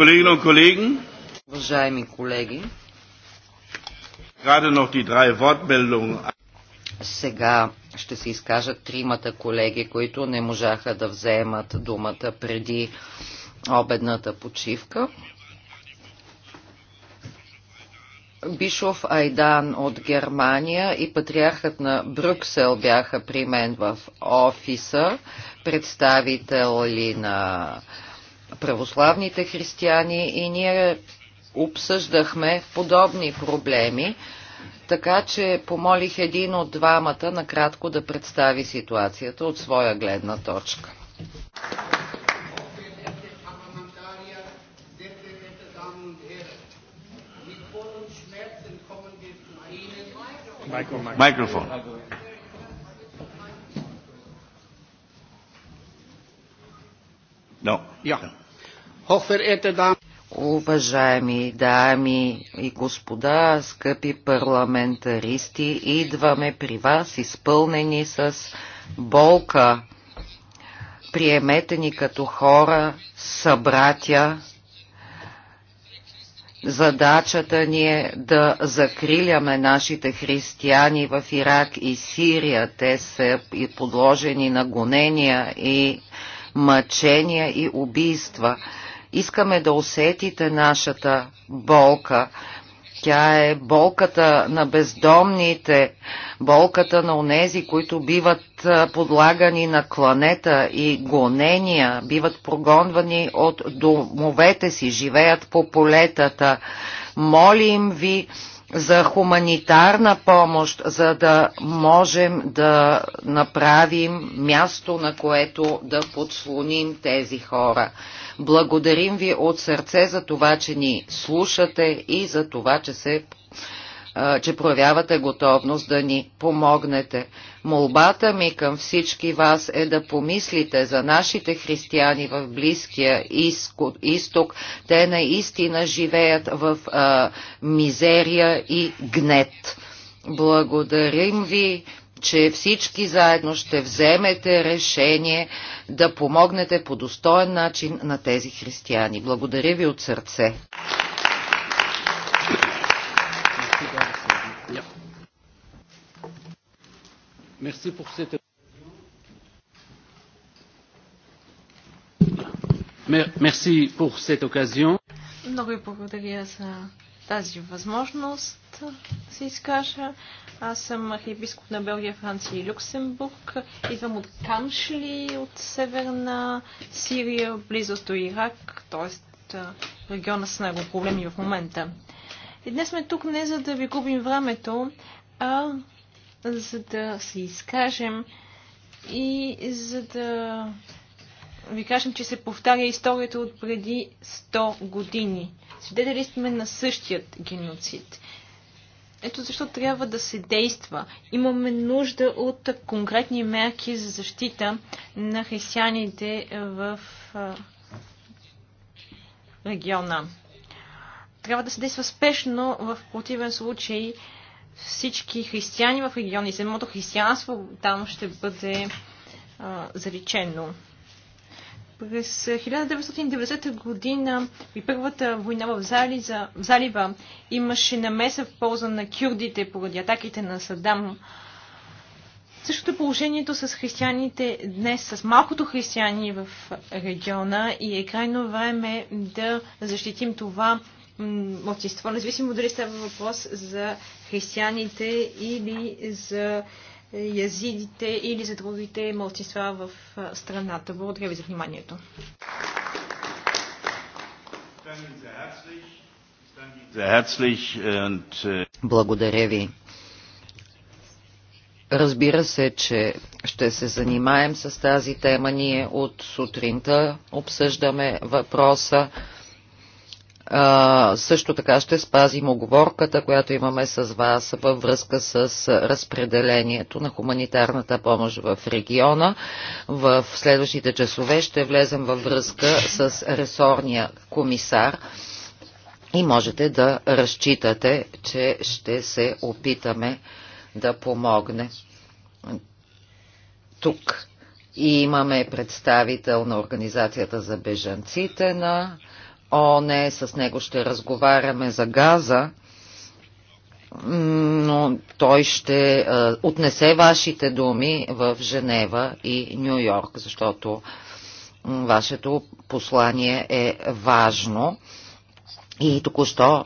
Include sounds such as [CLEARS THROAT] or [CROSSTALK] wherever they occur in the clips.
Kolleginnen und Kollegen, уважаеми колеги, Сега ще се изкажат тримата колеги, които не можаха да вземат думата преди обедната почивка. Бишов Айдан от Германия и патриархът на Брюксел бяха при мен в офиса, представители на православните християни и ние обсъждахме подобни проблеми, така че помолих един от двамата накратко да представи ситуацията от своя гледна точка. Микрофон. No. Уважаеми дами и господа, скъпи парламентаристи, идваме при вас изпълнени с болка. Приемете ни като хора, събратя. Задачата ни е да закриляме нашите християни в Ирак и Сирия. Те са и подложени на гонения и мъчения и убийства. Искаме да усетите нашата болка. Тя е болката на бездомните, болката на онези, които биват подлагани на кланета и гонения, биват прогонвани от домовете си, живеят по полетата. Молим ви за хуманитарна помощ, за да можем да направим място, на което да подслоним тези хора. Благодарим ви от сърце за това, че ни слушате и за това, че се че проявявате готовност да ни помогнете. Молбата ми към всички вас е да помислите за нашите християни в Близкия изток. Те наистина живеят в а, мизерия и гнет. Благодарим ви че всички заедно ще вземете решение да помогнете по достоен начин на тези християни. Благодаря ви от сърце. Много ви благодаря за тази възможност да се изкажа. Аз съм архиепископ на Белгия, Франция и Люксембург. Идвам от Камшли, от северна Сирия, близо до Ирак, т.е. региона с много проблеми в момента. И днес сме тук не за да ви губим времето, а за да се изкажем и за да ви кажем, че се повтаря историята от преди 100 години. Свидетели сме на същият геноцид. Ето защо трябва да се действа. Имаме нужда от конкретни мерки за защита на християните в региона. Трябва да се действа спешно, в противен случай всички християни в региона и самото християнство там ще бъде а, заличено. През 1990 е, година и първата война в, зализа, залива имаше намеса в полза на кюрдите поради атаките на Садам. Същото е положението с християните днес, с малкото християни в региона и е крайно време да защитим това младсинство, независимо дали става въпрос за християните или за язидите или за другите мълчества в страната. Благодаря ви за вниманието. Благодаря ви. Разбира се, че ще се занимаем с тази тема. Ние от сутринта обсъждаме въпроса. А, също така ще спазим оговорката, която имаме с вас във връзка с разпределението на хуманитарната помощ в региона. В следващите часове ще влезем във връзка с ресорния комисар и можете да разчитате, че ще се опитаме да помогне. Тук и имаме представител на Организацията за бежанците на ООН, с него ще разговаряме за газа, но той ще отнесе вашите думи в Женева и Нью Йорк, защото вашето послание е важно. И току-що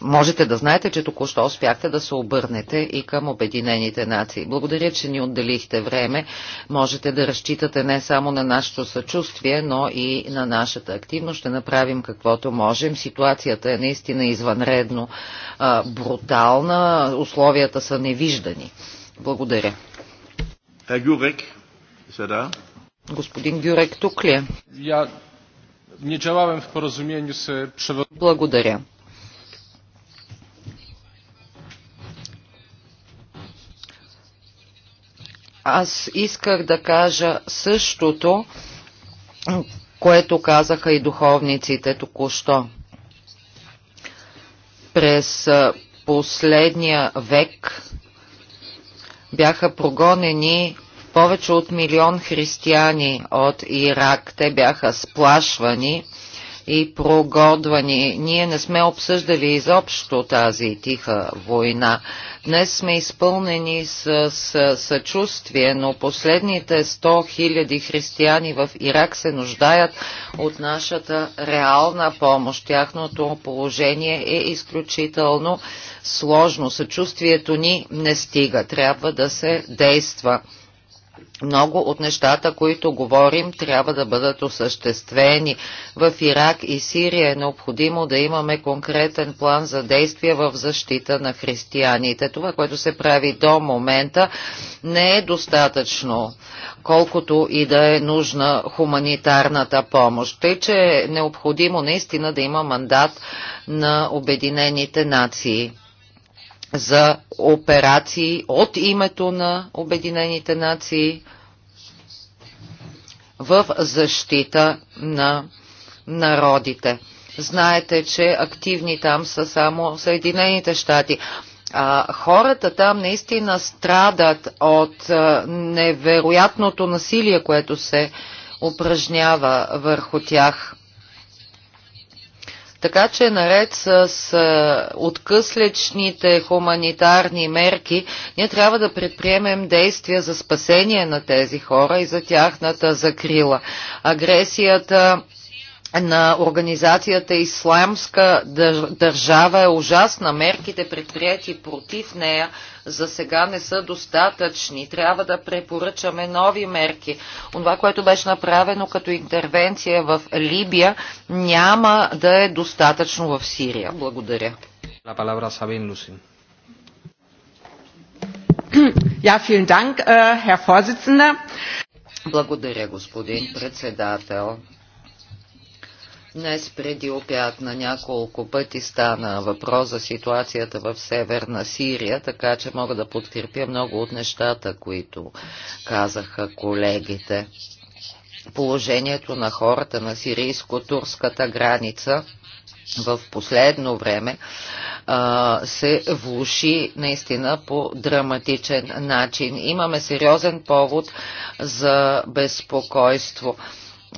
можете да знаете, че току-що успяхте да се обърнете и към Обединените нации. Благодаря, че ни отделихте време. Можете да разчитате не само на нашето съчувствие, но и на нашата активност. Ще направим каквото можем. Ситуацията е наистина извънредно а, брутална. Условията са невиждани. Благодаря. Гюрек, er Господин Гюрек, тук ли е? Я не Благодаря. Аз исках да кажа същото, което казаха и духовниците току-що. През последния век бяха прогонени повече от милион християни от Ирак. Те бяха сплашвани и прогодвани. Ние не сме обсъждали изобщо тази тиха война. Днес сме изпълнени с, с съчувствие, но последните 100 хиляди християни в Ирак се нуждаят от нашата реална помощ. Тяхното положение е изключително сложно. Съчувствието ни не стига. Трябва да се действа много от нещата, които говорим, трябва да бъдат осъществени. В Ирак и Сирия е необходимо да имаме конкретен план за действие в защита на християните. Това, което се прави до момента, не е достатъчно, колкото и да е нужна хуманитарната помощ. Тъй, че е необходимо наистина да има мандат на Обединените нации за операции от името на Обединените нации в защита на народите. Знаете, че активни там са само Съединените щати. А, хората там наистина страдат от невероятното насилие, което се упражнява върху тях. Така че наред с е, откъслечните хуманитарни мерки, ние трябва да предприемем действия за спасение на тези хора и за тяхната закрила. Агресията на организацията Исламска държава е ужасна. Мерките предприяти против нея за сега не са достатъчни. Трябва да препоръчаме нови мерки. Онова, което беше направено като интервенция в Либия, няма да е достатъчно в Сирия. Благодаря. La palabra Ja, vielen Dank, äh, Herr Vorsitzender. Благодаря, господин председател. Днес преди опят на няколко пъти стана въпрос за ситуацията в Северна Сирия, така че мога да подкрепя много от нещата, които казаха колегите. Положението на хората на сирийско-турската граница в последно време а, се влуши наистина по драматичен начин. Имаме сериозен повод за безпокойство.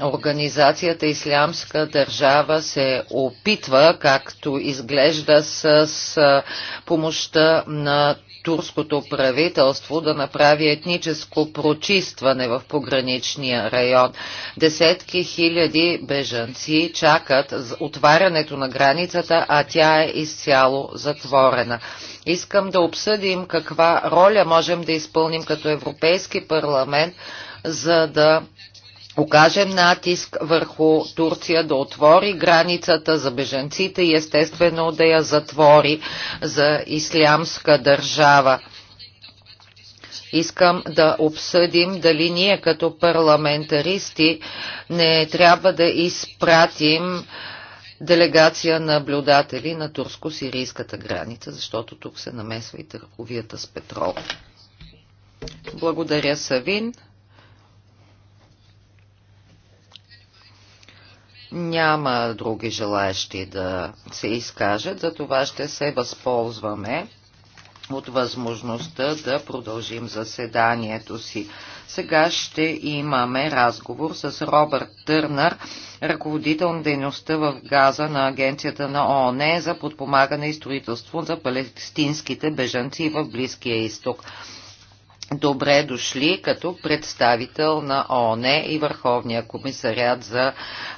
Организацията Ислямска държава се опитва, както изглежда с помощта на турското правителство да направи етническо прочистване в пограничния район. Десетки хиляди бежанци чакат отварянето на границата, а тя е изцяло затворена. Искам да обсъдим каква роля можем да изпълним като Европейски парламент, за да окажем натиск върху Турция да отвори границата за беженците и естествено да я затвори за ислямска държава. Искам да обсъдим дали ние като парламентаристи не трябва да изпратим делегация наблюдатели на турско-сирийската граница, защото тук се намесва и търговията с петрол. Благодаря, Савин. Няма други желаящи да се изкажат, за това ще се възползваме от възможността да продължим заседанието си. Сега ще имаме разговор с Робърт Търнър, ръководител на дейността в Газа на Агенцията на ООН за подпомагане и строителство за палестинските бежанци в Близкия изток добре дошли като представител на ООН и Върховния комисарят за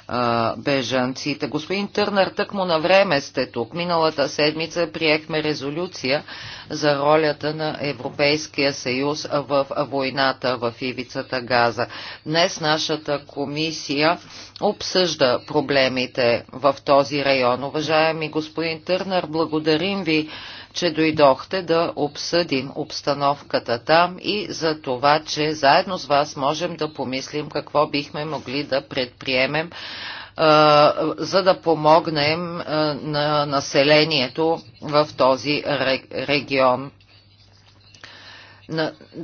а, бежанците. Господин Търнар, му на време сте тук. Миналата седмица приехме резолюция за ролята на Европейския съюз в войната в ивицата Газа. Днес нашата комисия обсъжда проблемите в този район. Уважаеми господин Търнар, благодарим ви че дойдохте да обсъдим обстановката там и за това, че заедно с вас можем да помислим какво бихме могли да предприемем, за да помогнем на населението в този регион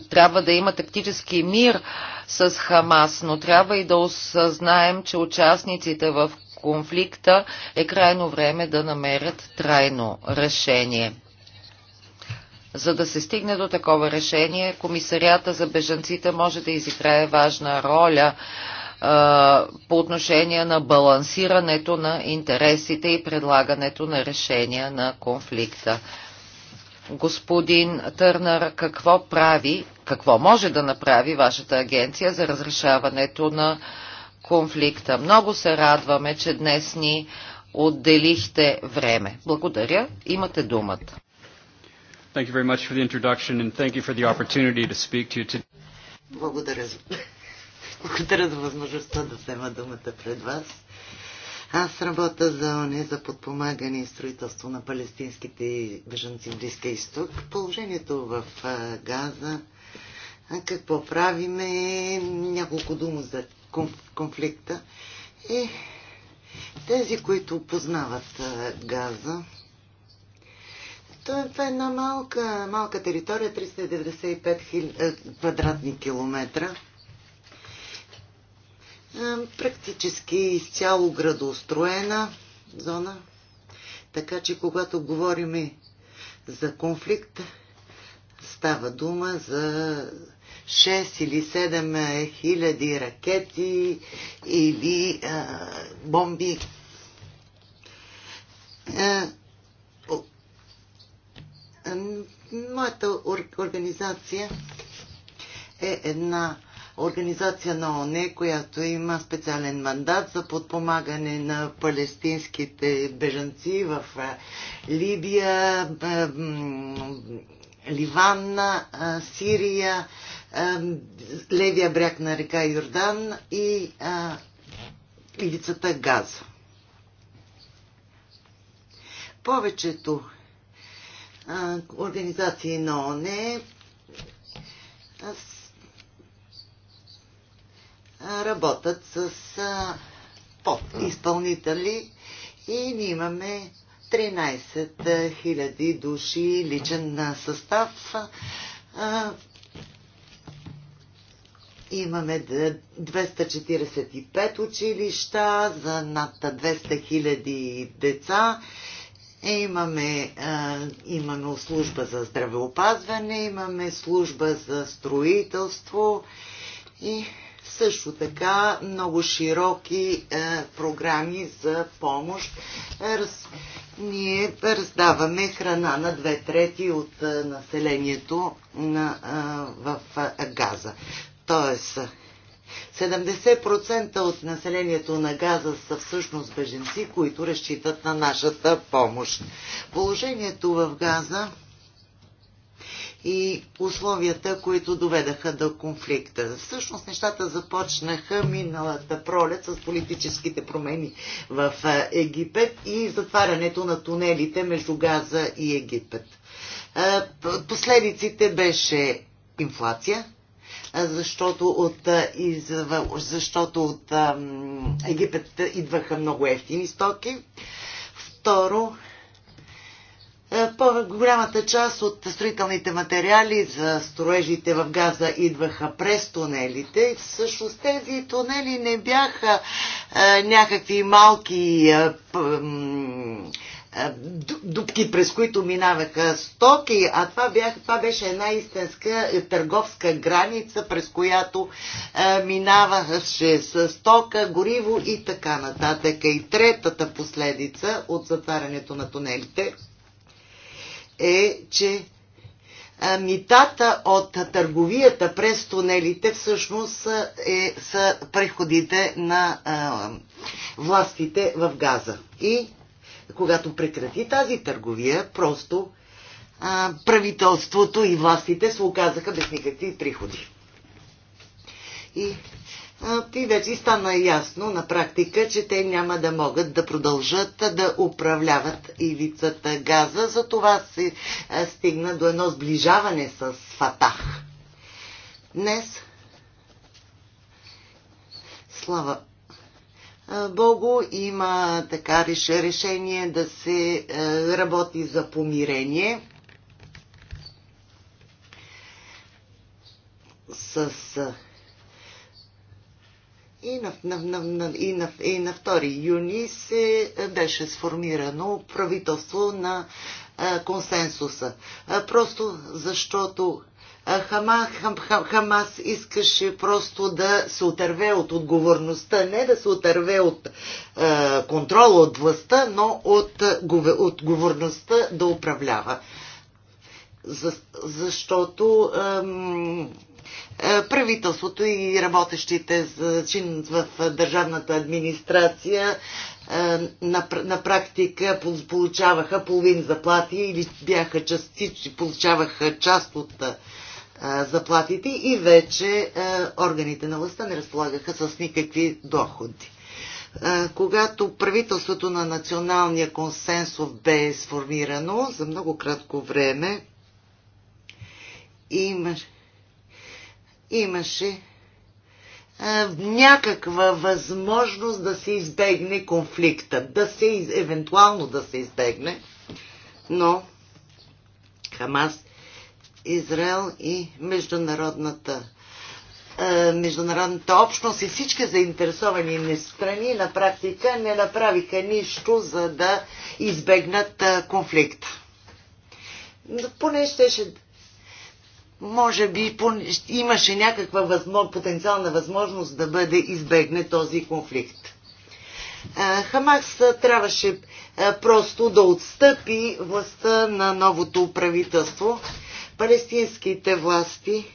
трябва да има тактически мир с Хамас, но трябва и да осъзнаем, че участниците в конфликта е крайно време да намерят трайно решение. За да се стигне до такова решение, комисарията за бежанците може да изиграе важна роля по отношение на балансирането на интересите и предлагането на решения на конфликта. Господин Търнър, какво прави, какво може да направи вашата агенция за разрешаването на конфликта? Много се радваме, че днес ни отделихте време. Благодаря, имате думата. Thank you very much for the introduction and thank you for the opportunity to speak to you today. Благодаря за, [LAUGHS] Благодаря за възможността да взема думата пред вас. Аз работя за ОНЕ за подпомагане и строителство на палестинските бежанци в Близкия изток. Положението в Газа, какво правиме, няколко думи за конфликта. И тези, които познават Газа, това е една малка, малка територия, 395 хил... Е, квадратни километра. Е, практически изцяло градоустроена зона. Така че когато говорим за конфликт, става дума за 6 или 7 е, хиляди ракети или а, бомби. А, Моята организация е една организация на ОНЕ, която има специален мандат за подпомагане на палестинските бежанци в Либия, Ливан, Сирия, левия бряг на река Йордан и лицата Газа. Повечето организации на ОНЕ работят с подизпълнители и ние имаме 13 000 души личен състав. Имаме 245 училища за над 200 000 деца Имаме а, именно служба за здравеопазване, имаме служба за строителство и също така много широки е, програми за помощ. Раз, ние раздаваме храна на две трети от е, населението на, е, в е, Газа. Тоест, 70% от населението на Газа са всъщност беженци, които разчитат на нашата помощ. Положението в Газа и условията, които доведаха до конфликта. Всъщност нещата започнаха миналата пролет с политическите промени в Египет и затварянето на тунелите между Газа и Египет. Последиците беше инфлация, защото от, защото от Египет идваха много ефтини стоки. Второ, по-голямата част от строителните материали за строежите в Газа идваха през тунелите. всъщност тези тунели не бяха някакви малки дупки, през които минаваха стоки, а това, бях, това беше една истинска е, търговска граница, през която а, минаваше стока, гориво и така нататък. И третата последица от затварянето на тунелите е, че митата от търговията през тунелите всъщност е, са преходите на а, властите в Газа. И когато прекрати тази търговия, просто а, правителството и властите се оказаха без никакви приходи. И, а, и вече стана ясно на практика, че те няма да могат да продължат да управляват ивицата газа. Затова се а, стигна до едно сближаване с Фатах. Днес, слава Бого има така решение да се е, работи за помирение с е, и на, на, на, на, и, на, и на 2 юни се е, беше сформирано правителство на а, консенсуса. А, просто защото Хама, хам, хам, Хамас искаше просто да се отърве от отговорността, не да се отърве от е, контрола от властта, но от отговорността да управлява. За, защото е, правителството и работещите в държавната администрация на, на практика получаваха половин заплати или бяха частични, получаваха част от заплатите и вече органите на властта не разполагаха с никакви доходи. Когато правителството на националния консенсус бе сформирано за много кратко време, имаше, имаше някаква възможност да се избегне конфликта, да се, евентуално да се избегне, но Хамас Израел и международната е, международната общност и всички заинтересовани страни на практика не направиха нищо, за да избегнат е, конфликта. Но поне щеше, може би поне, имаше някаква възможно, потенциална възможност да бъде избегне този конфликт. Е, Хамакс трябваше просто да отстъпи властта на новото правителство Палестинските власти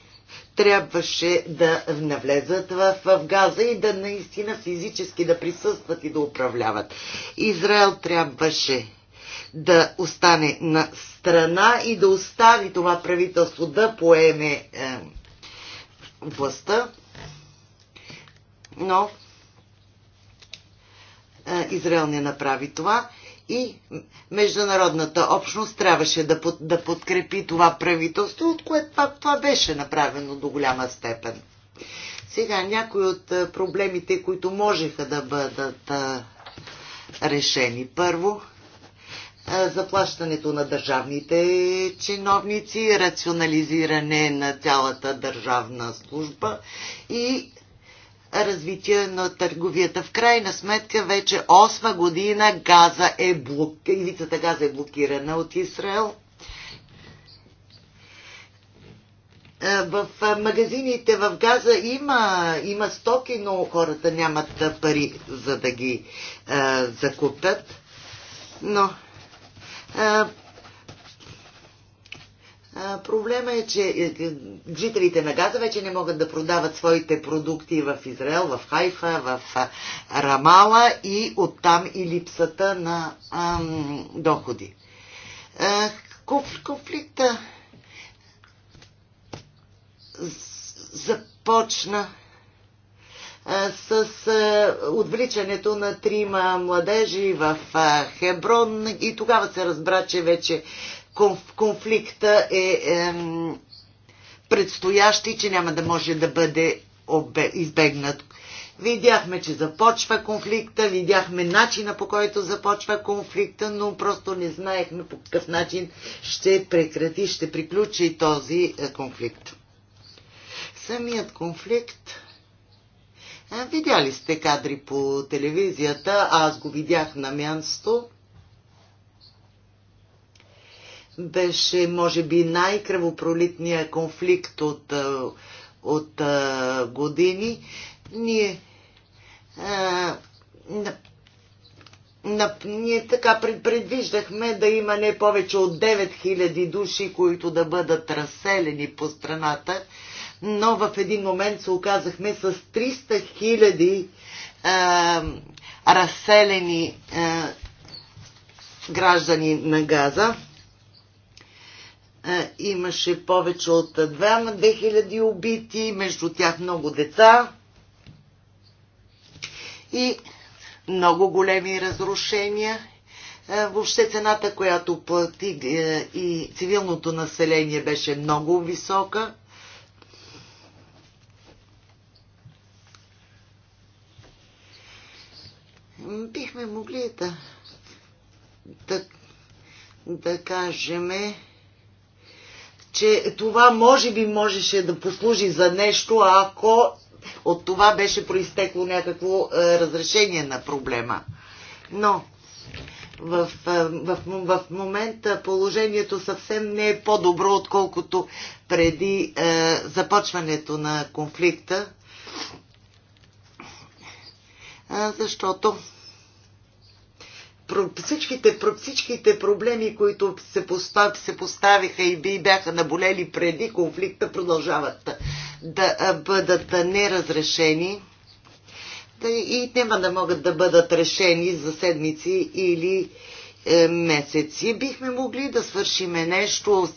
трябваше да навлезат в, в Газа и да наистина физически да присъстват и да управляват. Израел трябваше да остане на страна и да остави това правителство да поеме е, властта, но е, Израел не направи това и международната общност трябваше да, под, да подкрепи това правителство, от което това, това беше направено до голяма степен. Сега някои от проблемите, които можеха да бъдат а, решени. Първо, заплащането на държавните чиновници, рационализиране на цялата държавна служба и развитие на търговията. В крайна сметка вече 8 година газа е блок... ивицата газа е блокирана от Израел. Е, в магазините в Газа има, има стоки, но хората нямат пари за да ги е, закупят. Но е, Проблема е, че е, е, жителите на Газа вече не могат да продават своите продукти в Израел, в Хайфа, в Рамала и оттам и липсата на ам, доходи. конфликта започна с отвличането на трима младежи в Хеброн и тогава се разбра, че вече конф, конфликта е, е предстоящ и че няма да може да бъде обе, избегнат. Видяхме, че започва конфликта, видяхме начина по който започва конфликта, но просто не знаехме по какъв начин ще прекрати, ще приключи този е, конфликт. Самият конфликт. Е, видяли сте кадри по телевизията, аз го видях на място беше, може би, най-кръвопролитният конфликт от, от години. Ние а, на, ние така предвиждахме да има не повече от 9000 души, които да бъдат разселени по страната, но в един момент се оказахме с 300 хиляди разселени а, граждани на Газа имаше повече от 2 на 2000 убити, между тях много деца и много големи разрушения. Е, въобще цената, която плати е, и цивилното население беше много висока. Бихме могли да, да, да кажеме, че това може би можеше да послужи за нещо, ако от това беше проистекло някакво е, разрешение на проблема. Но в, е, в, в момента положението съвсем не е по-добро, отколкото преди е, започването на конфликта, е, защото всичките, всичките проблеми, които се, постав, се поставиха и би бяха наболели преди конфликта, продължават да бъдат неразрешени и няма да могат да бъдат решени за седмици или е, месеци. Бихме могли да свършиме нещо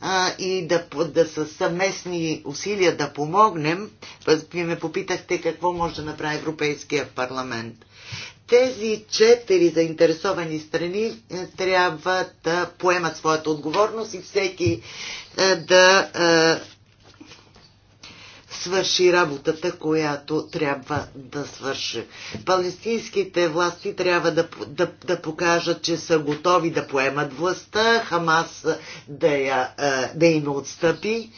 а, и да, да с съвместни усилия да помогнем. Вие ме попитахте какво може да направи Европейския парламент тези четири заинтересовани страни е, трябва да поемат своята отговорност и всеки е, да е, свърши работата, която трябва да свърши. Палестинските власти трябва да, да, да покажат, че са готови да поемат властта, Хамас да, я, да им отстъпи.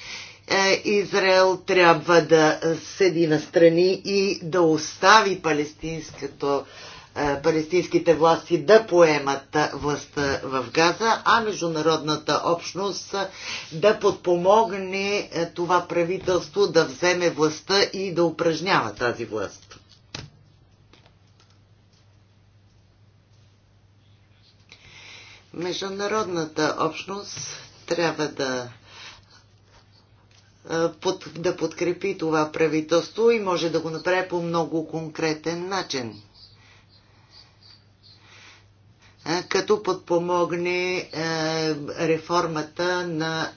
Израел трябва да седи на страни и да остави палестинското е, палестинските власти да поемат е, властта в Газа, а международната общност е, да подпомогне това правителство да вземе властта и да упражнява тази власт. Международната общност трябва да да подкрепи това правителство и може да го направи по много конкретен начин като подпомогне реформата на,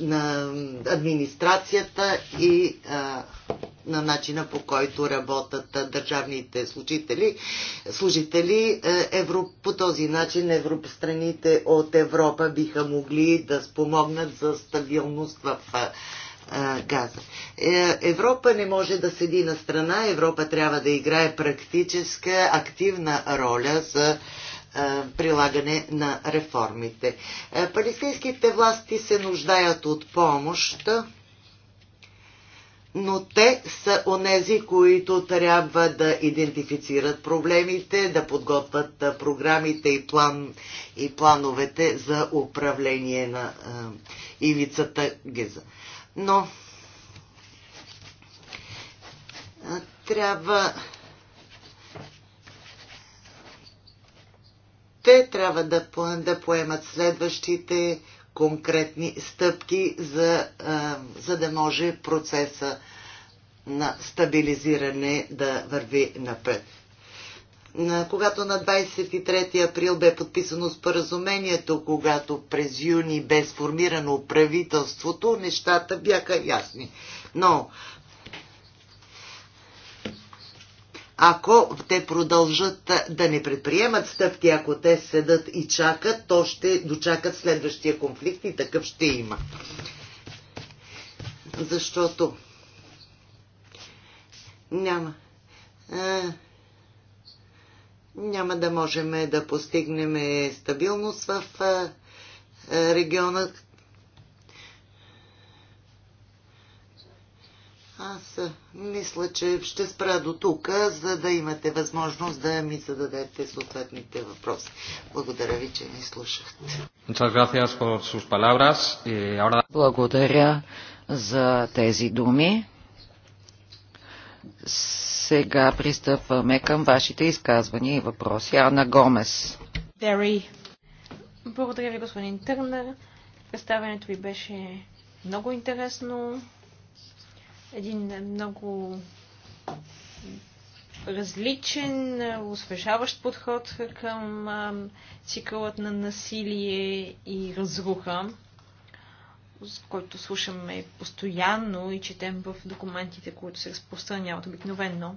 на администрацията и на начина по който работят държавните служители. служители евро... По този начин страните от Европа биха могли да спомогнат за стабилност в газа. Е, Европа не може да седи на страна, Европа трябва да играе практическа, активна роля за прилагане на реформите. Е, палестинските власти се нуждаят от помощ, но те са онези, които трябва да идентифицират проблемите, да подготвят програмите и, план, и плановете за управление на ивицата ГЕЗА но трябва те трябва да, да поемат следващите конкретни стъпки, за, за да може процеса на стабилизиране да върви напред. Когато на 23 април бе подписано споразумението, когато през юни бе сформирано правителството, нещата бяха ясни. Но ако те продължат да не предприемат стъпки, ако те седат и чакат, то ще дочакат следващия конфликт и такъв ще има. Защото няма няма да можем да постигнем стабилност в региона. Аз мисля, че ще спра до тук, за да имате възможност да ми зададете съответните въпроси. Благодаря ви, че ни слушахте. Благодаря за тези думи. Сега пристъпваме към вашите изказвания и въпроси. Ана Гомес. Very. Благодаря ви, господин Търнер. Представянето ви беше много интересно. Един много различен, освежаващ подход към цикълът на насилие и разруха който слушаме постоянно и четем в документите, които се разпространяват обикновенно.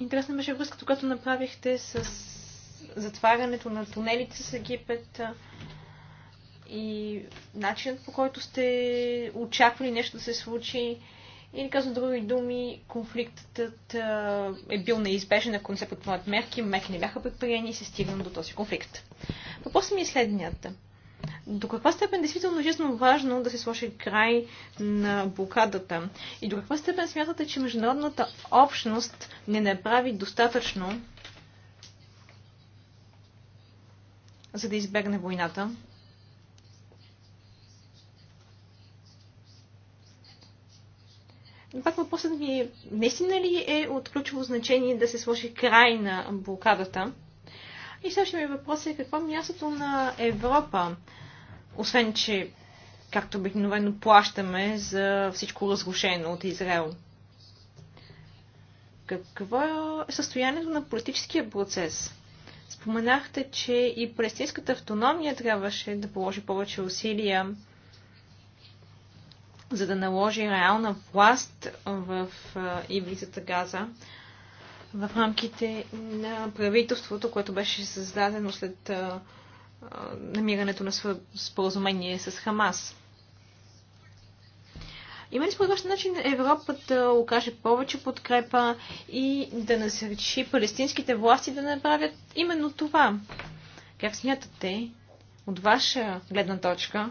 Интересна беше връзката, която направихте с затварянето на тунелите с Египет и начинът по който сте очаквали нещо да се случи. Или казвам други думи, конфликтът е бил неизбежен, ако не се предприемат мерки, мерки не бяха предприени и се стигна до този конфликт. Въпросът ми е следният до каква степен действително е жизненно важно да се сложи край на блокадата и до каква степен смятате, че международната общност не направи достатъчно за да избегне войната. Пак въпросът ми е, наистина ли е от ключово значение да се сложи край на блокадата? И следващия ми въпрос е какво е мястото на Европа освен, че както обикновено плащаме за всичко разрушено от Израел. Какво е състоянието на политическия процес? Споменахте, че и палестинската автономия трябваше да положи повече усилия, за да наложи реална власт в Иблицата Газа в рамките на правителството, което беше създадено след намирането на споразумение с Хамас. Има ли според вас начин Европа да окаже повече подкрепа и да насречи палестинските власти да направят именно това? Как смятате, от ваша гледна точка,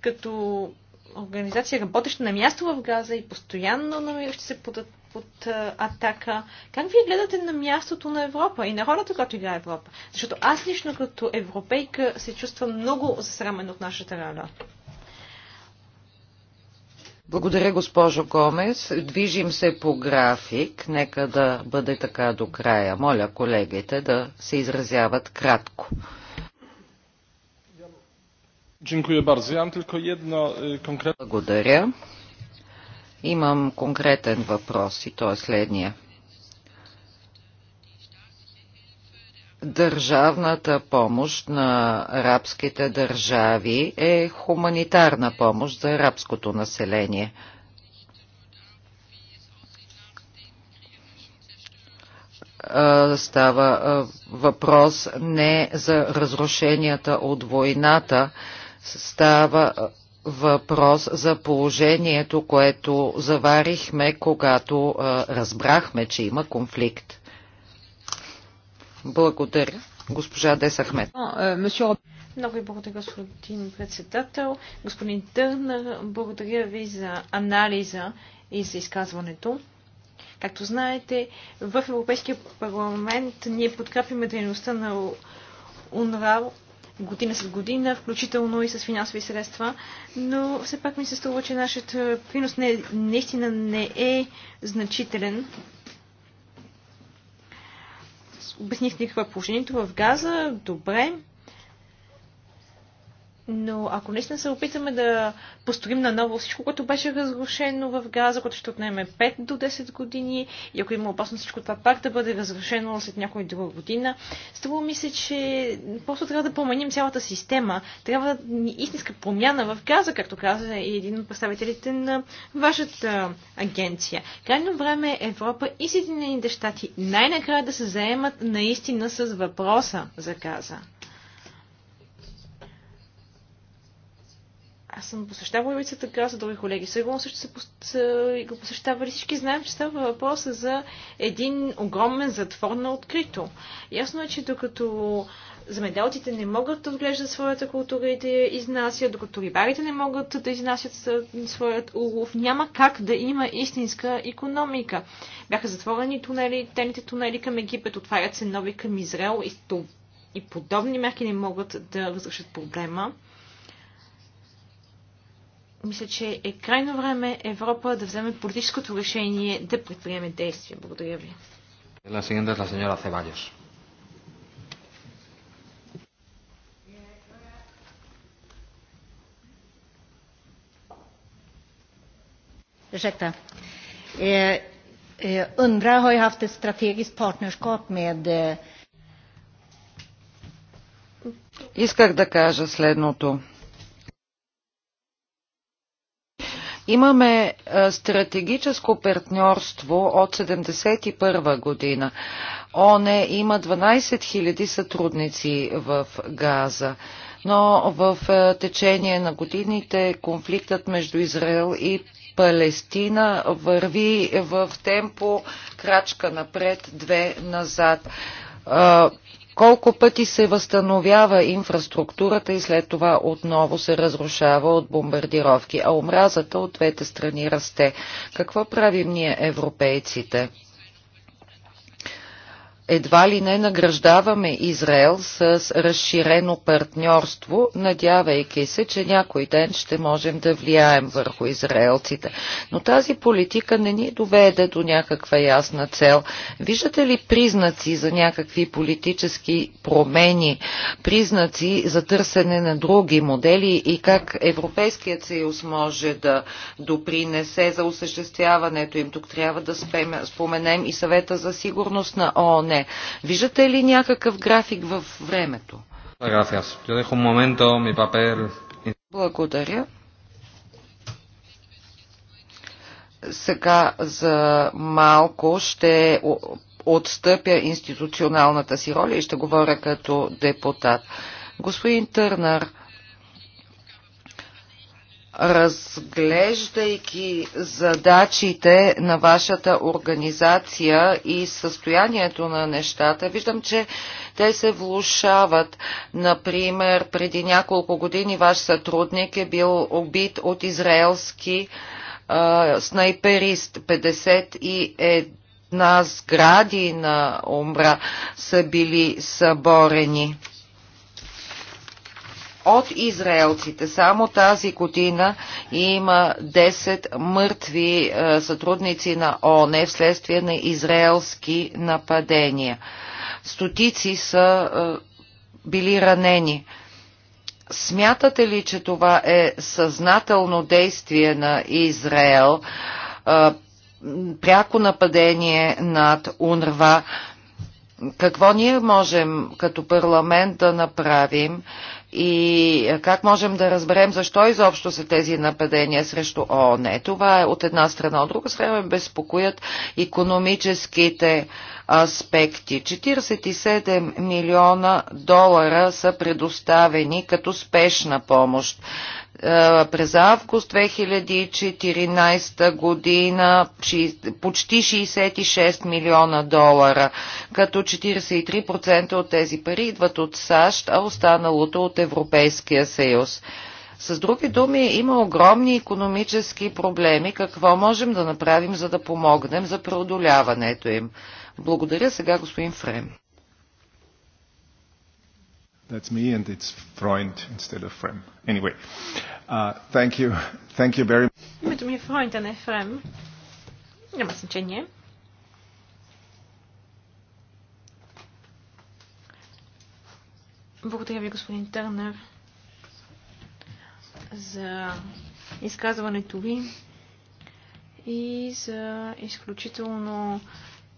като организация, работеща на място в Газа и постоянно намираща се под под атака. Как вие гледате на мястото на Европа и на хората, която играе Европа? Защото аз лично като европейка се чувствам много засрамен от нашата роля. Благодаря, госпожо Гомес. Движим се по график. Нека да бъде така до края. Моля колегите да се изразяват кратко. Благодаря. Имам конкретен въпрос и то е следния. Държавната помощ на арабските държави е хуманитарна помощ за арабското население. става въпрос не за разрушенията от войната, става въпрос за положението, което заварихме, когато а, разбрахме, че има конфликт. Благодаря. Госпожа Десахмет. Е, Много ви благодаря, господин председател. Господин Търнър, благодаря ви за анализа и за изказването. Както знаете, в Европейския парламент ние подкрепиме дейността на УНРАО година с година, включително и с финансови средства, но все пак ми се струва, че нашият е, принос не, наистина не е значителен. Обяснихте какво е положението в Газа, добре, но ако наистина се опитаме да построим наново всичко, което беше разрушено в Газа, което ще отнеме 5 до 10 години, и ако има опасност всичко това пак да бъде разрушено след някоя друга година, струва ми се, че просто трябва да променим цялата система. Трябва да ни истинска промяна в Газа, както каза и един от представителите на вашата агенция. Крайно време е Европа и Съединените щати най-накрая да се заемат наистина с въпроса за Газа. Аз съм посещавала улицата Краса, други колеги сигурно също са, са го посещавали. Всички знаем, че става въпрос за един огромен затвор на открито. Ясно е, че докато Замеделците не могат да отглеждат своята култура и да я изнасят, докато рибарите не могат да изнасят своят улов, няма как да има истинска економика. Бяха затворени тунели, тените тунели към Египет, отварят се нови към Израел и, и подобни мерки не могат да разрешат проблема мисля, че е крайно време Европа да вземе политическото решение да предприеме действия. Благодаря ви. Ursäkta. Eh, eh, UNRWA har ju haft ett strategiskt partnerskap med... Eh... Исках да кажа следното. Имаме е, стратегическо партньорство от 1971 година. ОНЕ има 12 000 сътрудници в Газа но в е, течение на годините конфликтът между Израел и Палестина върви в темпо крачка напред, две назад. Е, колко пъти се възстановява инфраструктурата и след това отново се разрушава от бомбардировки, а омразата от двете страни расте. Какво правим ние, европейците? едва ли не награждаваме Израел с разширено партньорство, надявайки се, че някой ден ще можем да влияем върху израелците. Но тази политика не ни доведе до някаква ясна цел. Виждате ли признаци за някакви политически промени, признаци за търсене на други модели и как Европейският съюз може да допринесе за осъществяването им? Тук трябва да споменем и съвета за сигурност на ООН, не. Виждате ли някакъв график в времето? Благодаря. Сега за малко ще отстъпя институционалната си роля и ще говоря като депутат. Господин Търнър, разглеждайки задачите на вашата организация и състоянието на нещата, виждам, че те се влушават. Например, преди няколко години ваш сътрудник е бил убит от израелски а, снайперист. 51 сгради на Умбра са били съборени от израелците. Само тази година има 10 мъртви е, сътрудници на ООН вследствие на израелски нападения. Стотици са е, били ранени. Смятате ли, че това е съзнателно действие на Израел, е, пряко нападение над УНРВА? Какво ние можем като парламент да направим, и как можем да разберем защо изобщо са тези нападения срещу ООН? това е от една страна. От друга страна ме безпокоят економическите аспекти. 47 милиона долара са предоставени като спешна помощ. Е, през август 2014 година почти 66 милиона долара, като 43% от тези пари идват от САЩ, а останалото от Европейския съюз. С други думи, има огромни економически проблеми. Какво можем да направим, за да помогнем за преодоляването им? Благодаря сега господин Фрем. That's me and it's Freund instead of Frem. Anyway, uh, thank you. Thank you very much. Името ми е Freund, а не Frem. Няма значение. Благодаря ви, господин Търнер, за изказването ви и за изключително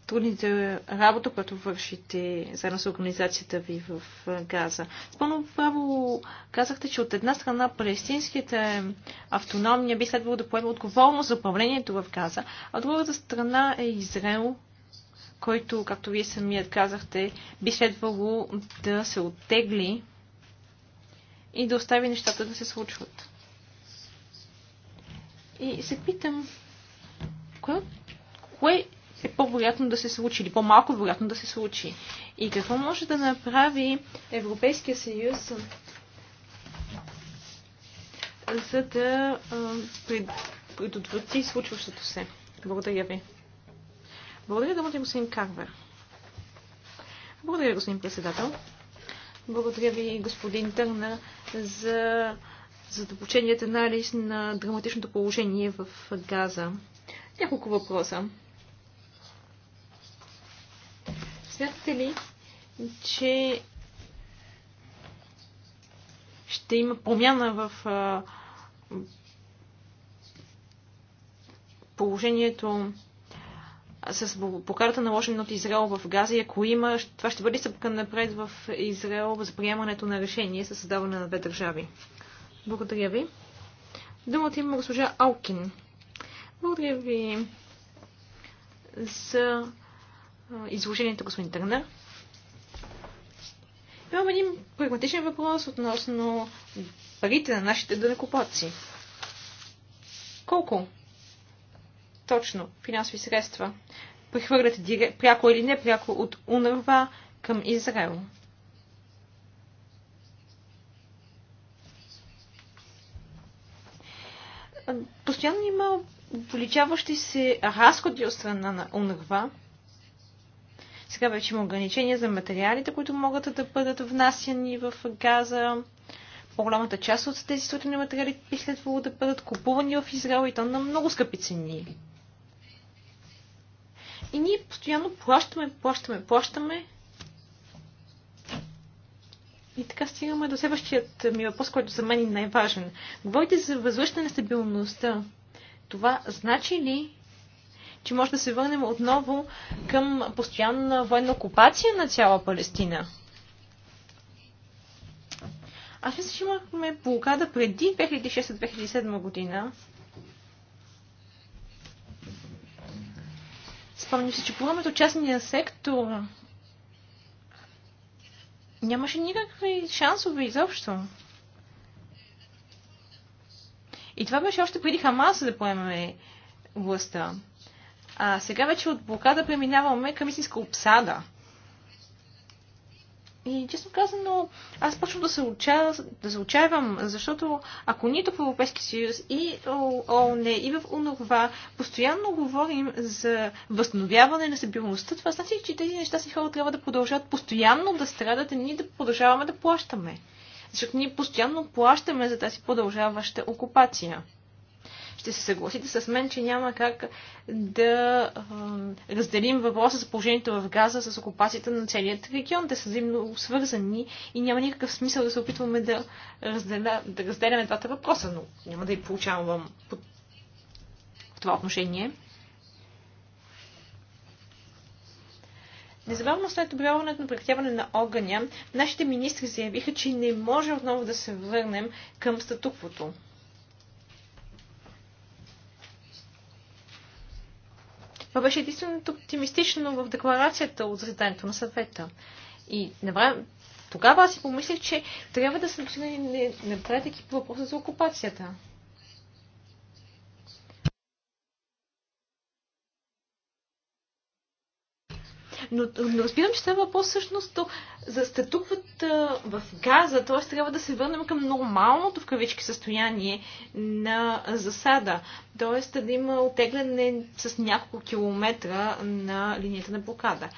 трудните работа, която вършите заедно с организацията ви в Газа. спълно право казахте, че от една страна палестинските автономни би следвало да поема отговорност за управлението в Газа, а от другата страна е Израел, който, както вие самият казахте, би следвало да се оттегли и да остави нещата да се случват. И се питам, кое, кое е по-вероятно да се случи или по-малко вероятно да се случи. И какво може да направи Европейския съюз, за да предотврати случващото се? Благодаря ви. Благодаря да бъдем господин Карвер. Благодаря, господин председател. Благодаря ви, господин Търна, за задълбоченият анализ на драматичното положение в Газа. Няколко въпроса. Смятате ли, че ще има промяна в а, положението с покарата лошен от Израел в Газа и ако има, това ще бъде стъпка напред в Израел за приемането на решение за създаване на две държави. Благодаря ви. Думата има госпожа Алкин. Благодаря ви за изложението, господин Търнър. Имам един прагматичен въпрос относно парите на нашите дънекопаци. Колко точно финансови средства прехвърлят пряко или не пряко от УНРВА към Израел? Постоянно има увеличаващи се разходи от страна на УНРВА. Сега вече има ограничения за материалите, които могат да бъдат внасяни в газа. По-голямата част от тези строителни материали би следвало да бъдат купувани в Израел и то на много скъпи цени. И ние постоянно плащаме, плащаме, плащаме. И така стигаме до следващият ми въпрос, който за мен е най-важен. Говорите за възвръщане на стабилността. Това значи ли, че може да се върнем отново към постоянна военна окупация на цяла Палестина. Аз мисля, че имахме блокада преди 2006-2007 година. Спомням се, че по времето частния сектор нямаше никакви шансове изобщо. И това беше още преди Хамаса да поемеме властта. А сега вече от блокада преминаваме към истинска обсада. И честно казано, аз почвам да се, уча, да се защото ако нито в Европейски съюз и ООН и в Унорва постоянно говорим за възстановяване на стабилността, това значи, че тези неща си хора трябва да продължават постоянно да страдат и ние да продължаваме да плащаме. Защото ние постоянно плащаме за тази продължаваща окупация ще се съгласите с мен, че няма как да разделим въпроса за положението в Газа с окупацията на целият регион. Те са взаимно свързани и няма никакъв смисъл да се опитваме да, разделя, да разделяме двата въпроса, но няма да и получавам в това отношение. Незабавно след обявяването на прекратяване на огъня, нашите министри заявиха, че не може отново да се върнем към статуквото. Това беше единственото оптимистично в декларацията от заседанието на съвета. И навре... тогава си помислих, че трябва да се не, не и по въпроса за окупацията. Но, но разбирам, че става въпрос всъщност за статуквата в газа, т.е. трябва да се върнем към нормалното в кавички състояние на засада. Т.е. да има отегляне с няколко километра на линията на блокада.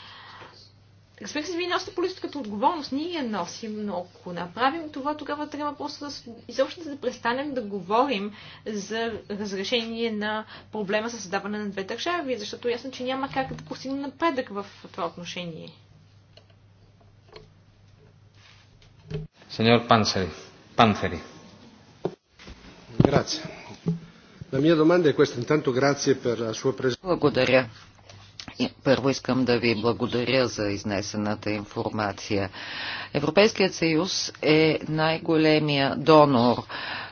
Разбира се, вие носите политическата отговорност, ние я носим, но ако направим това, тогава трябва просто да, изобщо да престанем да говорим за разрешение на проблема с създаване на две държави, защото е ясно, че няма как да постигнем напредък в това отношение. Сеньор Панцери. Панцери. Grazie. La mia domanda è questa. Intanto grazie per la sua presenza. Благодаря. Първо искам да ви благодаря за изнесената информация. Европейският съюз е най-големия донор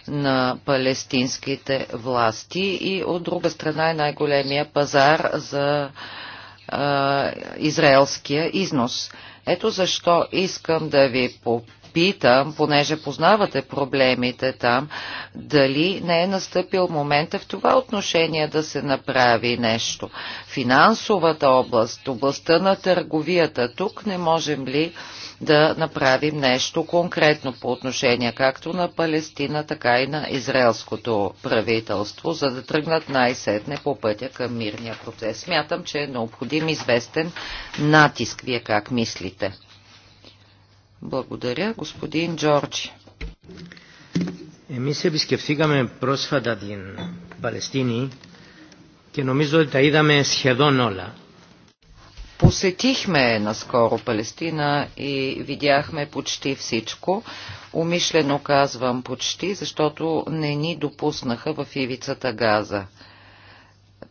на палестинските власти и от друга страна е най-големия пазар за а, израелския износ. Ето защо искам да ви попитам питам, понеже познавате проблемите там, дали не е настъпил момента в това отношение да се направи нещо. Финансовата област, областта на търговията, тук не можем ли да направим нещо конкретно по отношение както на Палестина, така и на израелското правителство, за да тръгнат най-сетне по пътя към мирния процес. Смятам, че е необходим известен натиск. Вие как мислите? Благодаря, господин Джорджи. Εμείς επισκεφθήκαμε πρόσφατα την Παλαιστίνη και νομίζω ότι τα είδαμε σχεδόν όλα. Посетихме наскоро Палестина и видяхме почти всичко. Умишлено казвам почти, защото не ни допуснаха в ивицата Газа.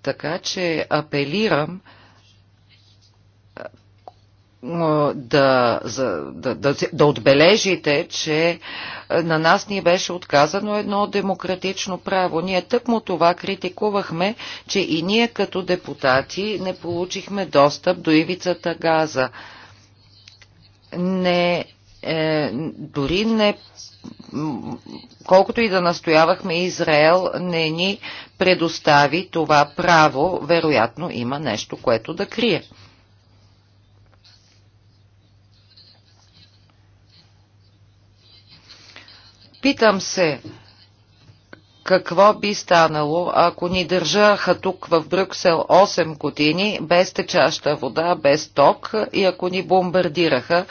Така че апелирам да, за, да, да, да отбележите, че на нас ни беше отказано едно демократично право. Ние тъкмо това критикувахме, че и ние като депутати не получихме достъп до ивицата газа. Не, е, дори не колкото и да настоявахме, Израел не ни предостави това право. Вероятно има нещо, което да крие. Питам се, какво би станало, ако ни държаха тук в Брюксел 8 години, без течаща вода, без ток и ако ни бомбардираха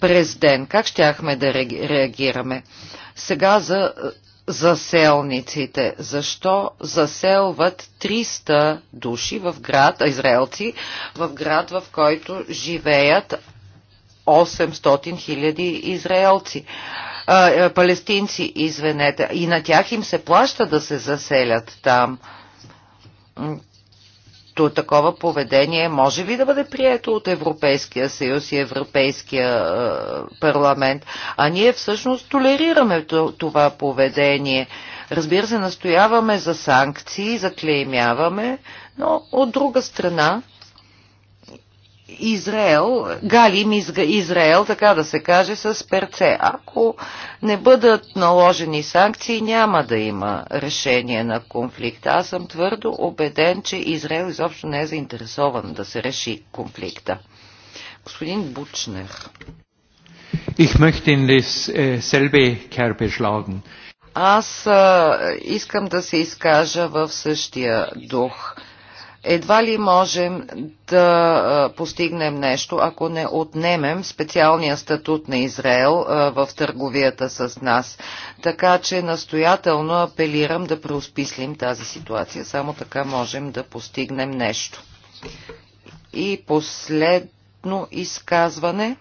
през ден? Как щяхме да реагираме? Сега за заселниците. Защо заселват 300 души в град, израелци, в град, в който живеят 800 хиляди израелци? палестинци, извинете, и на тях им се плаща да се заселят там. То такова поведение може ли да бъде прието от Европейския съюз и Европейския парламент? А ние всъщност толерираме това поведение. Разбира се, настояваме за санкции, заклеймяваме, но от друга страна Израел, галим Израел, така да се каже, с перце. Ако не бъдат наложени санкции, няма да има решение на конфликта. Аз съм твърдо убеден, че Израел изобщо не е заинтересован да се реши конфликта. Господин Бучнер. Ich möchte in dasselbe äh, Kerbe schlagen. Аз а, искам да се изкажа в същия дух едва ли можем да постигнем нещо, ако не отнемем специалния статут на Израел в търговията с нас. Така че настоятелно апелирам да преосмислим тази ситуация. Само така можем да постигнем нещо. И последно изказване.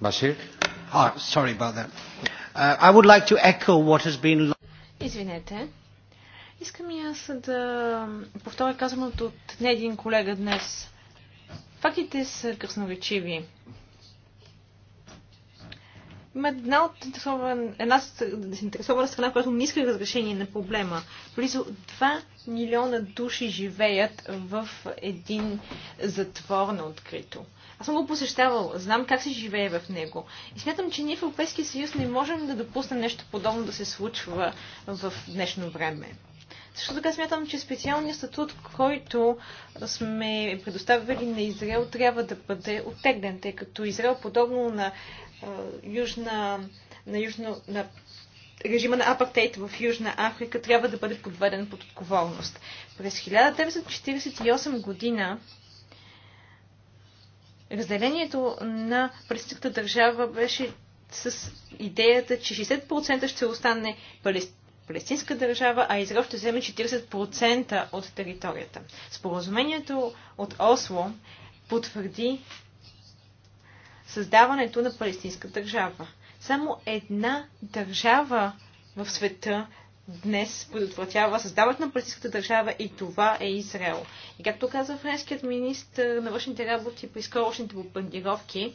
Башир? Ah, sorry about that. Uh, I would like to echo what has been... Извинете. Искам и аз да повторя казаното от не един колега днес. Фактите са красноречиви. Има една, от една заинтересована страна, която не иска разрешение на проблема. Близо 2 милиона души живеят в един затвор на открито. Аз съм го посещавал, знам как се живее в него. И смятам, че ние в Европейския съюз не можем да допуснем нещо подобно да се случва в днешно време. Също така смятам, че специалният статут, който сме предоставили на Израел, трябва да бъде оттеглен, тъй като Израел, подобно на, а, южна, на, южно, на режима на апартейт в Южна Африка, трябва да бъде подведен под отговорност. През 1948 година разделението на палестинската държава беше с идеята, че 60% ще остане палестинска палестинска държава, а Израел ще вземе 40% от територията. Споразумението от Осло потвърди създаването на палестинска държава. Само една държава в света днес предотвратява създаването на палестинската държава и това е Израел. И както каза френският министр на външните работи при скорошните бомбардировки,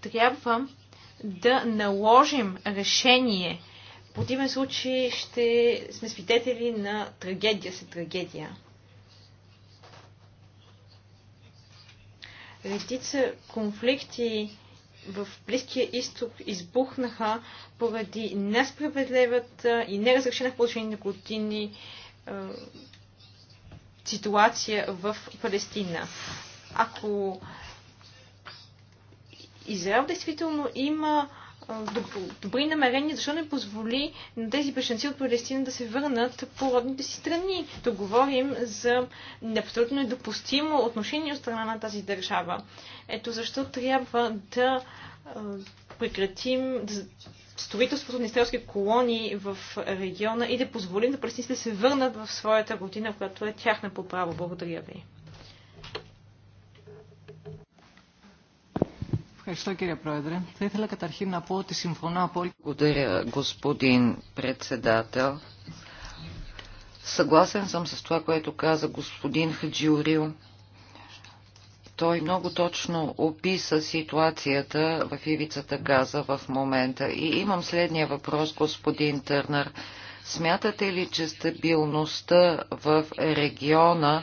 трябва да наложим решение. В противен случай ще сме свидетели на трагедия след трагедия. Редица конфликти в Близкия изток избухнаха поради несправедливата и неразрешена в положение на години е, ситуация в Палестина. Ако Израел действително има добри намерения, защо не позволи на тези бешенци от Палестина да се върнат по родните си страни? Да говорим за абсолютно недопустимо отношение от страна на тази държава. Ето защо трябва да прекратим строителството на израелски колонии в региона и да позволим да палестинците се върнат в своята родина, която е тяхна по право. Благодаря ви. Ευχαριστώ κύριε Πρόεδρε. Θα ήθελα καταρχήν να πω ότι συμφωνώ απόλυτα. Благодаря господин председател. Съгласен съм с това, което каза господин Хаджиорил. Той много точно описа ситуацията в ивицата Газа в момента. И имам следния въпрос, господин Търнър. Смятате ли, че стабилността в региона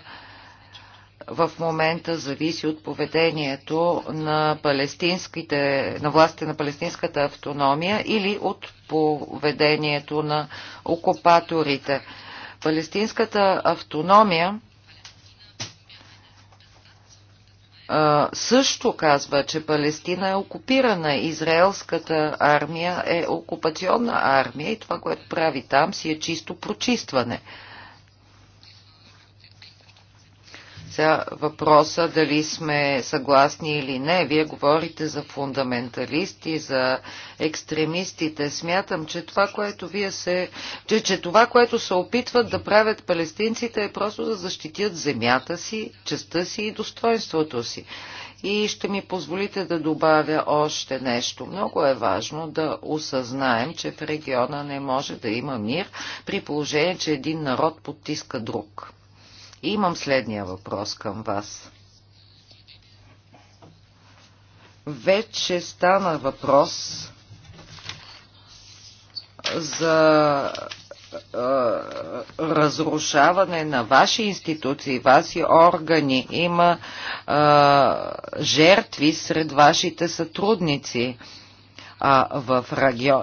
в момента зависи от поведението на, палестинските, на властите на палестинската автономия или от поведението на окупаторите. Палестинската автономия също казва, че Палестина е окупирана. Израелската армия е окупационна армия и това, което прави там, си е чисто прочистване. за въпроса дали сме съгласни или не. Вие говорите за фундаменталисти, за екстремистите. Смятам, че това, което вие се... Че, че това, което се опитват да правят палестинците е просто да защитят земята си, честа си и достоинството си. И ще ми позволите да добавя още нещо. Много е важно да осъзнаем, че в региона не може да има мир, при положение, че един народ потиска друг. Имам следния въпрос към вас. Вече стана въпрос за разрушаване на ваши институции, ваши органи, има а, жертви сред вашите сътрудници. А в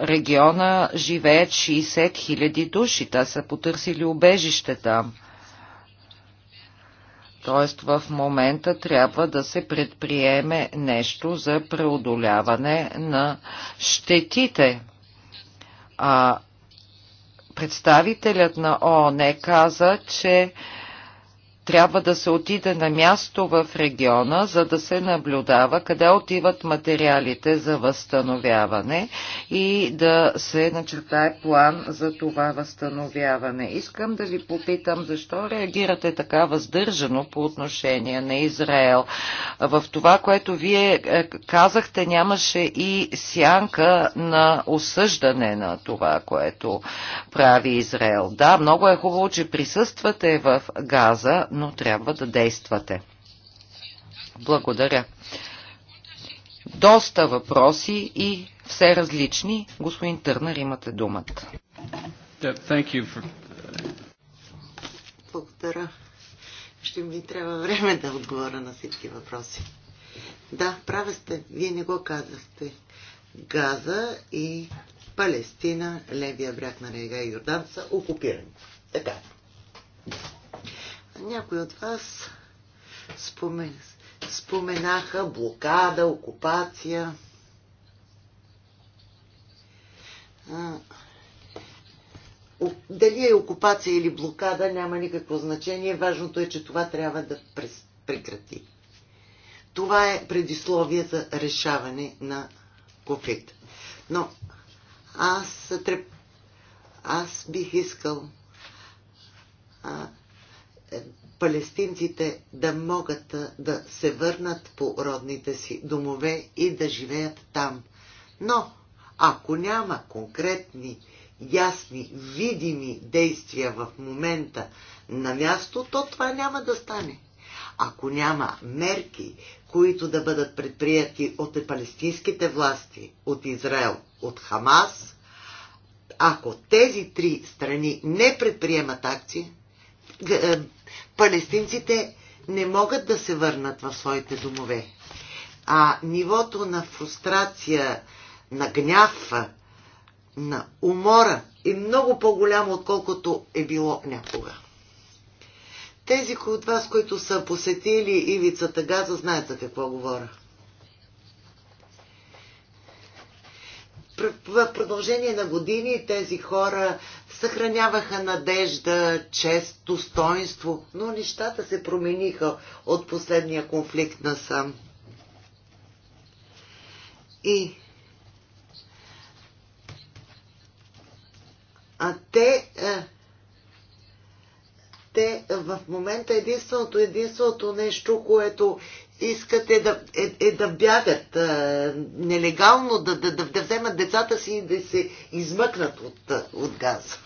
региона живеят 60 000 души. та са потърсили убежище там. Тоест в момента трябва да се предприеме нещо за преодоляване на щетите. А представителят на ООН каза, че трябва да се отиде на място в региона, за да се наблюдава къде отиват материалите за възстановяване и да се начертае план за това възстановяване. Искам да ви попитам, защо реагирате така въздържано по отношение на Израел? В това, което вие е, казахте, нямаше и сянка на осъждане на това, което прави Израел. Да, много е хубаво, че присъствате в Газа, но трябва да действате. Благодаря. Доста въпроси и все различни. Господин Търнер, имате думата. Благодаря. Ще ми трябва време да отговоря на всички въпроси. Да, правя сте. Вие не го казахте. Газа и Палестина, левия бряг на Рега и Йордан са окупирани. Така. Някои от вас спомен, споменаха блокада, окупация. дали е окупация или блокада, няма никакво значение. Важното е, че това трябва да прекрати. Това е предисловие за решаване на конфликта. Но аз, аз бих искал а, палестинците да могат да се върнат по родните си домове и да живеят там. Но ако няма конкретни, ясни, видими действия в момента на място, то това няма да стане. Ако няма мерки, които да бъдат предприяти от палестинските власти, от Израел, от Хамас, ако тези три страни не предприемат акции, е, палестинците не могат да се върнат в своите домове. А нивото на фрустрация, на гняв, на умора е много по-голямо, отколкото е било някога. Тези от вас, които са посетили ивицата Газа, знаят за какво говоря. в продължение на години тези хора съхраняваха надежда, чест, достоинство, но нещата се промениха от последния конфликт насам. И а те е, те в момента единственото, единственото нещо, което искат е да, е, е да бягат е, нелегално, да, да, да, да вземат децата си и да се измъкнат от, от газа.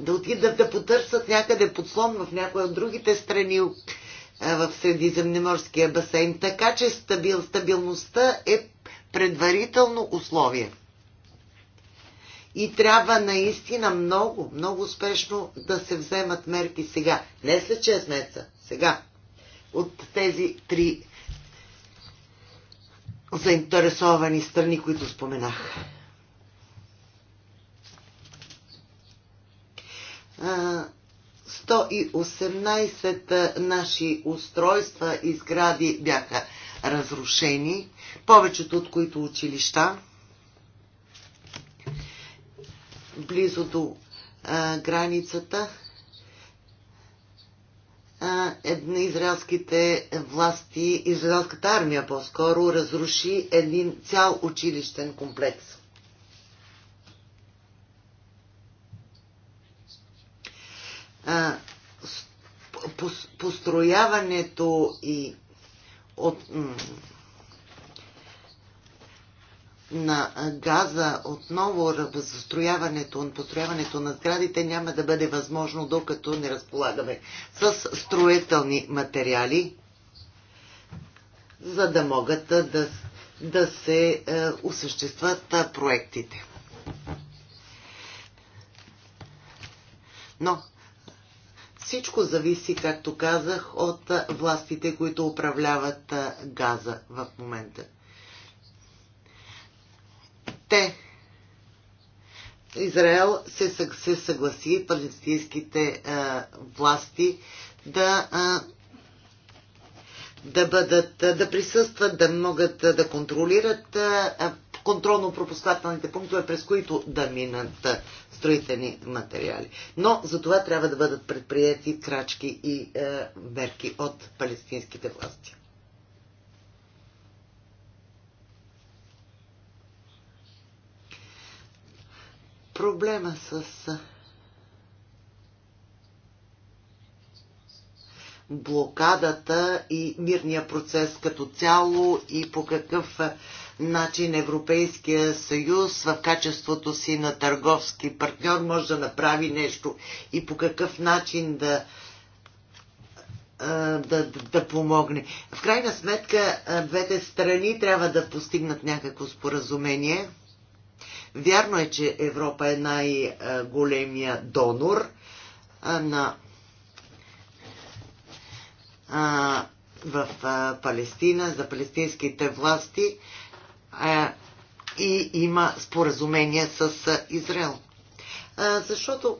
Да отидат да потърсят някъде подслон в някоя от другите страни в Средиземноморския басейн. Така че стабил, стабилността е предварително условие. И трябва наистина много, много успешно да се вземат мерки сега. Не след 6 месеца, сега от тези три заинтересовани страни, които споменах. А, 118 наши устройства и сгради бяха разрушени, повечето от които училища, близо до а, границата израелските власти, израелската армия по-скоро, разруши един цял училищен комплекс. Построяването и от, на газа отново възстрояването, построяването на сградите няма да бъде възможно, докато не разполагаме с строителни материали, за да могат да, да се е, осъществат е, проектите. Но всичко зависи, както казах, от е, властите, които управляват е, газа в момента те Израел се, се съгласи палестинските а, власти да, а, да бъдат, да присъстват, да могат да контролират контролно-пропускателните пунктове, през които да минат строителни материали. Но за това трябва да бъдат предприяти крачки и а, мерки от палестинските власти. проблема с блокадата и мирния процес като цяло и по какъв начин Европейския съюз в качеството си на търговски партньор може да направи нещо и по какъв начин да, да, да, да помогне. В крайна сметка, двете страни трябва да постигнат някакво споразумение. Вярно е, че Европа е най-големия донор на в Палестина, за палестинските власти и има споразумение с Израел. Защото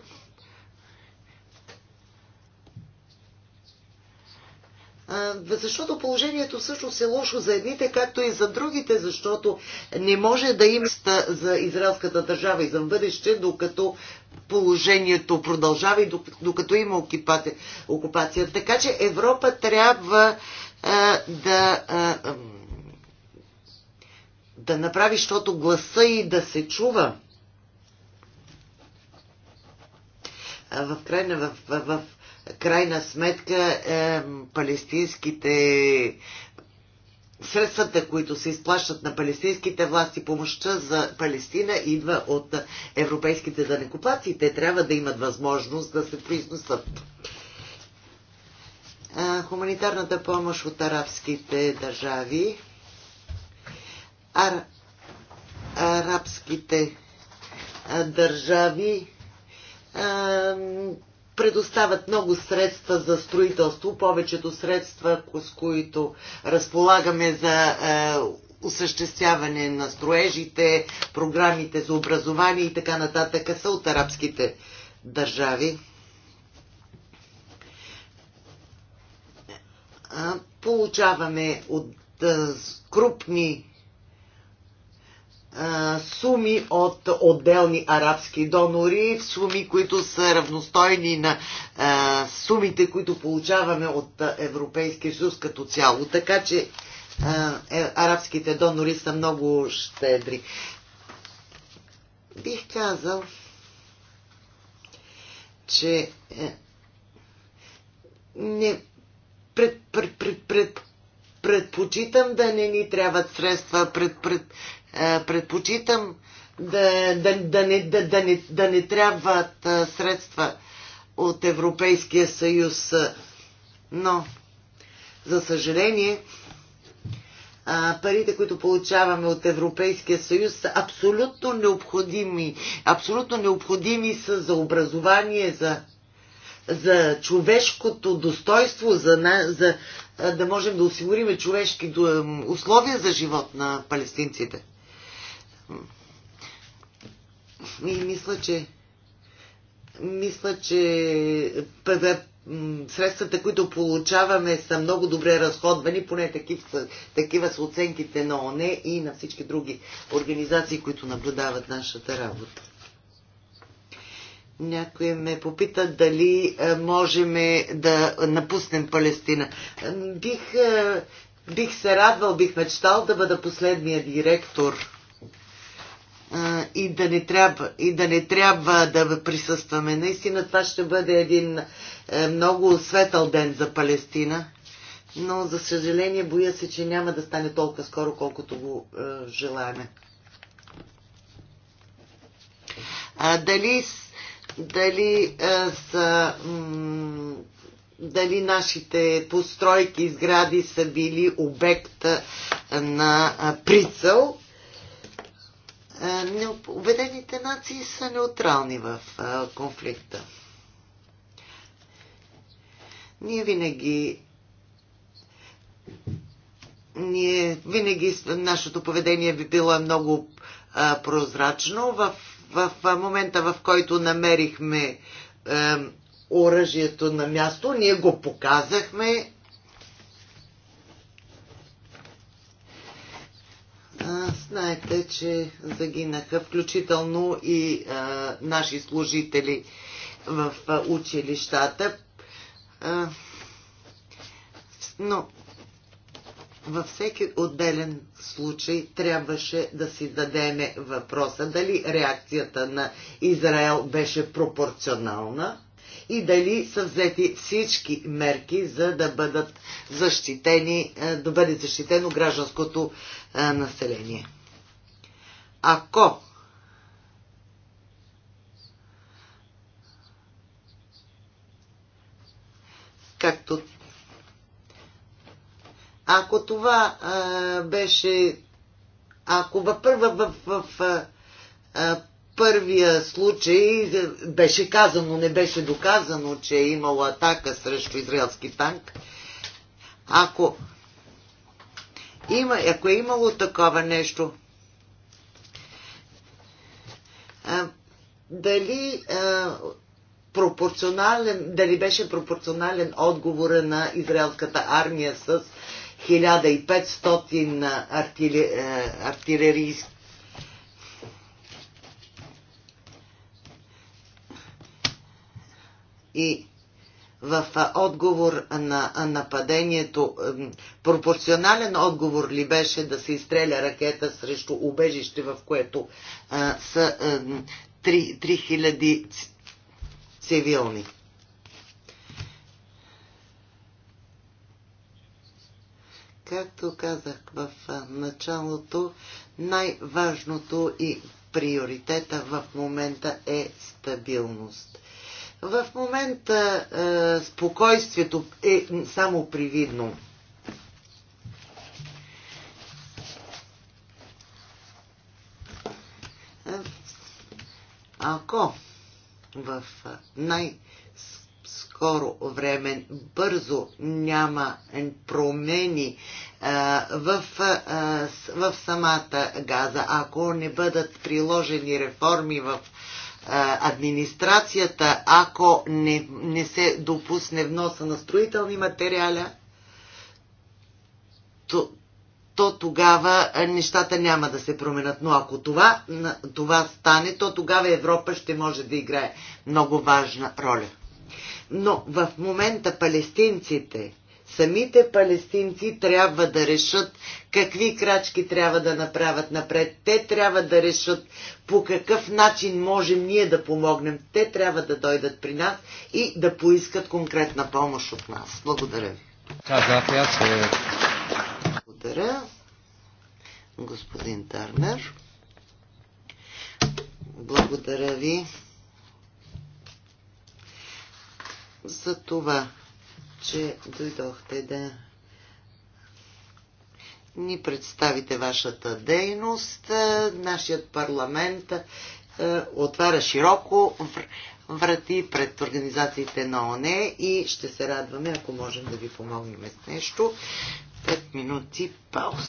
защото положението всъщност е лошо за едните, както и за другите, защото не може да има за израелската държава и за бъдеще, докато положението продължава и докато има окупация. Така че Европа трябва а, да. А, да направи, защото гласа и да се чува. В крайна, в, в, в крайна сметка е, палестинските средствата, които се изплащат на палестинските власти, помощта за Палестина идва от европейските данекоплаци. Те трябва да имат възможност да се произносат. Хуманитарната помощ от арабските държави. Ар... Арабските държави предоставят много средства за строителство, повечето средства, с които разполагаме за е, осъществяване на строежите, програмите за образование и така нататък са от арабските държави. Получаваме от е, крупни суми от отделни арабски донори, суми, които са равностойни на сумите, които получаваме от Европейския съюз като цяло. Така че е, арабските донори са много щедри. Бих казал, че е, не пред, пред, пред, пред, предпочитам да не ни трябват средства пред, пред, е, предпочитам да, да, да, не, да, да, не, да не трябват е, средства от Европейския съюз. Но, за съжаление, е, парите, които получаваме от Европейския съюз, са абсолютно необходими. Абсолютно необходими са за образование, за, за човешкото достоинство, за, за да можем да осигуриме човешки условия за живот на палестинците. И мисля, че мисля, че средствата, които получаваме, са много добре разходвани, поне такив са, такива са оценките на ОНЕ и на всички други организации, които наблюдават нашата работа. Някой ме попита дали е, можем да напуснем Палестина. Бих, е, бих се радвал, бих мечтал да бъда последния директор и да не трябва, и да, не трябва да присъстваме. Наистина това ще бъде един е, много светъл ден за Палестина, но за съжаление боя се, че няма да стане толкова скоро, колкото го е, А, дали дали е, са дали нашите постройки, сгради са били обект е, на е, прицел е, Обедените нации са неутрални в е, конфликта. Ние винаги ние винаги нашето поведение би било много а, е, прозрачно. В, в, в момента, в който намерихме оръжието на място, ние го показахме знаете, че загинаха включително и а, наши служители в а, училищата. А, но във всеки отделен случай трябваше да си дадеме въпроса дали реакцията на Израел беше пропорционална и дали са взети всички мерки, за да бъдат защитени, е, да бъде защитено гражданското е, население. Ако както ако това а, е, беше ако във, в, в, в, в а, първия случай е, беше казано, не беше доказано, че е имало атака срещу израелски танк. Ако, има, ако е имало такова нещо, а, е, дали а, е, пропорционален, дали беше пропорционален отговора на израелската армия с 1500 артилерийски и в отговор на нападението, пропорционален отговор ли беше да се изстреля ракета срещу убежище, в което са 3000 цивилни? Както казах в началото, най-важното и приоритета в момента е стабилност – в момента е, спокойствието е само привидно. Ако в най-скоро време бързо няма промени е, в, е, в самата газа, ако не бъдат приложени реформи в администрацията, ако не, не се допусне вноса на строителни материали, то, то тогава нещата няма да се променят. Но ако това, това стане, то тогава Европа ще може да играе много важна роля. Но в момента палестинците, Самите палестинци трябва да решат какви крачки трябва да направят напред. Те трябва да решат по какъв начин можем ние да помогнем. Те трябва да дойдат при нас и да поискат конкретна помощ от нас. Благодаря ви. Е, Благодаря, господин Тарнер. Благодаря ви за това, че дойдохте да ни представите вашата дейност. Е, нашият парламент е, отваря широко врати пред организациите на ОНЕ и ще се радваме, ако можем да ви помогнем с нещо. 5 минути пауза.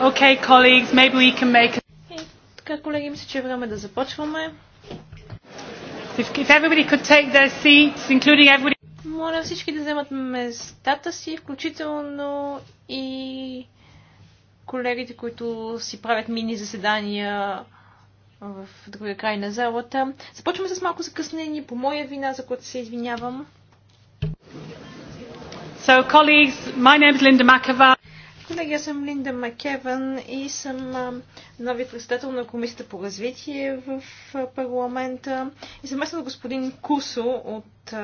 Okay, colleagues, maybe we can make... И, така, колеги, мисля, че е време да започваме. If, if everybody could take their seats, including everybody... Моля всички да вземат местата си, включително и колегите, които си правят мини заседания в другия край на залата. Започваме с малко закъснение по моя вина, за което се извинявам. So, colleagues, my name is Linda Makava. Колеги, аз съм Линда Макеван и съм нови председател на Комисията по развитие в парламента и заместна господин Кусо от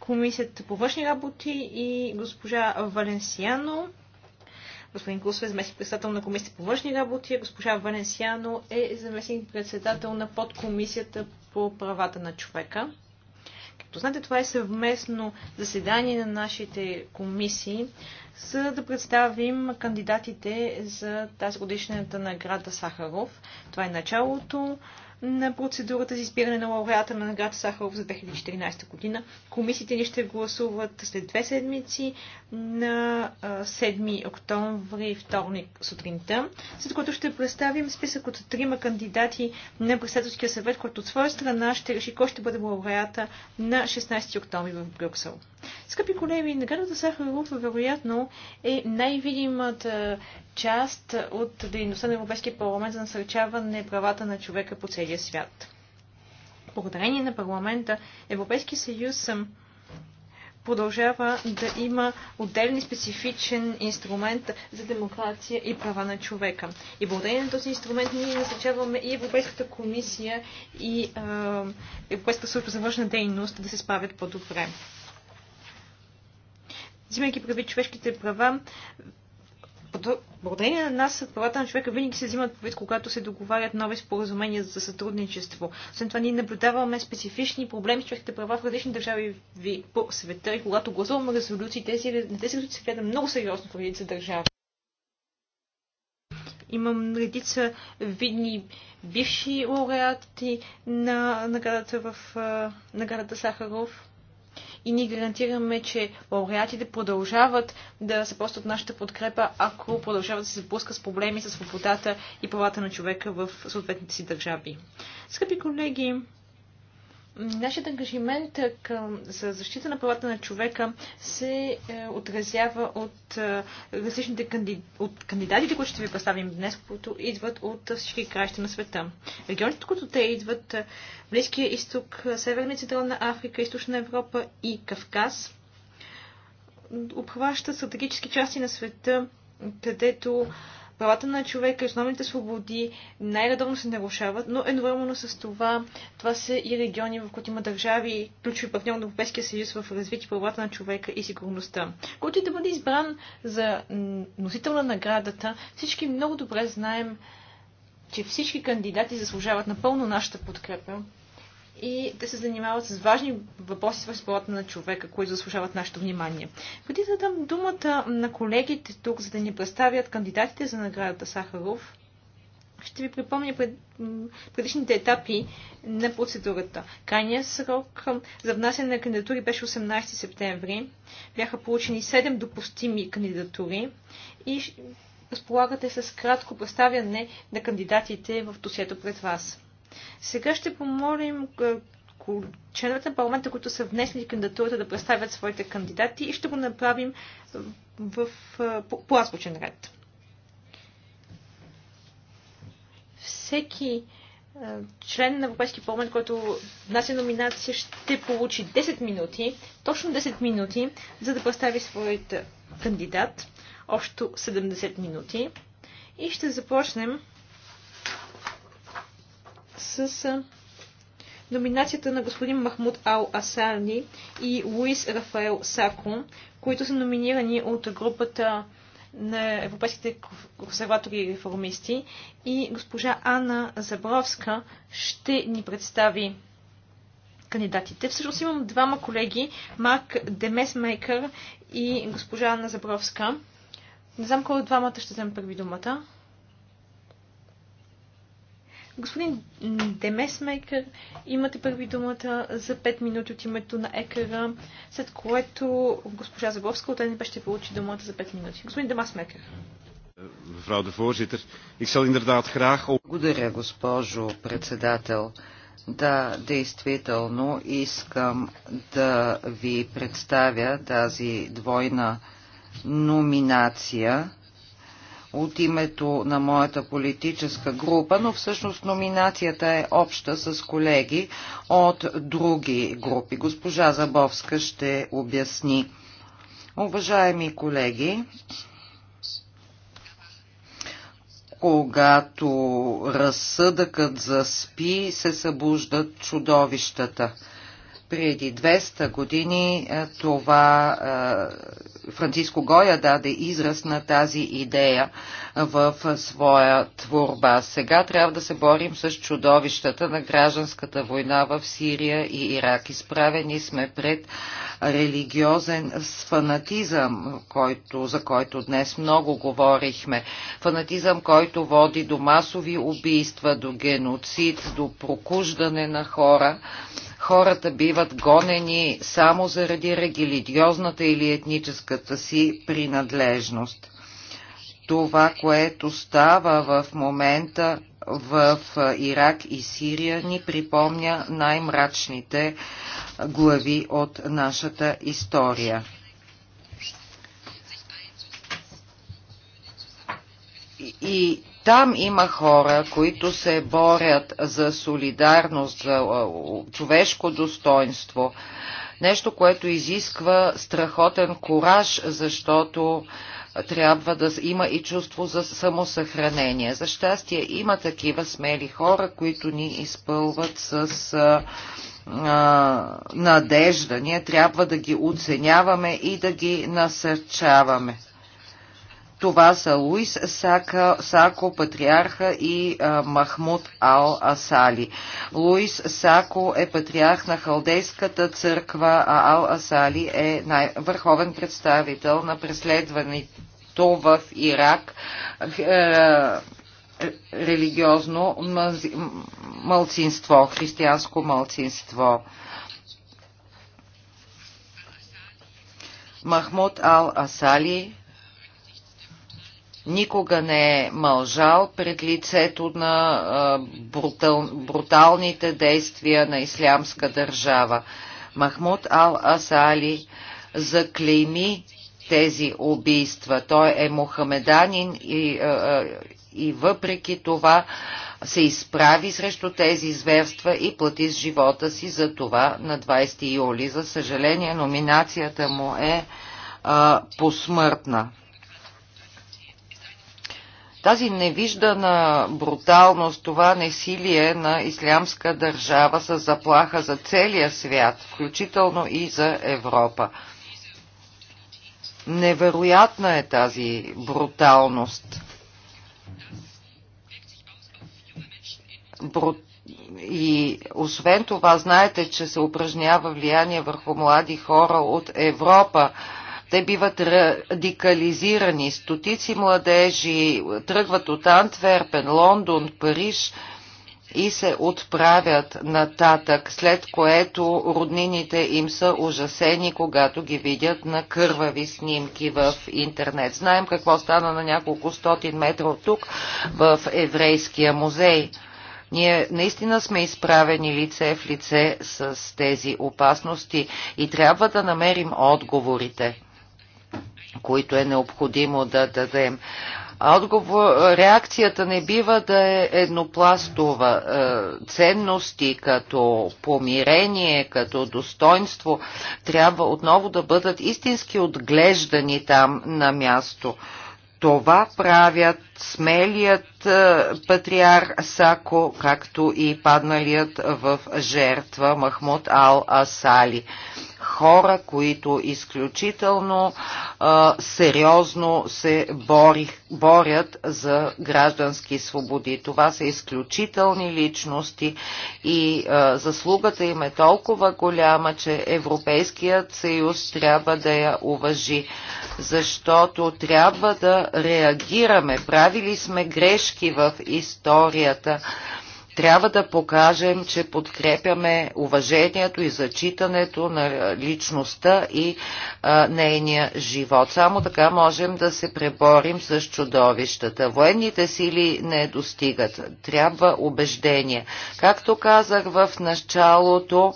Комисията по външни работи и госпожа Валенсиано. Господин Кусо е заместник председател на Комисията по външни работи, госпожа Валенсиано е заместник председател на подкомисията по правата на човека. Както знаете, това е съвместно заседание на нашите комисии, за да представим кандидатите за тази годишната награда Сахаров. Това е началото на процедурата за избиране на лауреата на Наград Сахаров за 2014 година. Комисиите ни ще гласуват след две седмици на 7 октомври, вторник сутринта, след което ще представим списък от трима кандидати на председателския съвет, който от своя страна ще реши кой ще бъде лауреата на 16 октомври в Брюксел. Скъпи колеги, наградата Сахаров вероятно е най-видимата част от дейността на Европейския парламент за насърчаване правата на човека по целия свят. Благодарение на парламента Европейския съюз продължава да има отделен специфичен инструмент за демокрация и права на човека. И благодарение на този инструмент ние насърчаваме и Европейската комисия и е, Европейската служба за външна дейност да се справят по-добре взимайки прави човешките права, благодарение на нас правата на човека винаги се взимат предвид, когато се договарят нови споразумения за сътрудничество. Освен това, ние наблюдаваме специфични проблеми с човешките права в различни държави по света и когато гласуваме резолюции, тези, на тези резолюции се гледа много сериозно в редица държави. Имам редица видни бивши лауреати на наградата, в, наградата Сахаров и ние гарантираме, че лауреатите продължават да се ползват от нашата подкрепа, ако продължават да се сблъскат с проблеми с свободата и правата на човека в съответните си държави. Скъпи колеги, Нашият ангажимент е, към, за защита на правата на човека се е, отразява от е, различните канди, от кандидатите, които ще ви представим днес, които идват от всички краища на света. Регионите, които те идват, е, Близкия изток, е, Северна и Централна Африка, Източна Европа и Кавказ, обхващат стратегически части на света, където правата на човека и основните свободи най-редовно се нарушават, но едновременно с това това са и региони, в които има държави, ключови партньор на Европейския съюз в развитие правата на човека и сигурността. Който и да бъде избран за носител на наградата, всички много добре знаем, че всички кандидати заслужават напълно нашата подкрепа и те се занимават с важни въпроси, в с на човека, които заслужават нашето внимание. Преди да дам думата на колегите тук, за да ни представят кандидатите за наградата Сахаров, ще ви припомня пред, предишните етапи на процедурата. Крайният срок за внасяне на кандидатури беше 18 септември. Бяха получени 7 допустими кандидатури и разполагате с кратко представяне на кандидатите в досието пред вас. Сега ще помолим е, членовете на парламента, които са внесли кандидатурата да представят своите кандидати и ще го направим в, в, е, по, по азбучен ред. Всеки е, член на Европейски парламент, който внася номинация, ще получи 10 минути, точно 10 минути, за да представи своят кандидат, общо 70 минути. И ще започнем с номинацията на господин Махмуд Ал Асарни и Луис Рафаел Сако, които са номинирани от групата на европейските консерватори и реформисти. И госпожа Анна Забровска ще ни представи кандидатите. Всъщност имам двама колеги, Марк Демесмейкър и госпожа Анна Забровска. Не знам кой от двамата ще вземе първи думата. Господин Демесмейкър, имате първи думата за 5 минути от името на екара, след което госпожа Заговска от НБ ще получи думата за 5 минути. Господин Демасмейкър. Благодаря, госпожо председател. Да, действително искам да ви представя тази двойна номинация от името на моята политическа група, но всъщност номинацията е обща с колеги от други групи. Госпожа Забовска ще обясни. Уважаеми колеги, когато разсъдъкът заспи, се събуждат чудовищата – преди 200 години е, това е, Франциско Гоя даде израз на тази идея в своя творба. Сега трябва да се борим с чудовищата на гражданската война в Сирия и Ирак. Изправени сме пред религиозен фанатизъм, който, за който днес много говорихме. Фанатизъм, който води до масови убийства, до геноцид, до прокуждане на хора. Хората биват биват гонени само заради религиозната или етническата си принадлежност. Това, което става в момента в Ирак и Сирия, ни припомня най-мрачните глави от нашата история. И там има хора, които се борят за солидарност, за човешко достоинство. Нещо, което изисква страхотен кураж, защото трябва да има и чувство за самосъхранение. За щастие има такива смели хора, които ни изпълват с надежда. Ние трябва да ги оценяваме и да ги насърчаваме. Това са Луис Сака, Сако, патриарха и а, Махмуд Ал Асали. Луис Сако е патриарх на халдейската църква, а Ал Асали е най- върховен представител на преследването в Ирак. Е, религиозно мълцинство, християнско малцинство. Махмуд Ал-Асали никога не е мължал пред лицето на а, брутал, бруталните действия на ислямска държава. Махмуд Ал-Асали заклейми тези убийства. Той е мухамеданин и, и въпреки това се изправи срещу тези зверства и плати с живота си за това на 20 юли. За съжаление, номинацията му е а, посмъртна. Тази невиждана бруталност, това несилие на ислямска държава с заплаха за целия свят, включително и за Европа. Невероятна е тази бруталност. Бру... И освен това, знаете, че се упражнява влияние върху млади хора от Европа. Те биват радикализирани. Стотици младежи тръгват от Антверпен, Лондон, Париж и се отправят нататък, след което роднините им са ужасени, когато ги видят на кървави снимки в интернет. Знаем какво стана на няколко стотин метра от тук в Еврейския музей. Ние наистина сме изправени лице в лице с тези опасности и трябва да намерим отговорите които е необходимо да дадем. Отговор, реакцията не бива да е еднопластова. Е, ценности като помирение, като достоинство трябва отново да бъдат истински отглеждани там на място. Това правят смелият е, патриар Сако, както и падналият в жертва Махмуд Ал-Асали хора, които изключително а, сериозно се борих, борят за граждански свободи. Това са изключителни личности и а, заслугата им е толкова голяма, че Европейският съюз трябва да я уважи, защото трябва да реагираме. Правили сме грешки в историята трябва да покажем, че подкрепяме уважението и зачитането на личността и а, нейния живот. Само така можем да се преборим с чудовищата. Военните сили не достигат. Трябва убеждение. Както казах в началото,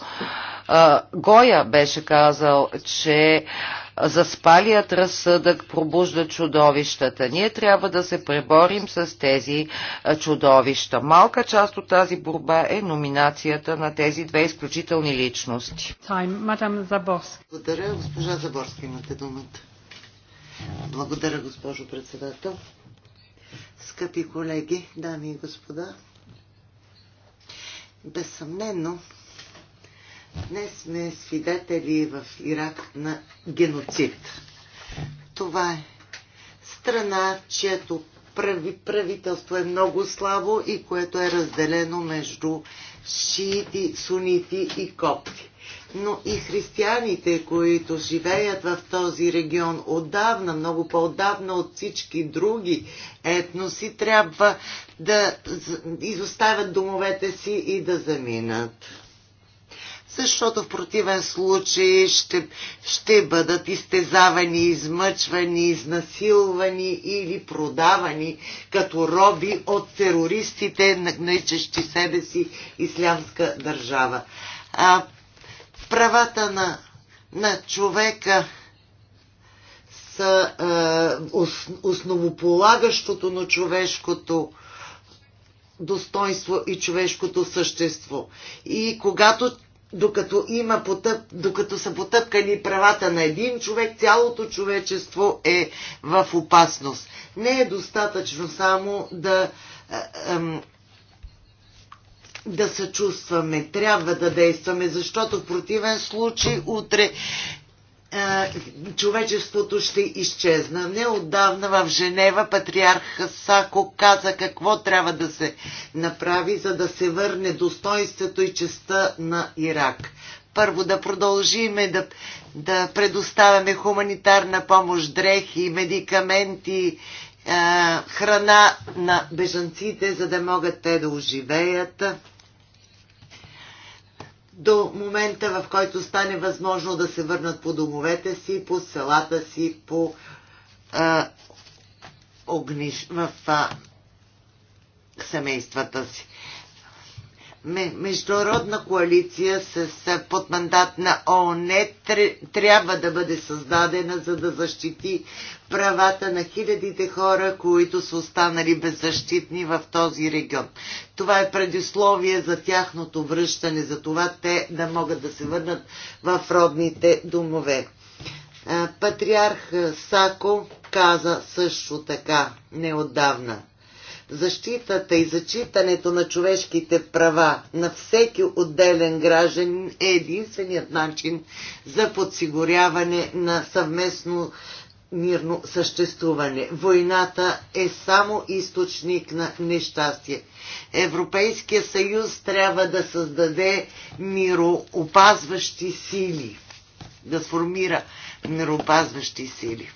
а, Гоя беше казал, че а, заспалият разсъдък пробужда чудовищата. Ние трябва да се преборим с тези чудовища. Малка част от тази борба е номинацията на тези две изключителни личности. Благодаря, госпожа Заборска, имате думата. Благодаря, госпожо председател. Скъпи колеги, дами и господа, безсъмнено Днес сме свидетели в Ирак на геноцид. Това е страна, чието прави, правителство е много слабо и което е разделено между шиити, сунити и копти. Но и християните, които живеят в този регион отдавна, много по-отдавна от всички други етноси, трябва да изоставят домовете си и да заминат защото в противен случай ще, ще бъдат изтезавани, измъчвани, изнасилвани или продавани като роби от терористите, наричащи себе си ислямска държава. А, правата на, на човека са е, ос, основополагащото на човешкото достоинство и човешкото същество. И когато докато, има потъп, докато са потъпкани правата на един човек, цялото човечество е в опасност. Не е достатъчно само да, е, да съчувстваме, трябва да действаме, защото в противен случай утре човечеството ще изчезна. Неотдавна в Женева патриарха Сако каза какво трябва да се направи, за да се върне достоинството и честа на Ирак. Първо да продължиме да, да предоставяме хуманитарна помощ, дрехи, медикаменти, храна на бежанците, за да могат те да оживеят до момента, в който стане възможно да се върнат по домовете си, по селата си, по а, огниш, в а, семействата си международна коалиция с подмандат на ООН трябва да бъде създадена, за да защити правата на хилядите хора, които са останали беззащитни в този регион. Това е предисловие за тяхното връщане, за това те да могат да се върнат в родните домове. Патриарх Сако каза също така неотдавна – защитата и зачитането на човешките права на всеки отделен граждан е единственият начин за подсигуряване на съвместно мирно съществуване. Войната е само източник на нещастие. Европейския съюз трябва да създаде мироопазващи сили, да сформира мироопазващи сили.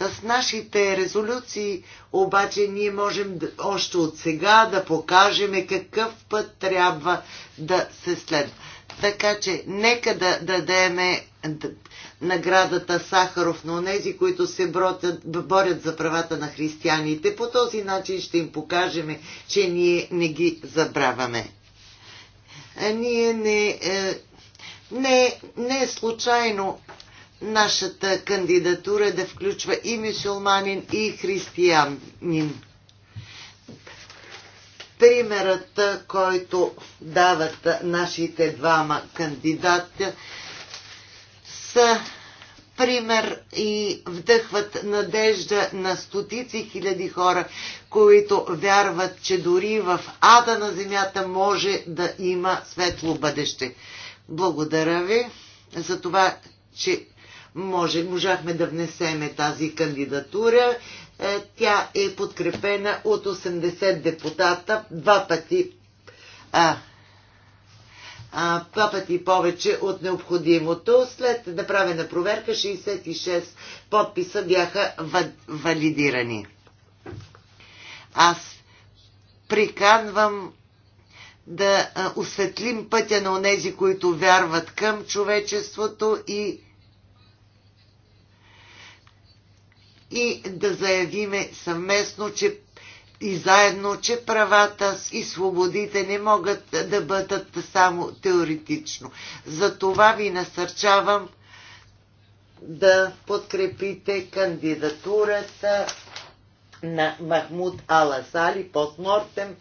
С нашите резолюции обаче ние можем още от сега да покажем какъв път трябва да се следва. Така че нека да дадеме наградата Сахаров на онези, които се борят, борят за правата на християните. По този начин ще им покажем, че ние не ги забравяме. Е, ние не, е, не, не е случайно нашата кандидатура да включва и мюсюлманин, и християнин. Примерът, който дават нашите двама кандидата, са пример и вдъхват надежда на стотици хиляди хора, които вярват, че дори в ада на земята може да има светло бъдеще. Благодаря ви за това, че може, можахме да внесеме тази кандидатура. Е, тя е подкрепена от 80 депутата два пъти. А, а, два пъти повече от необходимото. След направена проверка 66 подписа бяха валидирани. Аз приканвам да осветлим пътя на онези, които вярват към човечеството и и да заявиме съвместно, че и заедно, че правата и свободите не могат да бъдат само теоретично. За това ви насърчавам да подкрепите кандидатурата на Махмуд Аласали постмортем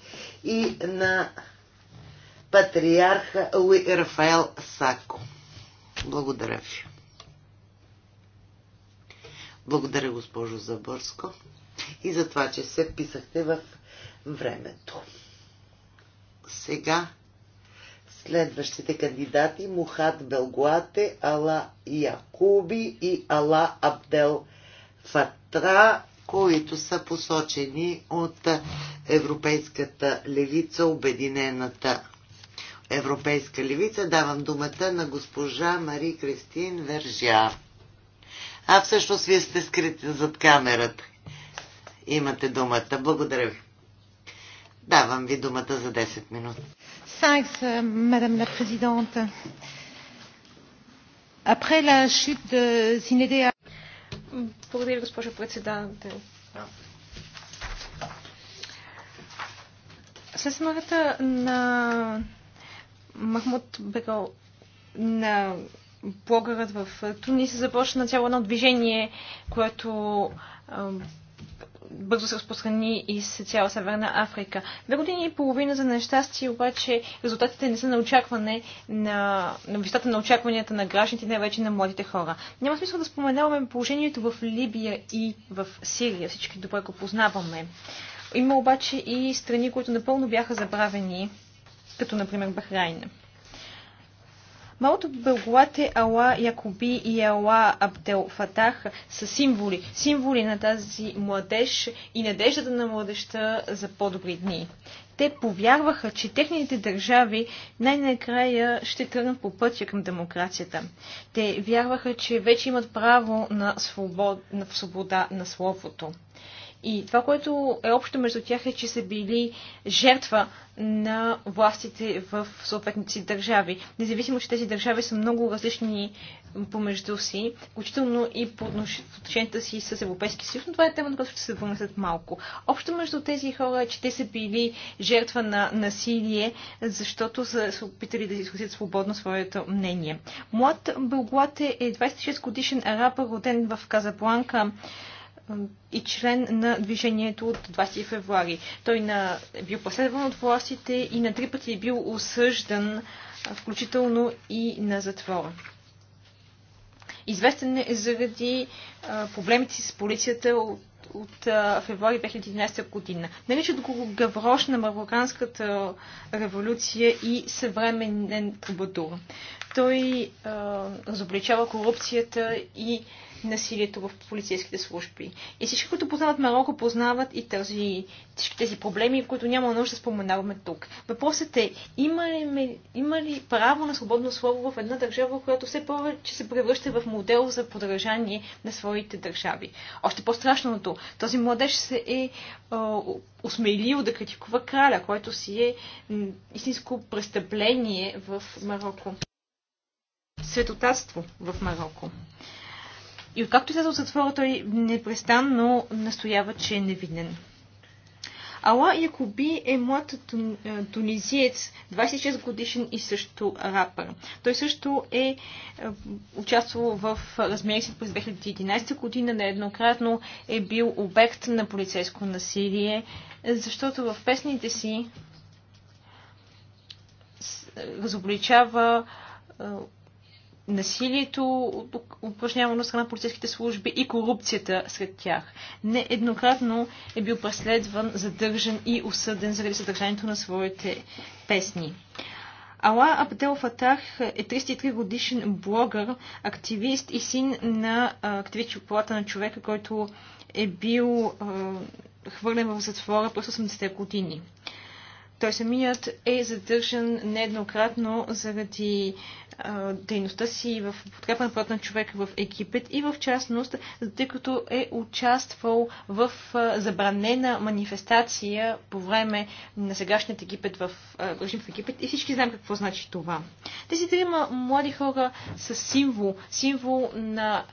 и на патриарха Луи Рафаел Сако. Благодаря ви. Благодаря, госпожо Забърско, и за това, че се писахте в времето. Сега следващите кандидати Мухат Белгуате, Ала Якуби и Ала Абдел Фатра, които са посочени от Европейската левица, Обединената Европейска левица. Давам думата на госпожа Мари Кристин Вержа. А всъщност вие сте скрити зад камерата. Имате думата. Благодаря ви. Давам ви думата за 10 минути. Thanks, uh, madame la présidente. Après la chute de Zinedea... Благодаря, госпожа председател. След смъртта на Махмуд Бегал на блогърът в Тунис започна цяло едно движение, което бързо се разпространи из цяла Северна Африка. Две години и половина за нещастие, обаче резултатите не са на очакване на, на висотата на очакванията на гражданите, не вече на младите хора. Няма смисъл да споменаваме положението в Либия и в Сирия. Всички добре го познаваме. Има обаче и страни, които напълно бяха забравени, като например Бахрайн. Малото белголат е Ала Якоби и Ала Абдел Фатах са символи. Символи на тази младеж и надеждата на младежта за по-добри дни. Те повярваха, че техните държави най-накрая ще тръгнат по пътя към демокрацията. Те вярваха, че вече имат право на на, свобода, на словото. И това, което е общо между тях е, че са били жертва на властите в съответните си държави. Независимо, че тези държави са много различни помежду си, включително и по отношенията си с Европейския съюз, но това е тема, на която ще се върна след малко. Общо между тези хора е, че те са били жертва на насилие, защото са се опитали да изразят свободно своето мнение. Млад Белглат е 26 годишен араб, роден в Казабланка и член на движението от 20 февруари. Той на, е бил последван от властите и на три пъти е бил осъждан, включително и на затвора. Известен е заради а, проблемите с полицията от, от а, февруари 2011 година. Наричат го гаврош на марокканската революция и съвременен трубатур. Той а, разобличава корупцията и а, насилието в полицейските служби. И всички, които познават Марокко, познават и тези, всички тези проблеми, които няма нужда да споменаваме тук. Въпросът е, има ли, има ли право на свободно слово в една държава, която все повече се превръща в модел за подражание на своите държави? Още по-страшното, този младеж се е осмелил да критикува краля, който си е истинско престъпление в Марокко светотатство в Марокко и откакто излезе от затвора, той непрестанно настоява, че е невинен. Ала Якоби е млад е, тунизиец, 26 годишен и също рапър. Той също е, е участвал в размери си през 2011 година, нееднократно е бил обект на полицейско насилие, защото в песните си е, разобличава насилието, упражнявано от страна на полицейските служби и корупцията сред тях. Нееднократно е бил преследван, задържан и осъден заради съдържанието на своите песни. Ала Абдел Фатах е 33 годишен блогър, активист и син на активичи Палата на човека, който е бил е, хвърлен в затвора през 80-те години. Той самият е задържан нееднократно заради а, дейността си в подкрепа на на човека в Египет и в частност, тъй като е участвал в а, забранена манифестация по време на сегашният Египет в, а, в Египет и всички знаем какво значи това. Тези трима млади хора са символ, символ на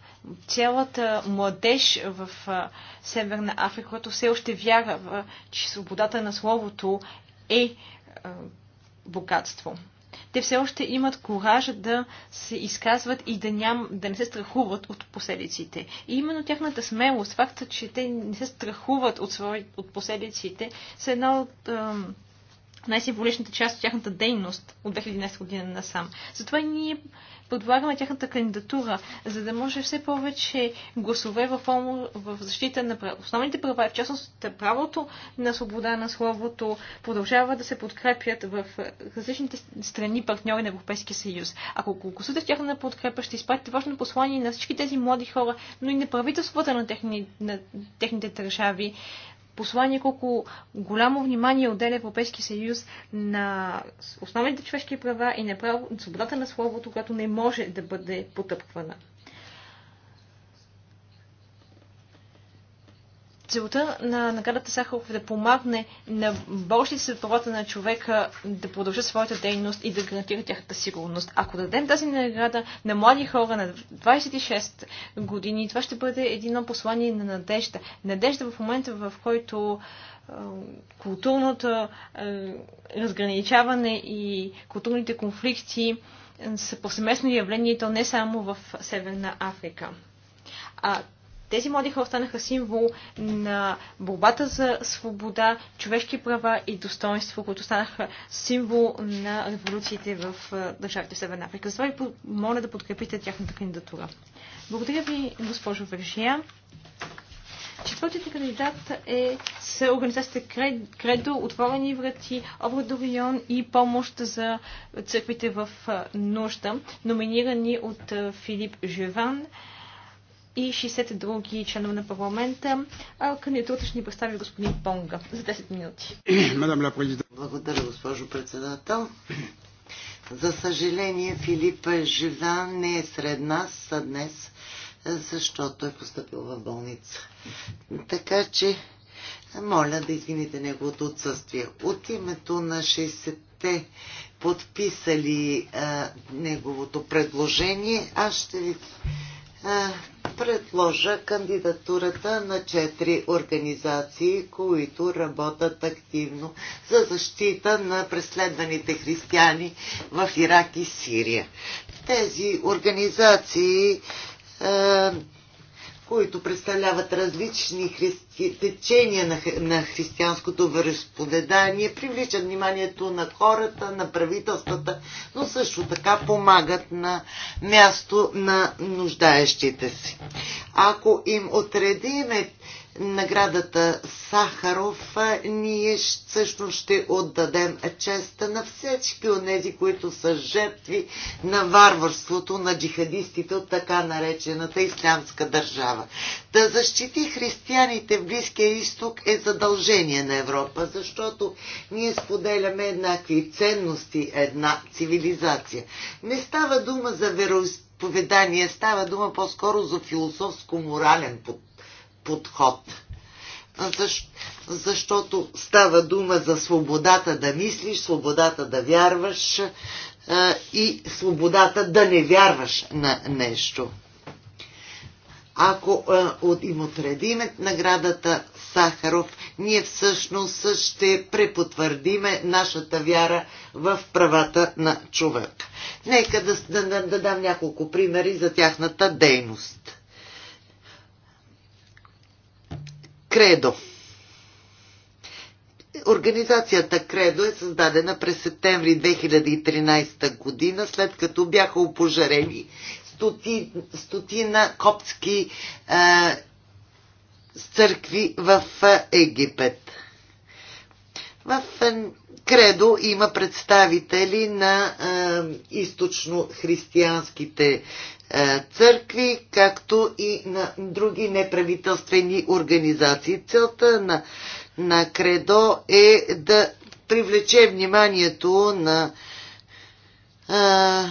цялата младеж в Северна Африка, която все още вярва, че свободата на словото е, е богатство. Те все още имат коража да се изказват и да, ням, да не се страхуват от последиците. И именно тяхната смелост, факта, че те не се страхуват от, свои, от последиците, са една от най-символичната част от тяхната дейност от 2011 година насам. Затова ние подлагаме тяхната кандидатура, за да може все повече гласове в, помо... в защита на основните права, в частност правото на свобода на словото, продължава да се подкрепят в различните страни партньори на Европейския съюз. Ако гласувате в тяхна подкрепа, ще изпратите важно послание на всички тези млади хора, но и на правителствата на, техни... на техните държави, послание колко голямо внимание отделя Европейски съюз на основните човешки права и на право, свободата на словото, която не може да бъде потъпквана. целта на наградата Сахаров е да помагне на борщи се правата на човека да продължат своята дейност и да гарантира тяхната сигурност. Ако дадем тази награда на млади хора на 26 години, това ще бъде едно послание на надежда. Надежда в момента, в който културното разграничаване и културните конфликти са повсеместно явление, то не само в Северна Африка. А тези млади хора станаха символ на борбата за свобода, човешки права и достоинство, които станаха символ на революциите в държавите в Северна Африка. Затова ви моля да подкрепите тяхната кандидатура. Благодаря ви, госпожо Вержия. Четвъртият кандидат е с организацията Кредо, Отворени врати, Обрат район и помощ за църквите в нужда, номинирани от Филип Жеван и 60 други членове на парламента. Кандидатурата ще ни представи господин Понга за 10 минути. [CLEARS THROAT] Благодаря, госпожо председател. За съжаление, Филип Живан не е сред нас днес, защото е поступил в болница. Така че, моля да извините неговото отсъствие. От името на 60-те подписали а, неговото предложение, аз ще ви предложа кандидатурата на четири организации, които работят активно за защита на преследваните християни в Ирак и Сирия. Тези организации които представляват различни христи... течения на, на християнското вероисповедание, привличат вниманието на хората, на правителствата, но също така помагат на място на нуждаещите си. Ако им отредиме наградата Сахаров, ние също ще отдадем честа на всички от тези, които са жертви на варварството на джихадистите от така наречената ислямска държава. Да защити християните в Близкия изток е задължение на Европа, защото ние споделяме еднакви ценности, една цивилизация. Не става дума за вероисповедание, става дума по-скоро за философско-морален подход подход. Защо, защото става дума за свободата да мислиш, свободата да вярваш а, и свободата да не вярваш на нещо. Ако а, от, им отредиме наградата Сахаров, ние всъщност ще препотвърдиме нашата вяра в правата на човек. Нека да, да, да, да дам няколко примери за тяхната дейност Кредо. Организацията Кредо е създадена през септември 2013 година, след като бяха опожарени стоти, стотина копски а, църкви в Египет. В Кредо има представители на източно-християнските е, църкви, както и на други неправителствени организации. Целта на, на Кредо е да привлече вниманието на а,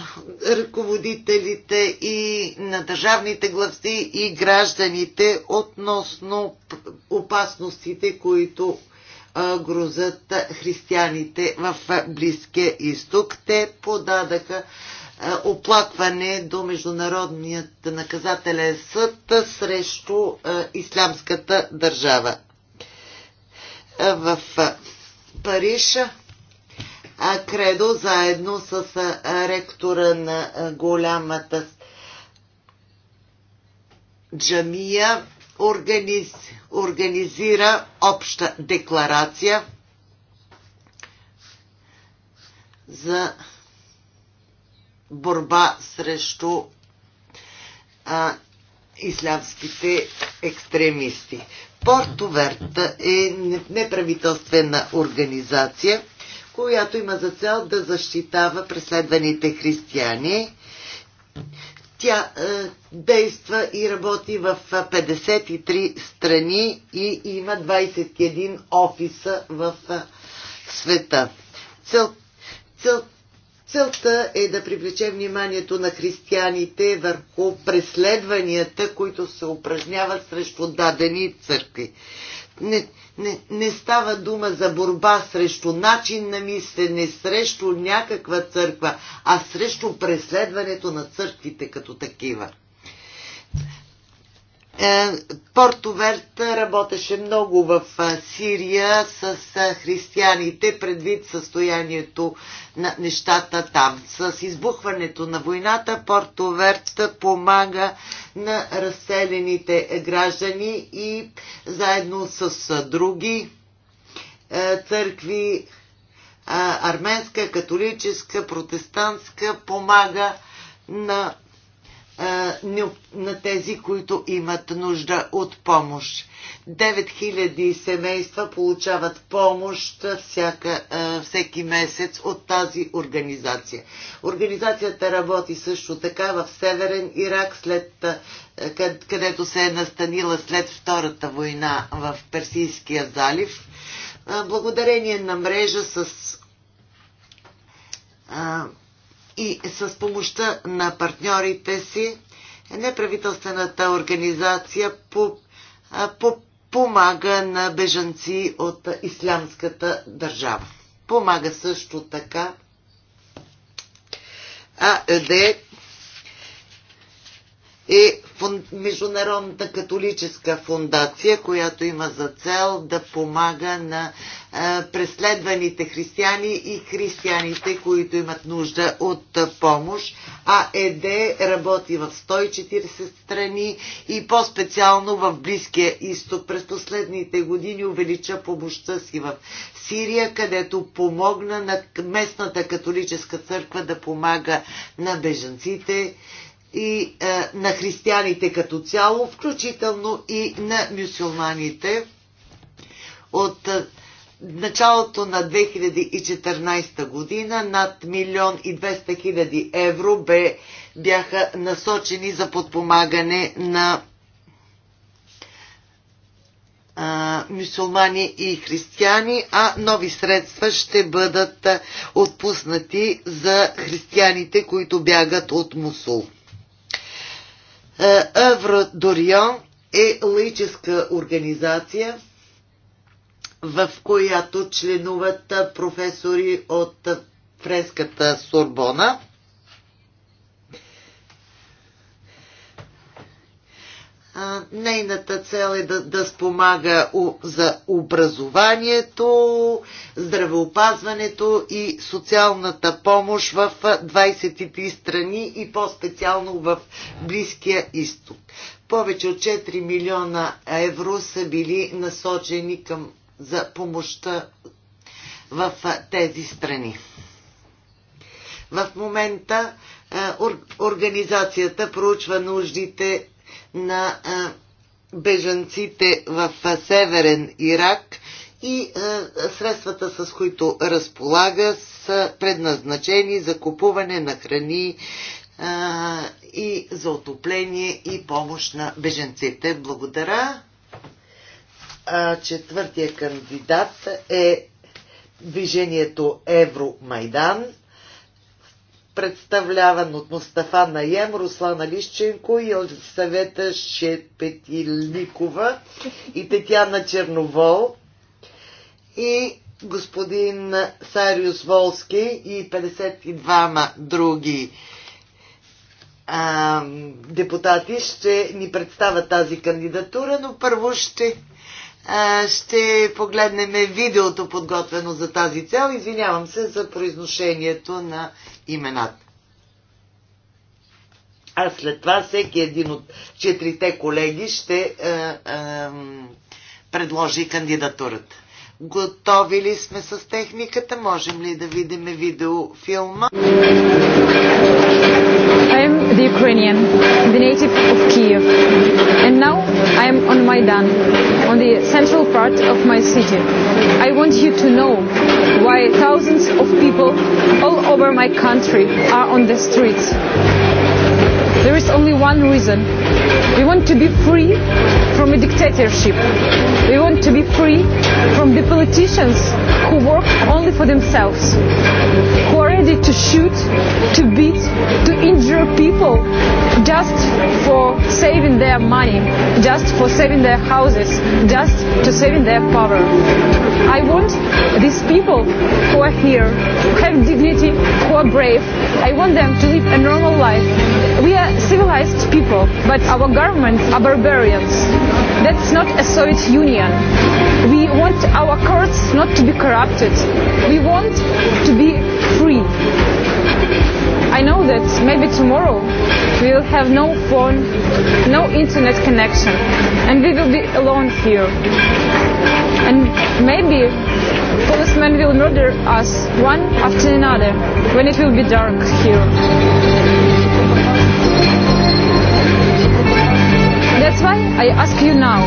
е, ръководителите и на държавните главци и гражданите относно опасностите, които е, грозат християните в Близкия изток. Те подадаха е, оплакване до Международният наказателен съд срещу е, ислямската държава. Е, в Париж Кредо заедно с ректора на голямата джамия организ, организира обща декларация за борба срещу а, ислямските екстремисти. Верта е неправителствена организация, която има за цел да защитава преследваните християни. Тя е, действа и работи в 53 страни и има 21 офиса в е, света. Цел, цел, Целта е да привлече вниманието на християните върху преследванията, които се упражняват срещу дадени църкви. Не, не, не става дума за борба срещу начин на мислене, срещу някаква църква, а срещу преследването на църквите като такива. Е, Портоверт работеше много в е, Сирия с е, християните, предвид състоянието на нещата там. С избухването на войната Портоверт помага на разселените граждани и заедно с други църкви, арменска, католическа, протестантска, помага на на тези, които имат нужда от помощ. 9000 семейства получават помощ всяка, всеки месец от тази организация. Организацията работи също така в Северен Ирак, след, където се е настанила след Втората война в Персийския залив. Благодарение на мрежа с и с помощта на партньорите си неправителствената организация по, по, помага на бежанци от ислямската държава. Помага също така а де, е фун... Международната католическа фундация, която има за цел да помага на а, преследваните християни и християните, които имат нужда от а, помощ. А ЕД работи в 140 страни и по-специално в Близкия изток. През последните години увелича помощта си в Сирия, където помогна на местната католическа църква да помага на бежанците и е, на християните като цяло, включително и на мюсюлманите. От е, началото на 2014 година над милион и 200 хиляди евро бе, бяха насочени за подпомагане на е, мусулмани и християни, а нови средства ще бъдат е, отпуснати за християните, които бягат от Мусул. Е, Евро Дорион е лаическа организация, в която членуват професори от френската Сорбона – Нейната цел е да, да спомага у, за образованието, здравеопазването и социалната помощ в 23 страни и по-специално в Близкия изток. Повече от 4 милиона евро са били насочени към, за помощта в тези страни. В момента Организацията проучва нуждите на бежанците в северен Ирак и средствата, с които разполага, са предназначени за купуване на храни и за отопление и помощ на беженците. Благодаря. Четвъртия кандидат е движението Евромайдан представляван от Мустафа Наем, Руслана Лищенко и Елисавета Шепетиликова и Тетяна Черновол и господин Сариус Волски и 52 ма други а, депутати ще ни представят тази кандидатура, но първо ще ще погледнем видеото подготвено за тази цел. Извинявам се за произношението на имената. А след това всеки един от четирите колеги ще е, е, предложи кандидатурата. Готови ли сме с техниката? Можем ли да видим видеофилма? I am the Ukrainian, the native of Kiev. And now I am on Maidan the central part of my city. I want you to know why thousands of people all over my country are on the streets. There is only one reason. We want to be free from a dictatorship. We want to be free from the politicians who work only for themselves, who are ready to shoot, to beat, to injure people just for saving their money, just for saving their houses, just to saving their power. I want these people who are here, who have dignity, who are brave, I want them to live a normal life. We are civilized people, but our governments are barbarians. That's not a Soviet Union. We want our courts not to be corrupted. We want to be free. I know that maybe tomorrow we will have no phone, no internet connection, and we will be alone here. And maybe policemen will murder us one after another when it will be dark here. That's why I ask you now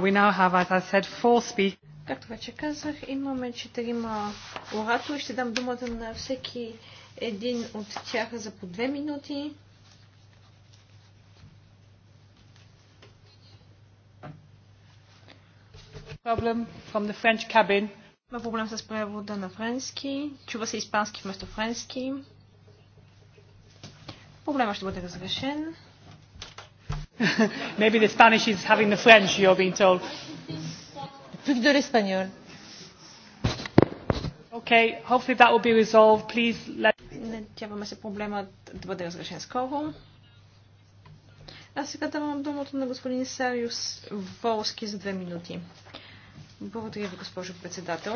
we now have, as I said, four speakers. Както вече казах, имаме четирима оратори. Ще дам думата на всеки един от тях за по две минути. Problem from the French cabin. Има проблем с превода на френски. Чува се испански вместо френски. Проблема ще бъде разрешен. [LAUGHS] Maybe the Spanish is having the French, you're being told. Plus de l'espagnol. Okay, hopefully that will be resolved. Please let... Надяваме се проблемът да бъде разрешен скоро. Аз сега давам думата на господин Сариус Волски за две минути. Благодаря ви, госпожо председател.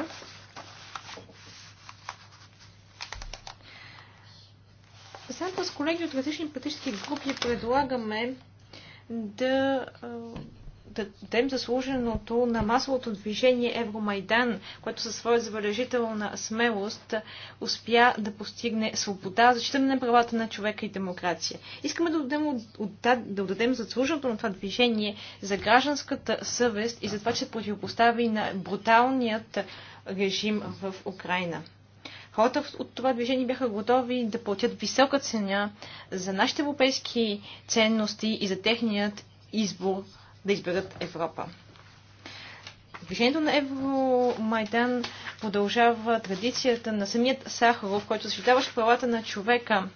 Заедно с колеги от различни политически групи предлагаме да, да дадем заслуженото на масовото движение Евромайдан, което със своя забележителна смелост успя да постигне свобода, защитане на правата на човека и демокрация. Искаме да дадем, да дадем заслуженото на това движение за гражданската съвест и за това, че противопостави на бруталният режим в Украина. Хората от това движение бяха готови да платят висока цена за нашите европейски ценности и за техният избор да изберат Европа. Движението на Евромайдан продължава традицията на самият Сахаров, който защитаваше правата на човека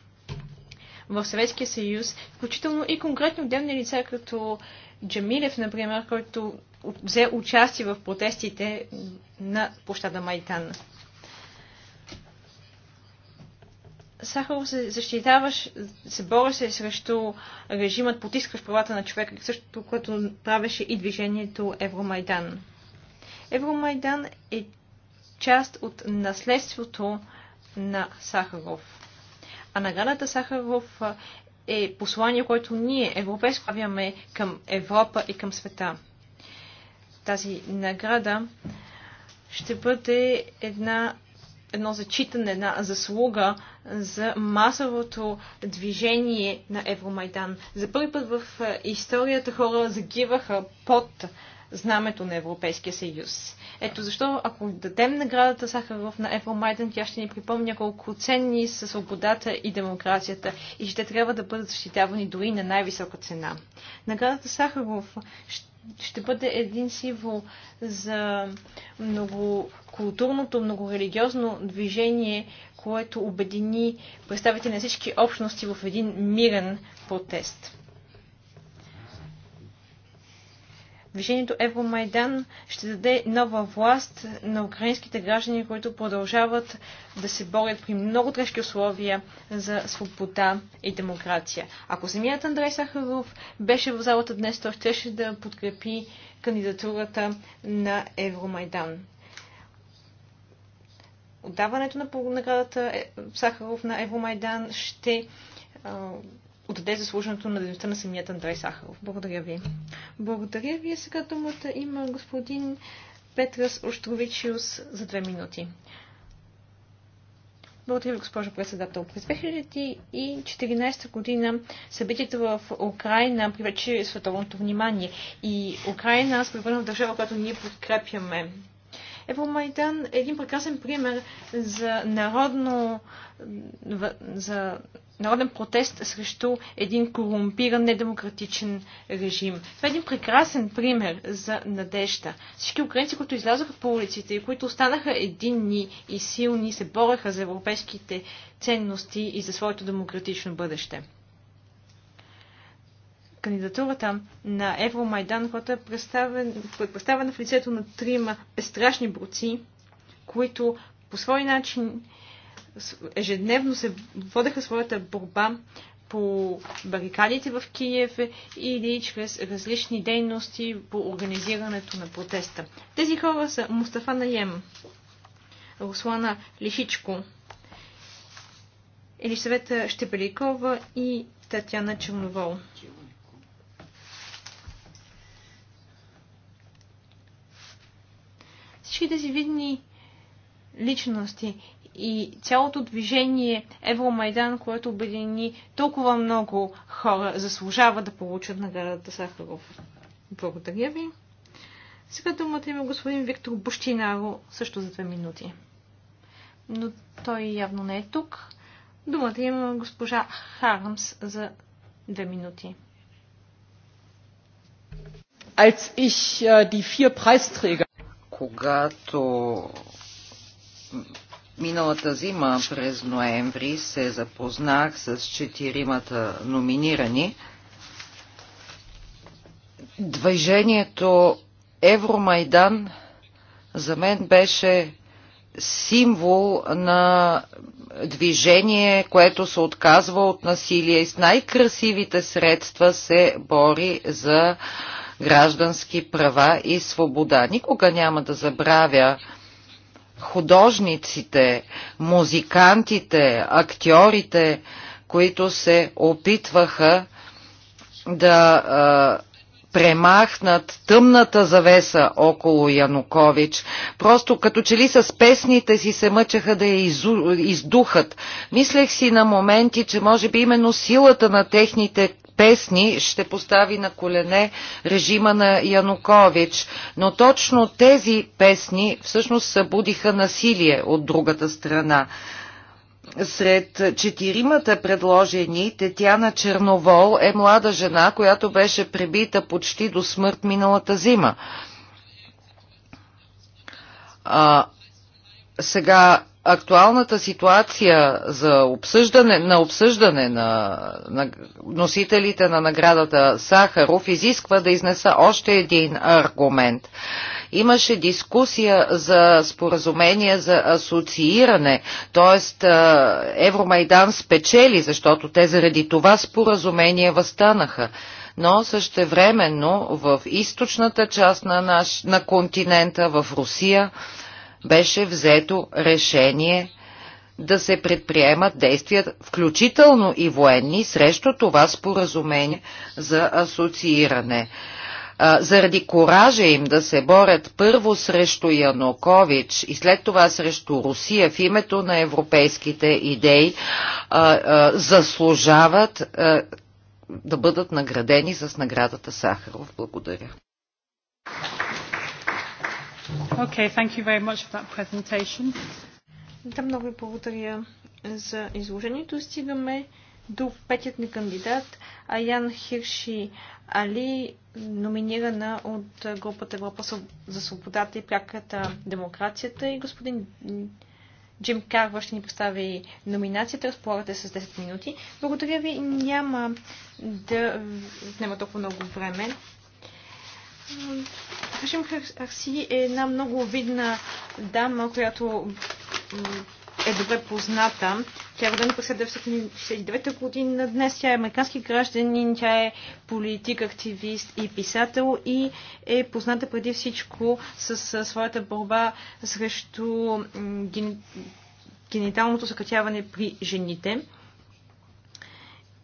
в Съветския съюз, включително и конкретно отделни лица, като Джамилев, например, който взе участие в протестите на площада Майтан. Сахаров се защитаваш, се бореше срещу режимът, потискаш правата на човека, същото, което правеше и движението Евромайдан. Евромайдан е част от наследството на Сахаров. А наградата Сахаров е послание, което ние, европейско, правяме към Европа и към света. Тази награда ще бъде една едно зачитане, една заслуга за масовото движение на Евромайдан. За първи път в е, историята хора загиваха под знамето на Европейския съюз. Ето защо, ако дадем наградата Сахаров на Евромайдан, тя ще ни припомня колко ценни са свободата и демокрацията и ще трябва да бъдат защитявани дори на най-висока цена. Наградата Сахаров ще ще бъде един символ за многокултурното, многорелигиозно движение, което обедини представители на всички общности в един мирен протест. Движението Евромайдан ще даде нова власт на украинските граждани, които продължават да се борят при много тежки условия за свобода и демокрация. Ако самият Андрей Сахаров беше в залата днес, той щеше да подкрепи кандидатурата на Евромайдан. Отдаването на наградата е, Сахаров на Евромайдан ще отдаде заслуженото на дейността на самият Андрей Сахаров. Благодаря ви. Благодаря ви. Сега думата има господин Петрас Оштровичиус за две минути. Благодаря ви, госпожо председател. През 2014 година събитията в Украина привлече световното внимание и Украина се превърна в държава, която ние подкрепяме Евромайдан е един прекрасен пример за, народно, за народен протест срещу един корумпиран, недемократичен режим. Това е един прекрасен пример за надежда. Всички украинци, които излязоха по улиците и които останаха единни и силни, се бореха за европейските ценности и за своето демократично бъдеще кандидатурата на Евромайдан, която е представен, представена в лицето на трима безстрашни борци, които по свой начин ежедневно се водеха своята борба по барикадите в Киев или чрез различни дейности по организирането на протеста. Тези хора са Мустафа Наем, Руслана Лишичко, Елисавета Щепеликова и Татьяна Черновол. всички тези видни личности и цялото движение Евромайдан, което обедини толкова много хора, заслужава да получат наградата Сахаров. Благодаря ви. Сега думата има господин Виктор Бущинаро, също за две минути. Но той явно не е тук. Думата има госпожа Хармс за две минути. Als ich äh, die vier Preisträger когато миналата зима през ноември се запознах с четиримата номинирани, движението Евромайдан за мен беше символ на движение, което се отказва от насилие и с най-красивите средства се бори за граждански права и свобода. Никога няма да забравя художниците, музикантите, актьорите, които се опитваха да а, премахнат тъмната завеса около Янукович. Просто като че ли с песните си се мъчаха да я изу, издухат. Мислех си на моменти, че може би именно силата на техните песни ще постави на колене режима на Янукович. Но точно тези песни всъщност събудиха насилие от другата страна. Сред четиримата предложени Тетяна Черновол е млада жена, която беше пребита почти до смърт миналата зима. А, сега актуалната ситуация за обсъждане, на обсъждане на, на носителите на наградата Сахаров изисква да изнеса още един аргумент. Имаше дискусия за споразумение за асоцииране, т.е. Евромайдан спечели, защото те заради това споразумение възстанаха но същевременно в източната част на, наш, на континента, в Русия, беше взето решение да се предприемат действия, включително и военни, срещу това споразумение за асоцииране. Заради коража им да се борят първо срещу Янукович и след това срещу Русия в името на европейските идеи, заслужават да бъдат наградени с наградата Сахаров. Благодаря. Okay, thank you very much for that presentation. Да, много ви благодаря за изложението. Стигаме до петият ни кандидат Аян Хирши Али, номинирана от групата Европа за свободата и пряката демокрацията и господин Джим Карва ще ни представи номинацията. Разполагате с 10 минути. Благодаря ви. Няма да няма толкова много време. Хашим Харси е една много видна дама, която е добре позната. Тя е родена през 1969 година. Днес тя е американски гражданин, тя е политик, активист и писател и е позната преди всичко с своята борба срещу ген... гениталното съкратяване при жените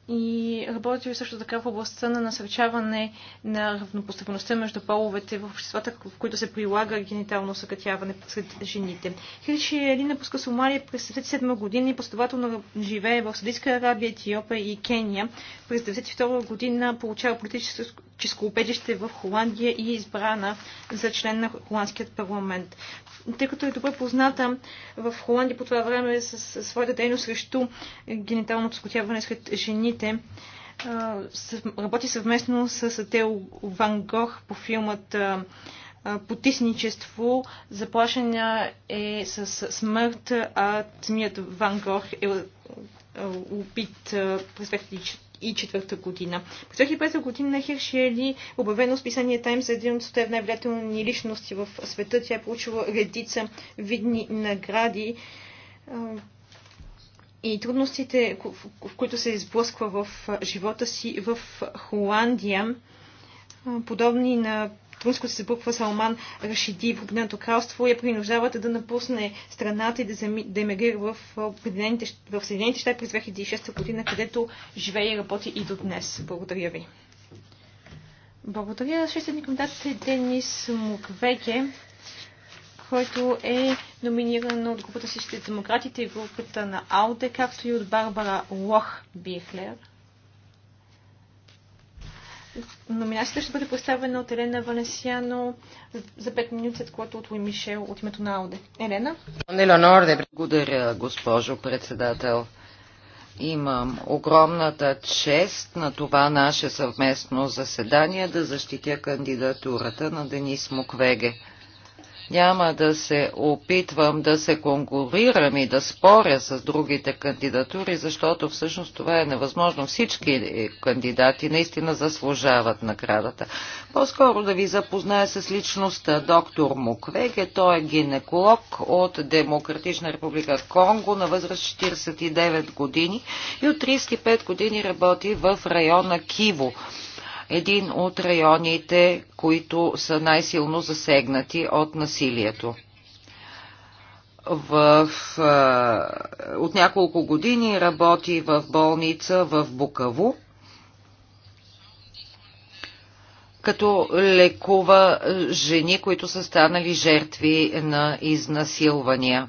и работи също така в областта на насърчаване на равнопоставеността между половете в обществата, в които се прилага генитално съкътяване сред жените. Хирши Ели напуска Сомалия през 1997 година и последователно живее в Саудитска Арабия, Етиопия и Кения. През 1992 година получава политическо убежище в Холандия и е избрана за член на холандският парламент. Тъй като е добре позната в Холандия по това време със своята дейност срещу гениталното съкътяване сред жените, жените работи съвместно с Атео Ван Гох по филмата потисничество, заплашена е с смърт, а самият Ван Гох е, е убит през 2004 година. През 2005 година Хирши е обявено списание Тайм за един от 100 най-влиятелни личности в света. Тя е получила редица видни награди и трудностите, в които се изблъсква в живота си в Холандия, подобни на трудностите, се буква Салман Рашиди в Обединеното кралство, я принуждават да напусне страната и да, емигрира в, в Съединените щати през 2006 година, където живее и работи и до днес. Благодаря ви. Благодаря. Шестен кандидат е Денис Муквеге. Който е номинирано от групата Същите демократите и групата на Ауде, както и от Барбара Лох Бихлер. Номинацията ще бъде представена от Елена Валенсиано за 5 минути, след което от Луи Мишел от името на Ауде. Елена? Благодаря, госпожо председател. Имам огромната чест на това наше съвместно заседание да защитя кандидатурата на Денис Муквеге. Няма да се опитвам да се конкурирам и да споря с другите кандидатури, защото всъщност това е невъзможно. Всички кандидати наистина заслужават наградата. По-скоро да ви запозная с личността доктор Муквеге. Той е гинеколог от Демократична република Конго на възраст 49 години и от 35 години работи в района Киво един от районите, които са най-силно засегнати от насилието в, от няколко години работи в болница в Букаво, като лекува жени, които са станали жертви на изнасилвания.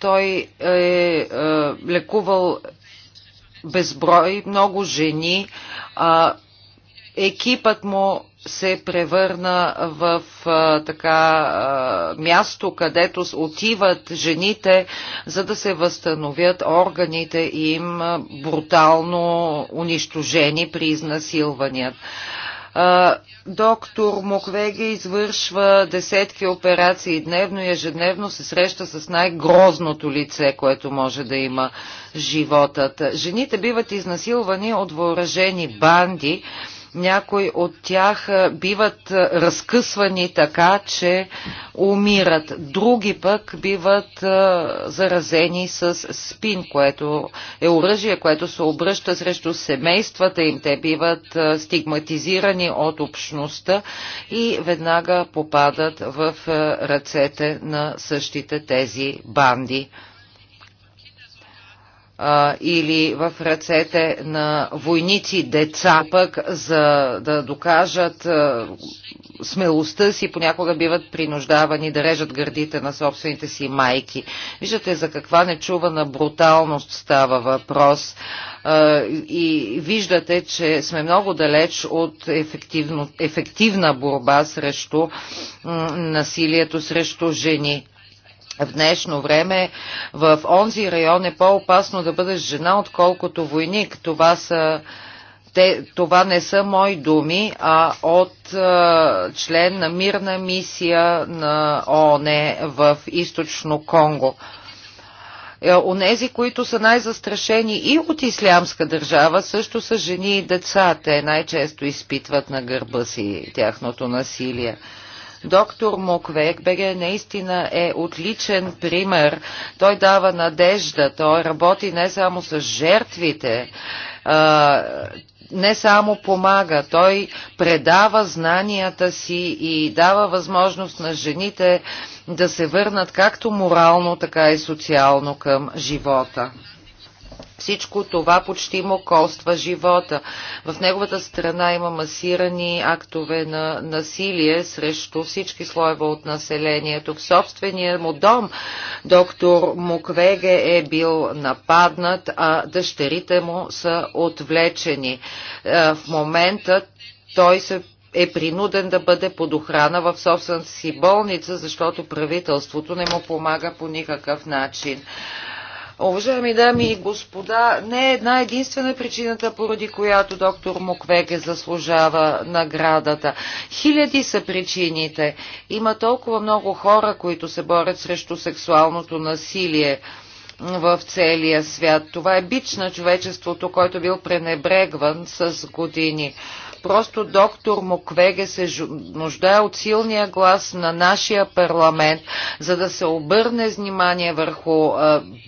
Той е, е лекувал безброй много жени, а екипът му се превърна в а, така а, място, където отиват жените, за да се възстановят органите им брутално унищожени при изнасилваният. Доктор Муквеге извършва десетки операции дневно и ежедневно се среща с най-грозното лице, което може да има животът. Жените биват изнасилвани от въоръжени банди, някои от тях е, биват е, разкъсвани така, че умират. Други пък биват е, заразени с спин, което е оръжие, което се обръща срещу семействата им. Те биват стигматизирани от общността и веднага попадат в ръцете на същите тези банди а, или в ръцете на войници деца, пък за да докажат а, смелостта си, понякога биват принуждавани да режат гърдите на собствените си майки. Виждате за каква нечувана бруталност става въпрос а, и виждате, че сме много далеч от ефективно, ефективна борба срещу насилието срещу жени в днешно време в онзи район е по-опасно да бъдеш жена, отколкото войник. Това са те, това не са мои думи, а от а, член на мирна мисия на ООН в източно Конго. Е, онези, които са най-застрашени и от ислямска държава, също са жени и деца. Те най-често изпитват на гърба си тяхното насилие. Доктор Муквекбеге наистина е отличен пример. Той дава надежда, той работи не само с жертвите, не само помага, той предава знанията си и дава възможност на жените да се върнат както морално, така и социално към живота. Всичко това почти му коства живота. В неговата страна има масирани актове на насилие срещу всички слоева от населението. В собствения му дом доктор Муквеге е бил нападнат, а дъщерите му са отвлечени. Е, в момента той се е принуден да бъде под охрана в собствената си болница, защото правителството не му помага по никакъв начин. Уважаеми дами и господа, не е една единствена причината, поради която доктор Муквеге заслужава наградата. Хиляди са причините. Има толкова много хора, които се борят срещу сексуалното насилие в целия свят. Това е бич на човечеството, който бил пренебрегван с години. Просто доктор Муквеге се нуждае от силния глас на нашия парламент, за да се обърне внимание върху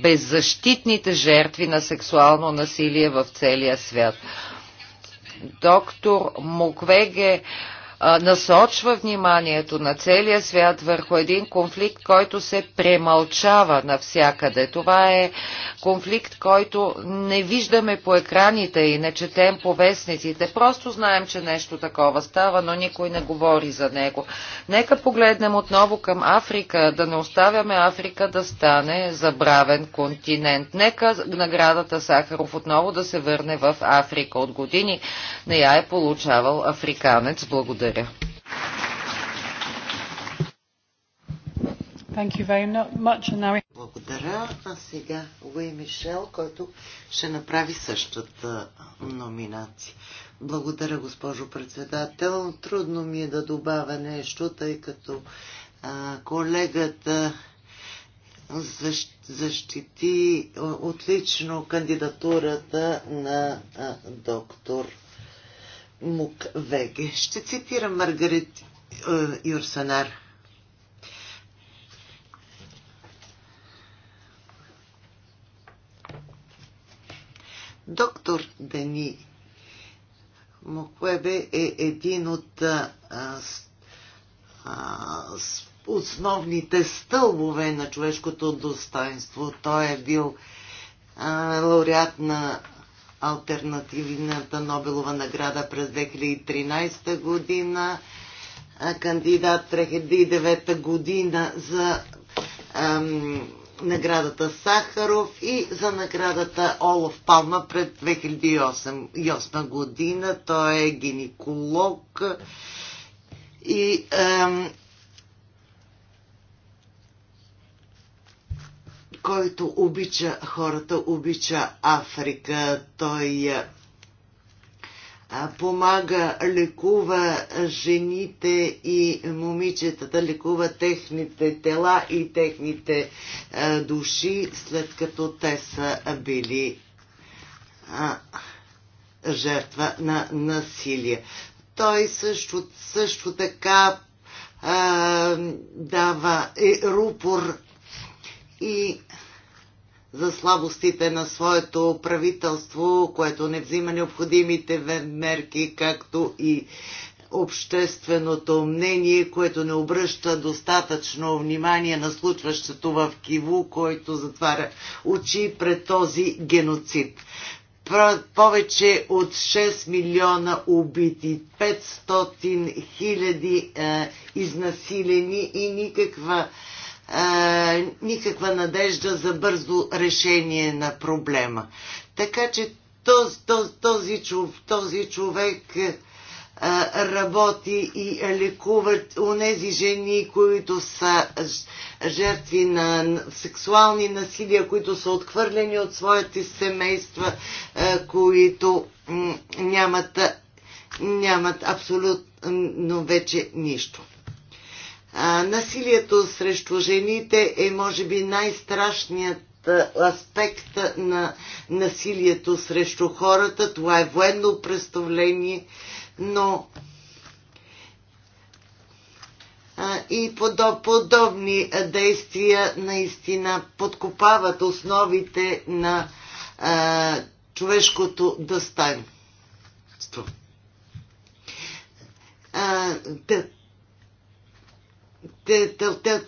беззащитните жертви на сексуално насилие в целия свят. Доктор Муквеге насочва вниманието на целия свят върху един конфликт, който се премълчава навсякъде. Това е конфликт, който не виждаме по екраните и не четем по вестниците. Просто знаем, че нещо такова става, но никой не говори за него. Нека погледнем отново към Африка, да не оставяме Африка да стане забравен континент. Нека наградата Сахаров отново да се върне в Африка. От години не я е получавал африканец. Благодаря. Благодаря. Благодаря. А сега Луи Мишел, който ще направи същата номинация. Благодаря, госпожо председател. Трудно ми е да добавя нещо, тъй като а, колегата защ, защити отлично кандидатурата на а, доктор Муквеге. Ще цитирам Маргарет е, Юрсанар. Доктор Дени Муквебе е един от а, е, а, е, основните стълбове на човешкото достоинство. Той е бил а, лауреат на альтернативната Нобелова награда през 2013 година, кандидат 2009 година за ам, наградата Сахаров и за наградата Олов Палма през 2008 година. Той е гинеколог и ам, който обича хората, обича Африка. Той е, помага, лекува жените и момичетата, лекува техните тела и техните души, след като те са били жертва на насилие. Той също, също така а, дава е, рупор и за слабостите на своето правителство, което не взима необходимите мерки, както и общественото мнение, което не обръща достатъчно внимание на случващото в Киву, който затваря очи пред този геноцид. Повече от 6 милиона убити, 500 хиляди е, изнасилени и никаква е, а, никаква надежда за бързо решение на проблема. Така че този, този, този, този човек а, работи и лекува нези жени, които са жертви на сексуални насилия, които са отхвърлени от своите семейства, а, които нямат, нямат абсолютно вече нищо. А, насилието срещу жените е, може би, най-страшният аспект на насилието срещу хората. Това е военно представление, но и подобни действия наистина подкопават основите на а, човешкото достоинство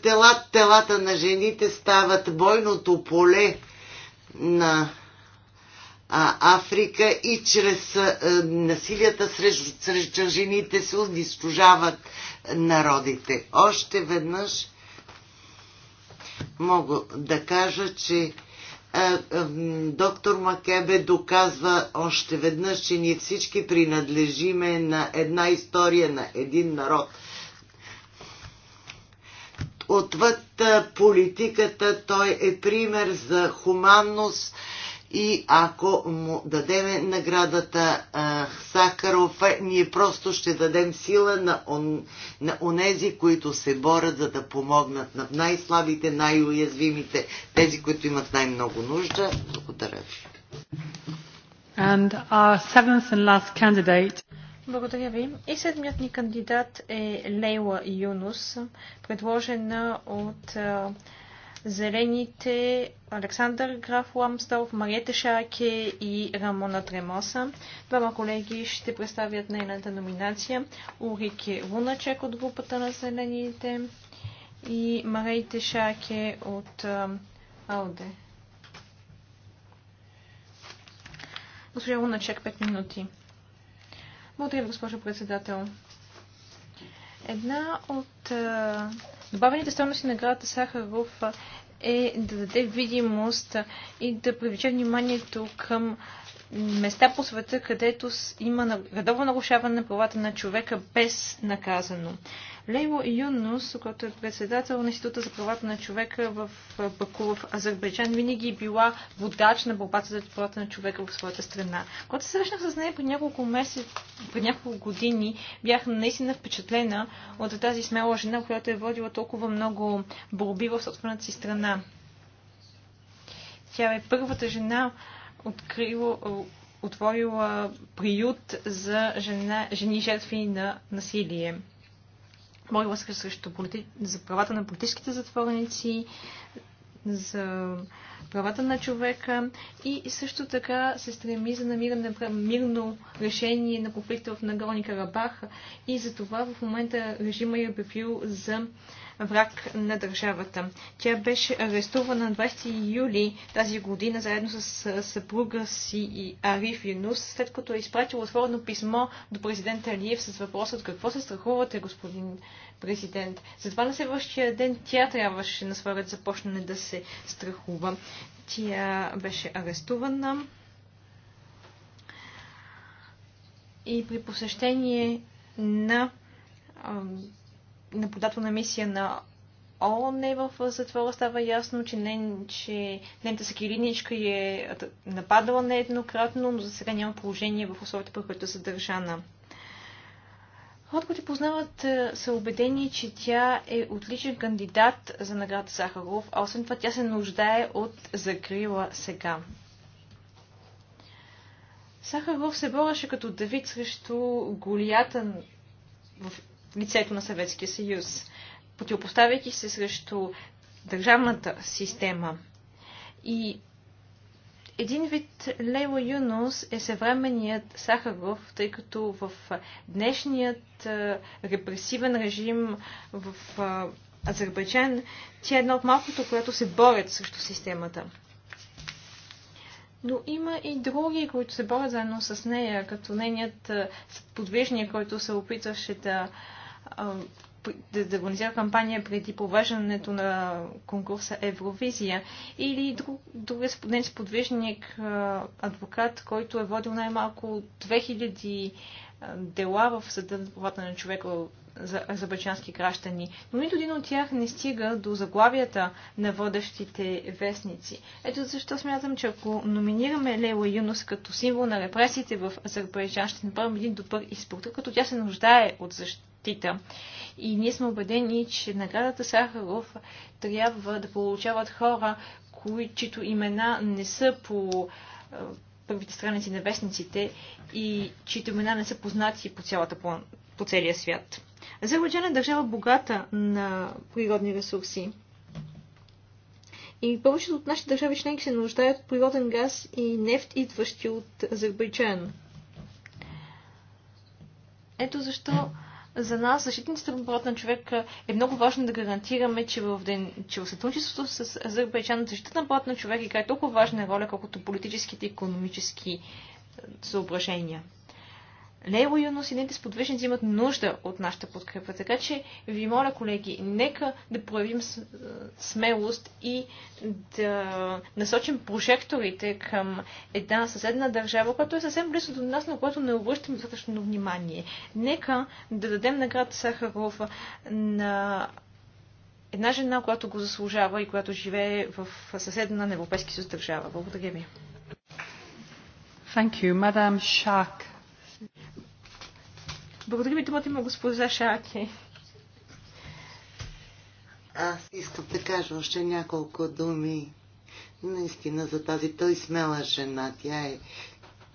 телата, телата на жените стават бойното поле на а, Африка и чрез а, насилията срещу, срещу жените се унищожават народите. Още веднъж мога да кажа, че а, а, доктор Макебе доказва още веднъж, че ние всички принадлежиме на една история, на един народ – отвъд политиката. Той е пример за хуманност и ако му дадеме наградата Сахаров, ние просто ще дадем сила на, он, на онези, които се борят за да помогнат на най-слабите, най-уязвимите, тези, които имат най-много нужда. Благодаря ви. And our seventh and last candidate. Благодаря ви. И седмият ни кандидат е Лейла Юнус, предложена от Зелените Александър Граф Ламстов, Мариете Шаке и Рамона Тремоса. Двама колеги ще представят нейната номинация. Урике Луначек от групата на Зелените и Марейте Шаке от Ауде. Госпожа Луначек, 5 минути. Благодаря ви, госпожо председател. Една от добавените стойности на градата Сахаров е да даде видимост и да привлече вниманието към места по света, където има редовно нарушаване на правата на човека без наказано. Лейло Юнус, който е председател на Института за правата на човека в Баку, в Азербайджан, винаги е била водач на борбата за правата на човека в своята страна. Когато се срещнах с нея пред няколко месец, пред няколко години, бях наистина впечатлена от тази смела жена, която е водила толкова много борби в собствената си страна. Тя е първата жена, открила, е, отворила приют за жена, жени жертви на насилие. Борила се срещу полити... за правата на политическите затворници, за правата на човека и също така се стреми за намиране на мирно решение на конфликта в Нагорни Карабах и за това в момента режима е обявил за враг на държавата. Тя беше арестувана на 20 юли тази година заедно с съпруга си и Ариф Юнус, след като е изпратила отворено писмо до президента Алиев с въпроса от какво се страхувате, господин президент. За 12 следващия ден тя трябваше на своя ред да се страхува. Тя беше арестувана и при посещение на наблюдателна мисия на ООН е в затвора става ясно, че, не, че немта е нападала нееднократно, но за сега няма положение в условията, по които е задържана. Хората, които познават, е, са убедени, че тя е отличен кандидат за награда Сахаров, а освен това тя се нуждае от закрила сега. Сахаров се бореше като Давид срещу Голията в лицето на Съветския съюз, противопоставяйки се срещу държавната система. И един вид Лейла юнос е съвременният Сахаров, тъй като в днешният репресивен режим в Азербайджан тя е една от малкото, която се борят срещу системата. Но има и други, които се борят заедно с нея, като нейният подвижник, който се опитваше да да, организира кампания преди провеждането на конкурса Евровизия или друг, друг е ден сподвижник, адвокат, който е водил най-малко 2000 дела в съда на правата на човека за азербайджански граждани, но нито един от тях не стига до заглавията на водещите вестници. Ето защо смятам, че ако номинираме Лела Юнос като символ на репресиите в Азербайджан, ще направим един добър избор, като тя се нуждае от защита защита. И ние сме убедени, че наградата Сахаров трябва да получават хора, кои, чието имена не са по първите страници на вестниците и чието имена не са познати по, цялата, по целия свят. Азербайджан е държава богата на природни ресурси. И повечето от нашите държави членки се нуждаят от природен газ и нефт, идващи от Азербайджан. Ето защо за нас, защитниците на правата на човека, е много важно да гарантираме, че в, ден, че в сътрудничеството с Азербайджан защита на правата на човека играе толкова важна роля, колкото политическите и економически е, съображения не е лоялно Съединените сподвижници имат нужда от нашата подкрепа. Така че ви моля, колеги, нека да проявим е, смелост и да насочим прожекторите към една съседна държава, която е съвсем близо до нас, на която не обръщаме достатъчно внимание. Нека да дадем наград Сахаров на една жена, която го заслужава и която живее в съседна на Европейски съюз държава. Благодаря ви. Thank you, Madame Shark. Благодаря ви, думата има госпожа Шаки. Аз искам да кажа още няколко думи наистина за тази той смела жена. Тя е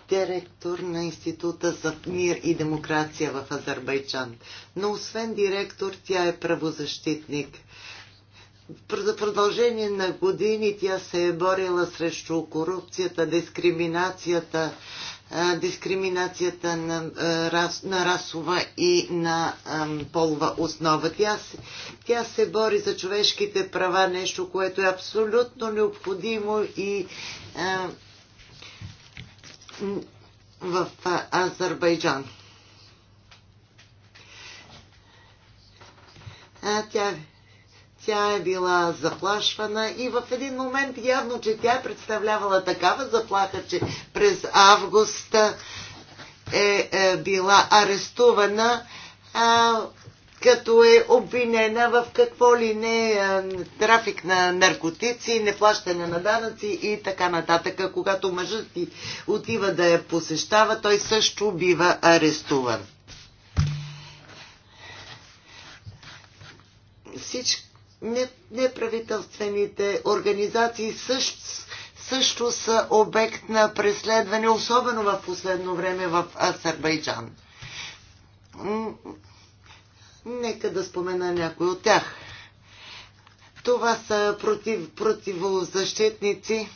директор на Института за мир и демокрация в Азербайджан. Но освен директор, тя е правозащитник. За продължение на години тя се е борила срещу корупцията, дискриминацията, дискриминацията на, рас, на расова и на ам, полова основа. Тя се, тя се бори за човешките права, нещо, което е абсолютно необходимо и а, в а, Азербайджан. А, тя тя е била заплашвана и в един момент явно, че тя е представлявала такава заплаха, че през август е, е била арестувана, а, като е обвинена в какво ли не а, трафик на наркотици, неплащане на данъци и така нататък. когато мъжът ти отива да я посещава, той също бива арестуван. Всички неправителствените организации също, също са обект на преследване, особено в последно време в Азербайджан. Нека да спомена някой от тях. Това са против, противозащитници,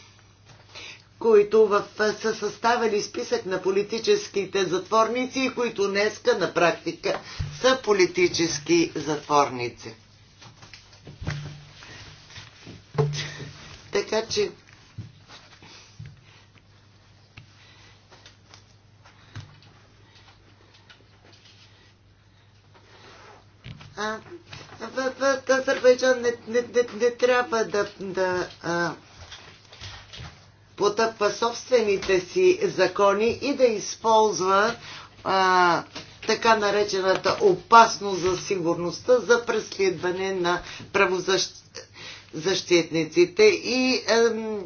които в, са съставили списък на политическите затворници и които днеска на практика са политически затворници. Така че в Азербайджан не, не, не, не трябва да, да а, потъпва собствените си закони и да използва а, така наречената опасност за сигурността, за преследване на правозащитниците и ем,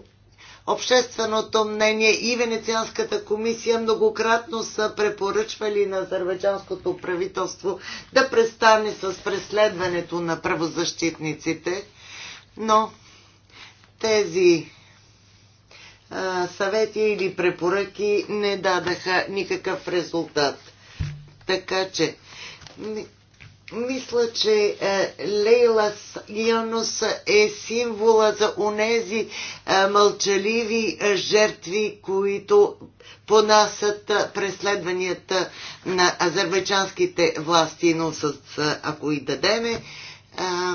общественото мнение и Венецианската комисия многократно са препоръчвали на азербайджанското правителство да престане с преследването на правозащитниците, но тези е, съвети или препоръки не дадаха никакъв резултат. Така че мисля, че е, Лейла Янус е символа за онези е, мълчаливи е, жертви, които понасят е, преследванията на азербайджанските власти, но с, е, ако и дадеме е,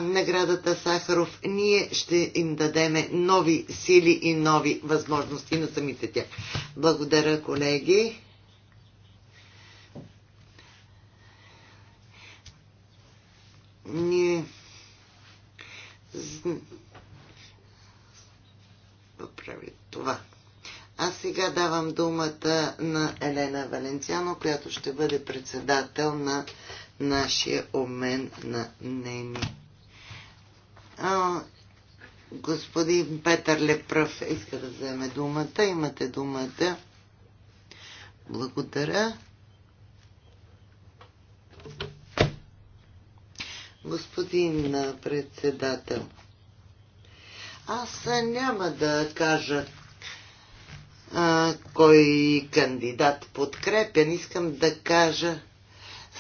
наградата Сахаров, ние ще им дадеме нови сили и нови възможности на самите тях. Благодаря, колеги. Ние поправи това. А сега давам думата на Елена Валенциано, която ще бъде председател на нашия обмен на мнение. А, господин Петър Лепръв иска да вземе думата. Имате думата. Благодаря. Господин председател, аз няма да кажа а, кой кандидат подкрепен. Искам да кажа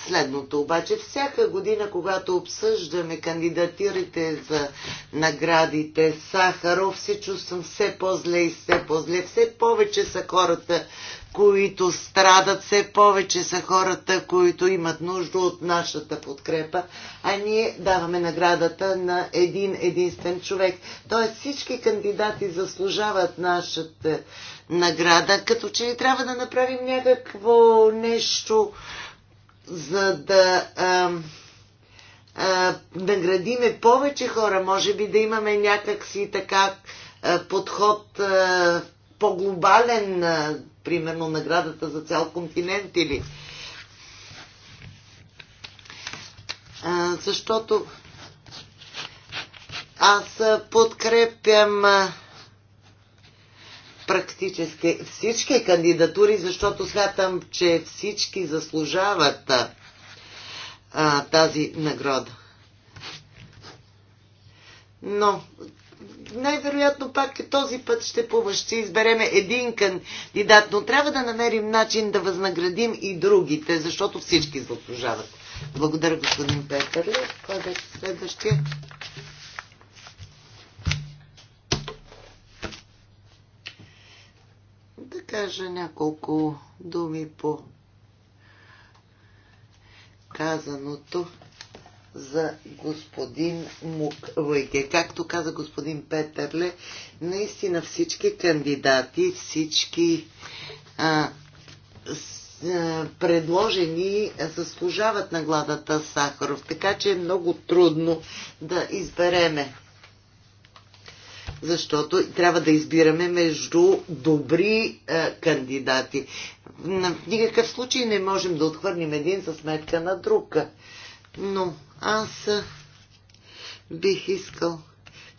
следното. Обаче всяка година, когато обсъждаме кандидатирите за наградите Сахаров, се чувствам все по-зле и все по-зле. Все повече са хората, които страдат, все повече са хората, които имат нужда от нашата подкрепа, а ние даваме наградата на един единствен човек. Тоест всички кандидати заслужават нашата награда, като че трябва да направим някакво нещо за да а, а, наградиме повече хора, може би да имаме някакси така а, подход а, по-глобален, а, примерно наградата за цял континент или. А, защото аз подкрепям а, практически всички кандидатури, защото смятам, че всички заслужават а, тази награда. Но най-вероятно пак и този път ще пува, ще избереме един кандидат, но трябва да намерим начин да възнаградим и другите, защото всички заслужават. Благодаря, господин Петър. Кой беше следващия? кажа няколко думи по казаното за господин Лъйке. Както каза господин Петърле, наистина всички кандидати, всички а, с, а, предложени заслужават нагладата Сахаров, така че е много трудно да избереме защото трябва да избираме между добри е, кандидати. В никакъв случай не можем да отхвърним един за сметка на друг. Но аз бих искал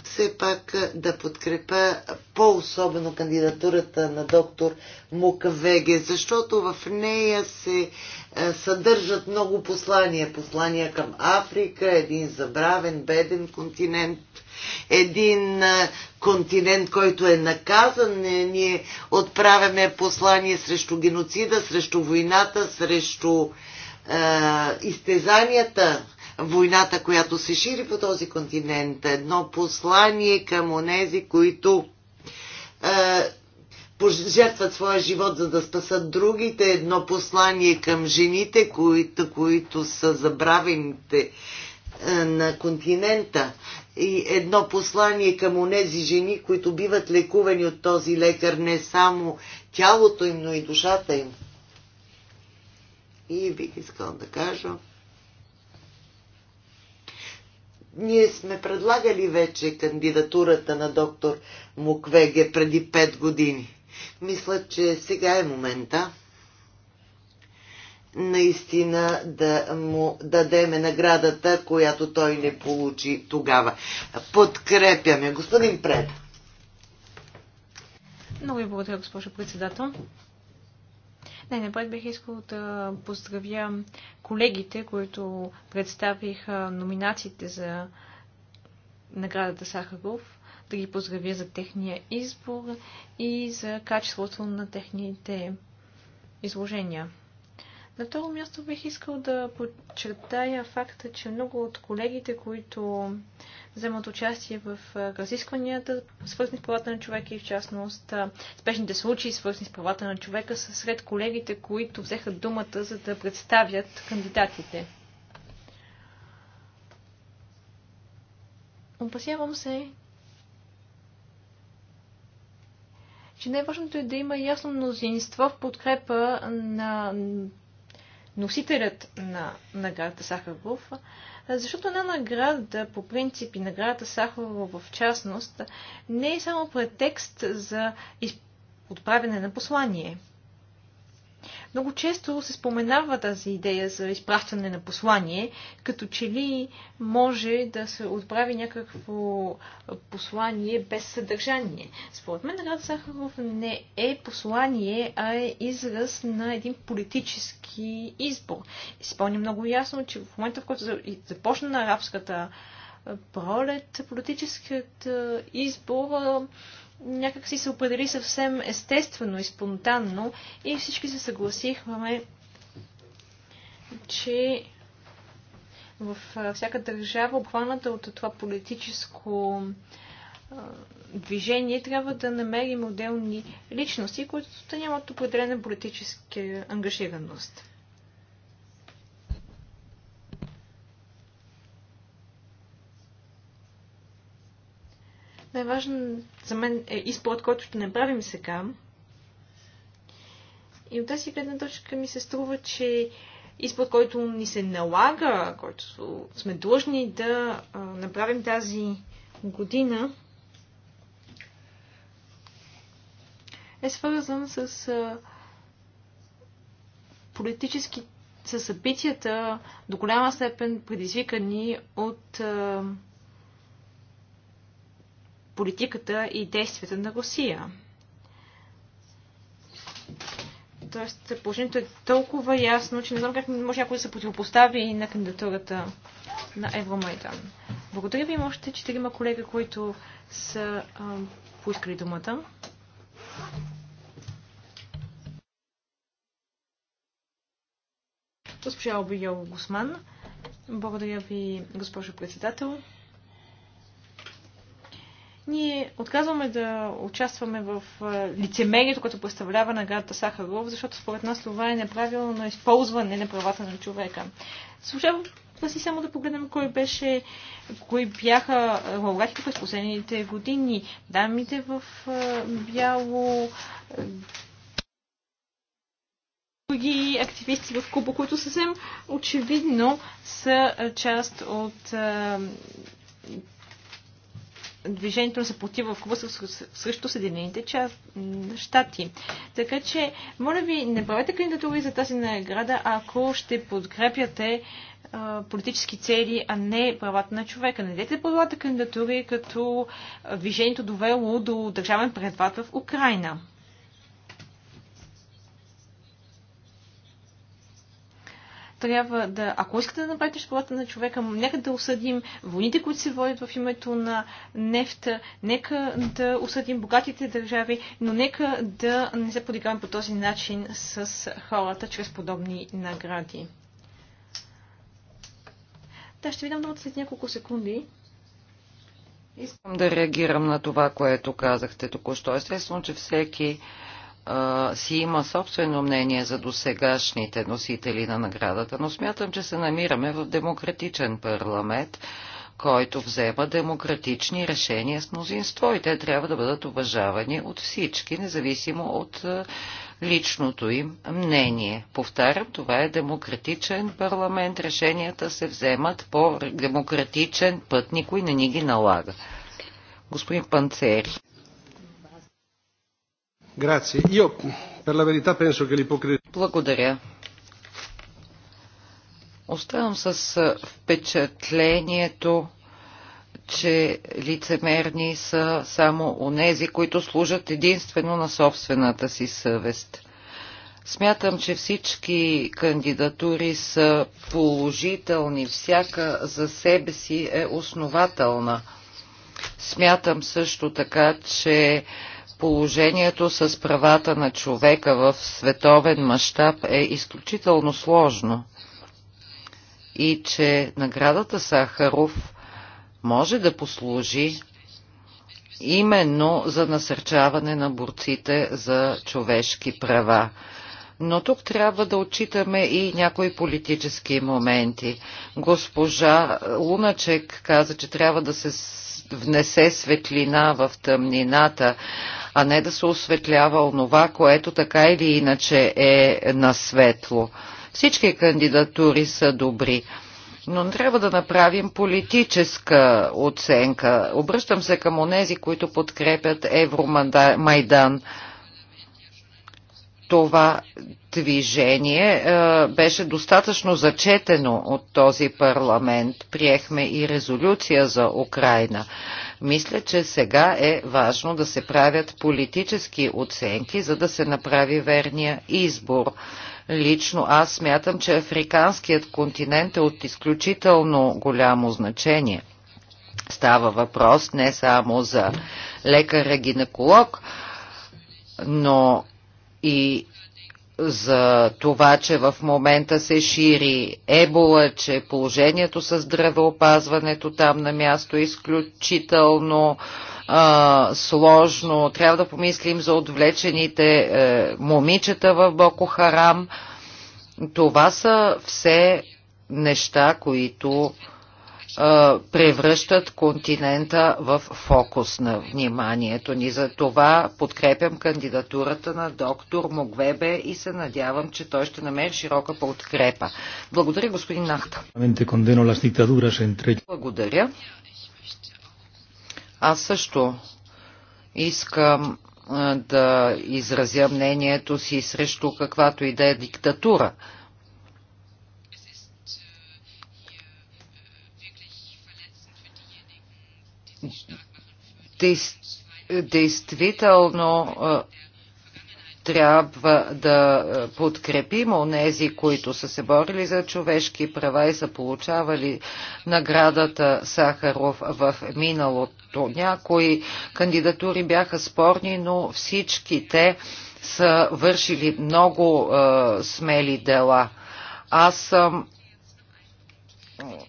все пак да подкрепа по-особено кандидатурата на доктор Мукавеге, защото в нея се съдържат много послания. Послания към Африка, един забравен, беден континент, един континент, който е наказан. Ние отправяме послание срещу геноцида, срещу войната, срещу е, изтезанията войната, която се шири по този континент. Едно послание към онези, които е, пожертват своя живот, за да спасат другите. Едно послание към жените, които, които са забравените е, на континента. И едно послание към онези жени, които биват лекувани от този лекар, не само тялото им, но и душата им. И бих искал да кажа, ние сме предлагали вече кандидатурата на доктор Муквеге преди пет години. Мисля, че сега е момента наистина да му дадеме наградата, която той не получи тогава. Подкрепяме. Господин Пред. Много ви благодаря, госпожо председател. Не, напред бих искал да поздравя колегите, които представиха номинациите за наградата Сахаров, да ги поздравя за техния избор и за качеството на техните изложения. На второ място бих искал да подчертая факта, че много от колегите, които вземат участие в разискванията, свързани с правата на човека и в частност спешните случаи, свързани с правата на човека, са сред колегите, които взеха думата, за да представят кандидатите. Опасявам се, че най-важното е да има ясно мнозинство в подкрепа на носителят на наградата Сахаров, защото една награда, по принцип и наградата Сахаров в частност, не е само претекст за отправяне на послание – много често се споменава тази идея за изпращане на послание, като че ли може да се отправи някакво послание без съдържание. Според мен Рад Сахаров не е послание, а е израз на един политически избор. Изпълни много ясно, че в момента, в който започна на арабската пролет, политическият избор някак си се определи съвсем естествено и спонтанно и всички се съгласихме, че в всяка държава, обхваната от това политическо движение, трябва да намерим отделни личности, които нямат определена политическа ангажираност. Най-важен за мен е изборът, който ще направим сега. И от тази гледна точка ми се струва, че избор, който ни се налага, който сме длъжни да направим тази година, е свързан с политически, с събитията до голяма степен предизвикани от политиката и действията на Русия. Тоест, положението е толкова ясно, че не знам как може някой да се противопостави и на кандидатурата на Евромайдан. Благодаря ви, още четирима колега, които са а, поискали думата. Госпожа обио Гусман. Благодаря ви, госпожо председател. Ние отказваме да участваме в лицемерието, като представлява наградата Сахаров, защото според нас това е неправилно използване на правата на човека. Служава си само да погледнем кой беше, кои бяха лауреатите през последните години. Дамите в бяло, други активисти в Куба, които съвсем очевидно са част от движението на съпротива в Куба срещу Съединените щати. Така че, моля ви, не правете кандидатури за тази награда, ако ще подкрепяте политически цели, а не правата на човека. Не дайте правата кандидатури като движението довело до държавен предват в Украина. трябва да, ако искате да направите свободата на човека, нека да осъдим войните, които се водят в името на нефта, нека да осъдим богатите държави, но нека да не се подиграваме по този начин с хората чрез подобни награди. Да, ще ви дам думата след няколко секунди. Искам да реагирам на това, което казахте току-що. Естествено, че всеки а, си има собствено мнение за досегашните носители на наградата, но смятам, че се намираме в демократичен парламент, който взема демократични решения с мнозинство и те трябва да бъдат уважавани от всички, независимо от личното им мнение. Повтарям, това е демократичен парламент, решенията се вземат по демократичен път, никой не ни ги налага. Господин Панцери. Благодаря. Оставам с впечатлението, че лицемерни са само онези, които служат единствено на собствената си съвест. Смятам, че всички кандидатури са положителни, всяка за себе си е основателна. Смятам също така, че положението с правата на човека в световен мащаб е изключително сложно и че наградата Сахаров може да послужи именно за насърчаване на борците за човешки права. Но тук трябва да отчитаме и някои политически моменти. Госпожа Луначек каза, че трябва да се внесе светлина в тъмнината а не да се осветлява онова, което така или иначе е на светло. Всички кандидатури са добри но трябва да направим политическа оценка. Обръщам се към онези, които подкрепят Евромайдан това движение е, беше достатъчно зачетено от този парламент. Приехме и резолюция за Украина. Мисля, че сега е важно да се правят политически оценки, за да се направи верния избор. Лично аз смятам, че африканският континент е от изключително голямо значение. Става въпрос не само за лекаря-гинеколог, но и за това, че в момента се шири ебола, че положението с здравеопазването там на място е изключително а, сложно. Трябва да помислим за отвлечените е, момичета в Боко Харам. Това са все неща, които превръщат континента в фокус на вниманието ни. За това подкрепям кандидатурата на доктор Могвебе и се надявам, че той ще намери широка подкрепа. Благодаря, господин Нахта. Благодаря. Аз също искам да изразя мнението си срещу каквато и да е диктатура. действително трябва да подкрепим онези, които са се борили за човешки права и са получавали наградата Сахаров в миналото. Някои кандидатури бяха спорни, но всички те са вършили много смели дела. Аз съм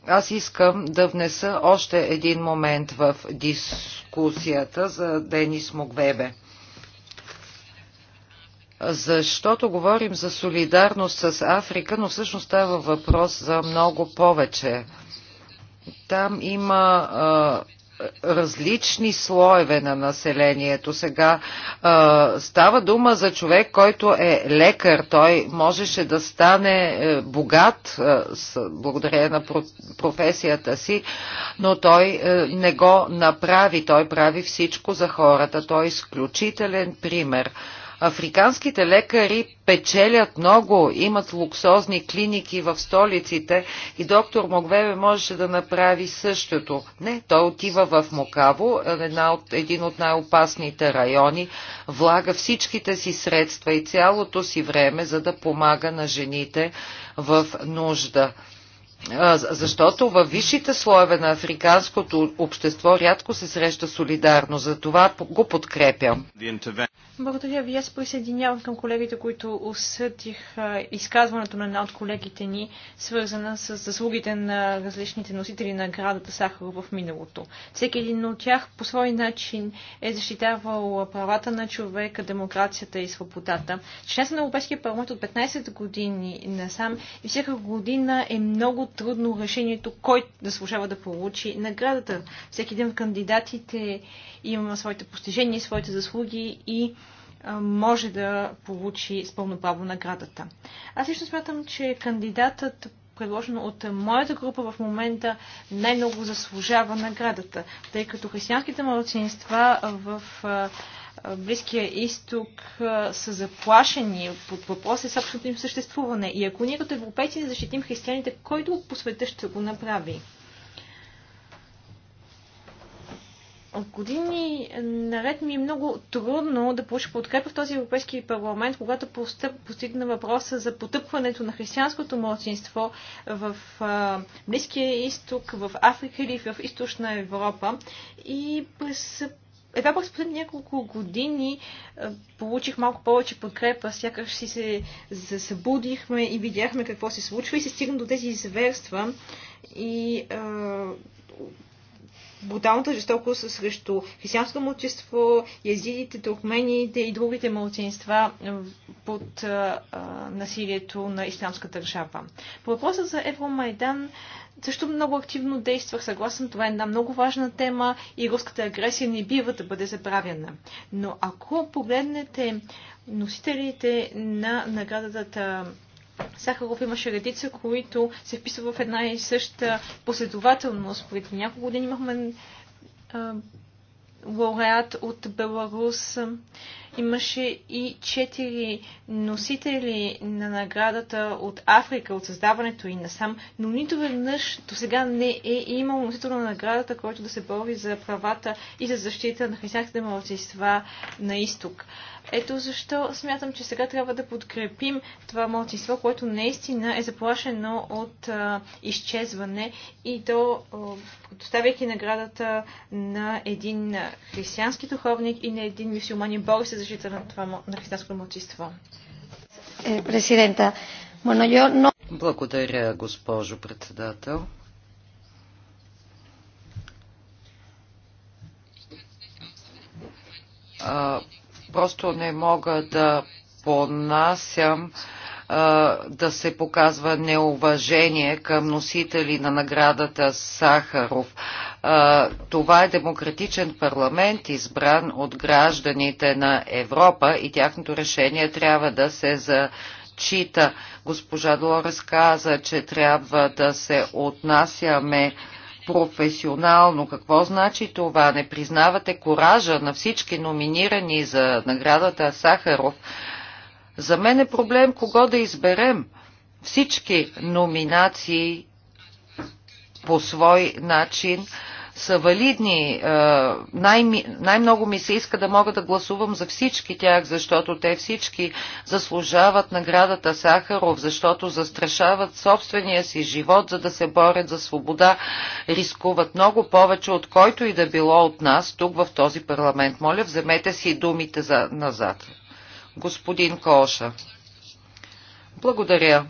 аз искам да внеса още един момент в дискусията за Денис Могвебе. Защото говорим за солидарност с Африка, но всъщност става въпрос за много повече. Там има различни слоеве на населението. Сега а, става дума за човек, който е лекар. Той можеше да стане а, е, богат а, е, с, благодарение на про, професията си, но той а, е, не го направи. Той прави всичко за хората. Той е изключителен пример. А, Африканските лекари печелят много, имат луксозни клиники в столиците и доктор Могвебе можеше да направи същото. Не, той отива в Мокаво, една от, един от най-опасните райони, влага всичките си средства и цялото си време, за да помага на жените в нужда защото във висшите слоеве на африканското общество рядко се среща солидарно. За това го подкрепям. Благодаря ви. Аз присъединявам към колегите, които осъдих изказването на една от колегите ни, свързана с заслугите на различните носители на градата Сахар в миналото. Всеки един от тях по свой начин е защитавал правата на човека, демокрацията и свободата. Член на Европейския парламент от 15 години насам и всяка година е много трудно решението кой служава да получи наградата. Всеки един от кандидатите има своите постижения, своите заслуги и може да получи с пълно право наградата. Аз лично смятам, че кандидатът предложено от моята група в момента най-много заслужава наградата, тъй като християнските младсинства в Близкия изток са заплашени под въпроса с абсолютно им съществуване. И ако ние като европейци не защитим християните, който по света ще го направи? От години наред ми е много трудно да получа подкрепа в този Европейски парламент, когато постигна въпроса за потъпването на християнското младсинство в а, Близкия изток, в Африка или в източна Европа. И през едва през последните няколко години а, получих малко повече подкрепа, сякаш си се събудихме и видяхме какво се случва и се стигна до тези зверства. И а, бруталната жестокост срещу християнското мълчество, язидите, туркмените и другите мълчинства под а, насилието на исламска държава. По въпроса за Евромайдан също много активно действах. Съгласен, това е една много важна тема и руската агресия не бива да бъде забравена. Но ако погледнете носителите на наградата Сахаров имаше редица, които се вписват в една и съща последователност. Преди няколко години имахме лауреат от Беларус Имаше и четири носители на наградата от Африка, от създаването и насам, но нито веднъж до сега не е имал носител на наградата, който да се бори за правата и за защита на християнските младсинства на изток. Ето защо смятам, че сега трябва да подкрепим това младсинство, което наистина е заплашено от а, изчезване и то, доставяйки наградата на един християнски духовник и на един мюсюлманин, Борис защита на това на младсинство. Е, президента, благодаря, госпожо председател. А, просто не мога да понасям а, да се показва неуважение към носители на наградата Сахаров. Това е демократичен парламент, избран от гражданите на Европа и тяхното решение трябва да се за чита. Госпожа Долорес каза, че трябва да се отнасяме професионално. Какво значи това? Не признавате коража на всички номинирани за наградата Сахаров за мен е проблем кого да изберем. Всички номинации по свой начин са валидни. Е, Най- много ми се иска да мога да гласувам за всички тях, защото те всички заслужават наградата Сахаров, защото застрашават собствения си живот, за да се борят за свобода, рискуват много повече от който и да било от нас тук в този парламент. Моля, вземете си думите за назад господин Коша. Благодаря.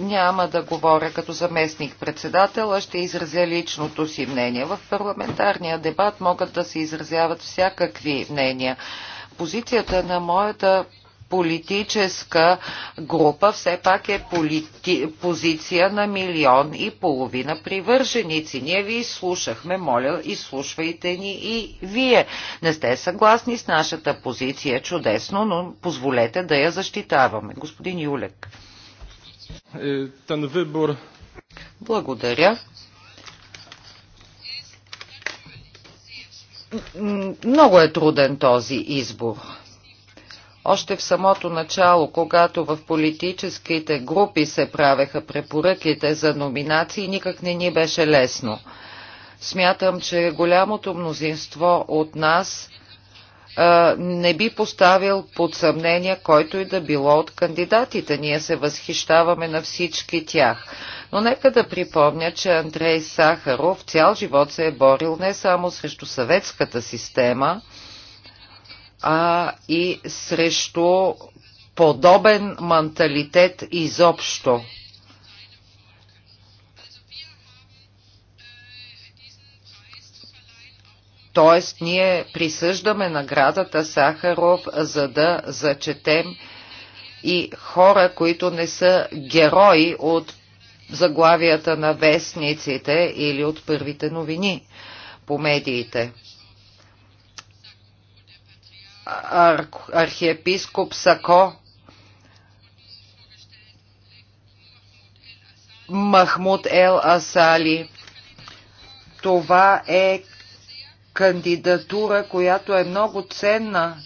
Няма да говоря като заместник председател, а ще изразя личното си мнение. В парламентарния дебат могат да се изразяват всякакви мнения. Позицията на моята политическа група все пак е полити... позиция на милион и половина привърженици. Ние ви слушахме, моля, изслушвайте ни и вие. Не сте съгласни с нашата позиция, е чудесно, но позволете да я защитаваме. Господин Юлек. Е, Тън вибор. Благодаря. Много е труден този избор. Още в самото начало, когато в политическите групи се правеха препоръките за номинации, никак не ни беше лесно. Смятам, че голямото мнозинство от нас не би поставил под съмнение който и да било от кандидатите. Ние се възхищаваме на всички тях. Но нека да припомня, че Андрей Сахаров цял живот се е борил не само срещу съветската система, а и срещу подобен менталитет изобщо. Тоест, ние присъждаме наградата Сахаров, за да зачетем и хора, които не са герои от заглавията на вестниците или от първите новини по медиите архиепископ Сако Махмуд Ел Асали. Това е кандидатура, която е много ценна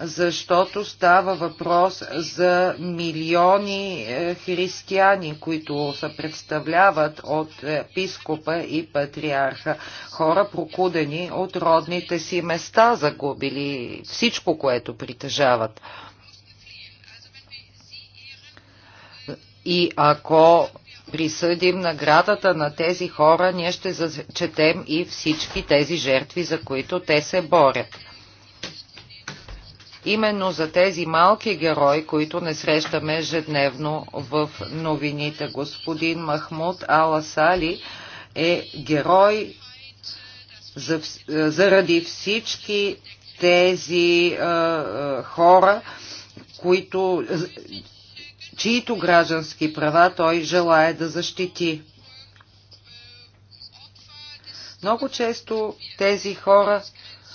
защото става въпрос за милиони е, християни, които се представляват от е, епископа и патриарха. Хора прокудени от родните си места, загубили всичко, което притежават. И ако присъдим наградата на тези хора, ние ще зачетем и всички тези жертви, за които те се борят именно за тези малки герои, които не срещаме ежедневно в новините. Господин Махмуд Ала Сали е герой за, заради всички тези е, хора, които, чието граждански права той желая да защити. Много често тези хора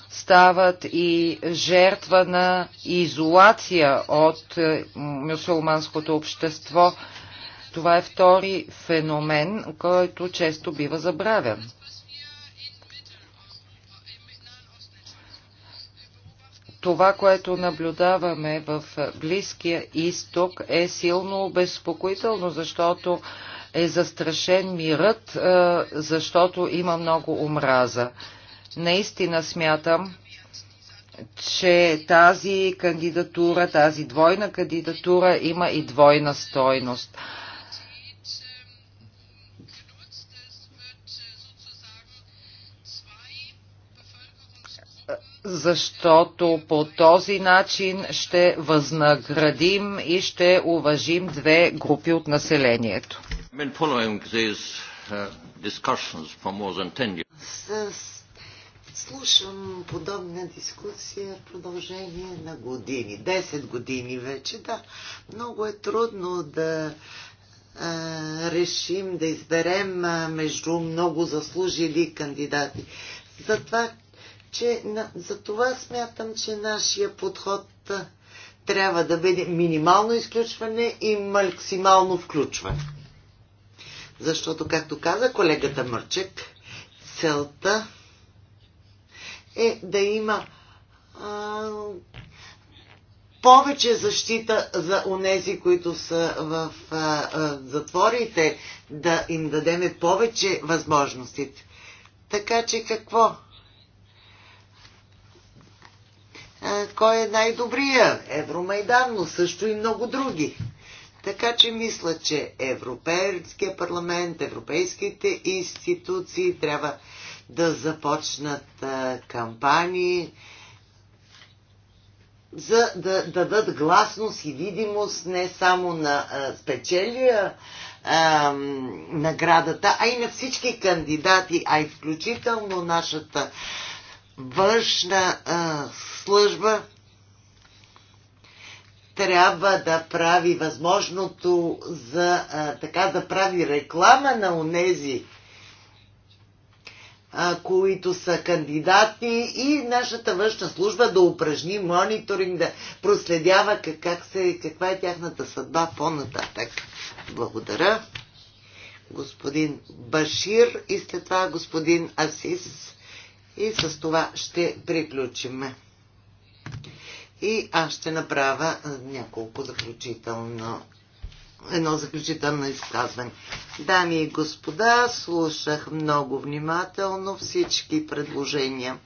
стават и жертва на изолация от е, мюсулманското общество. Това е втори феномен, който често бива забравен. Това, което наблюдаваме в Близкия изток е силно обезпокоително, защото е застрашен мирът, е, защото има много омраза. Наистина смятам, че тази кандидатура, тази двойна кандидатура има и двойна стойност. защото по този начин ще възнаградим и ще уважим две групи от населението. Uh, С слушам подобна дискусия в продължение на години. 10 години вече, да. Много е трудно да а, решим, да изберем а, между много заслужили кандидати. Затова, че, на, затова смятам, че нашия подход а, трябва да бъде минимално изключване и максимално включване. Защото, както каза колегата Мърчек, целта е да има а, повече защита за онези, които са в а, а, затворите, да им дадеме повече възможностите. Така че какво? А, кой е най-добрия? Евромайдан, но също и много други. Така че мисля, че Европейския парламент, европейските институции трябва да започнат кампании, за да дадат гласност и видимост не само на спечелия наградата, а и на всички кандидати, а и включително нашата външна служба трябва да прави възможното за а, така да прави реклама на онези които са кандидати и нашата външна служба да упражни мониторинг, да проследява как, как се, каква е тяхната съдба по-нататък. Благодаря. Господин Башир и след това господин Асис. И с това ще приключим. И аз ще направя няколко заключително едно заключително изказване. Дами и господа, слушах много внимателно всички предложения.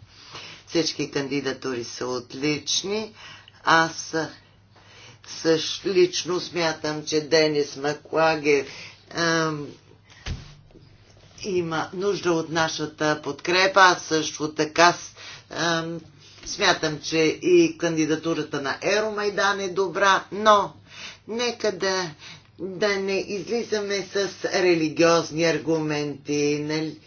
Всички кандидатури са отлични. Аз също лично смятам, че Денис Маклаге има нужда от нашата подкрепа. Аз също така ам, смятам, че и кандидатурата на Еромайдан е добра, но нека да да не излизаме с религиозни аргументи. Нали?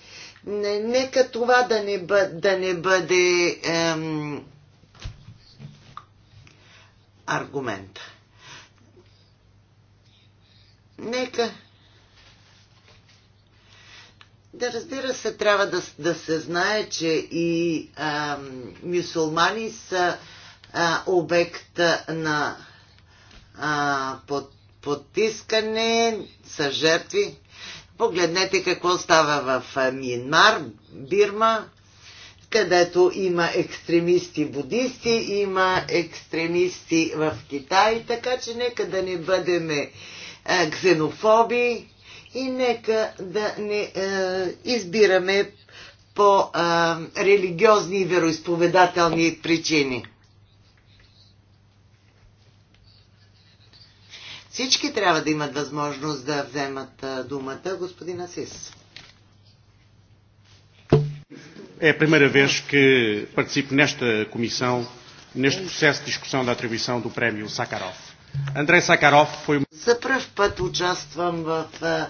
нека това да не, бъде, да не бъде ем, аргумента. Нека. Да, разбира се, трябва да, да се знае, че и а, мюсулмани са а, обект на а, под потискане, са жертви. Погледнете какво става в Миенмар, Бирма, където има екстремисти будисти, има екстремисти в Китай, така че нека да не бъдеме ксенофоби и нека да не избираме по религиозни и вероисповедателни причини. Всички трябва да имат възможност да вземат думата. Господин Асис. É a primeira vez que participo nesta comissão, neste processo de discussão da atribuição do prémio Sakharov. Andrei Сакаров foi... За пръв път участвам в а,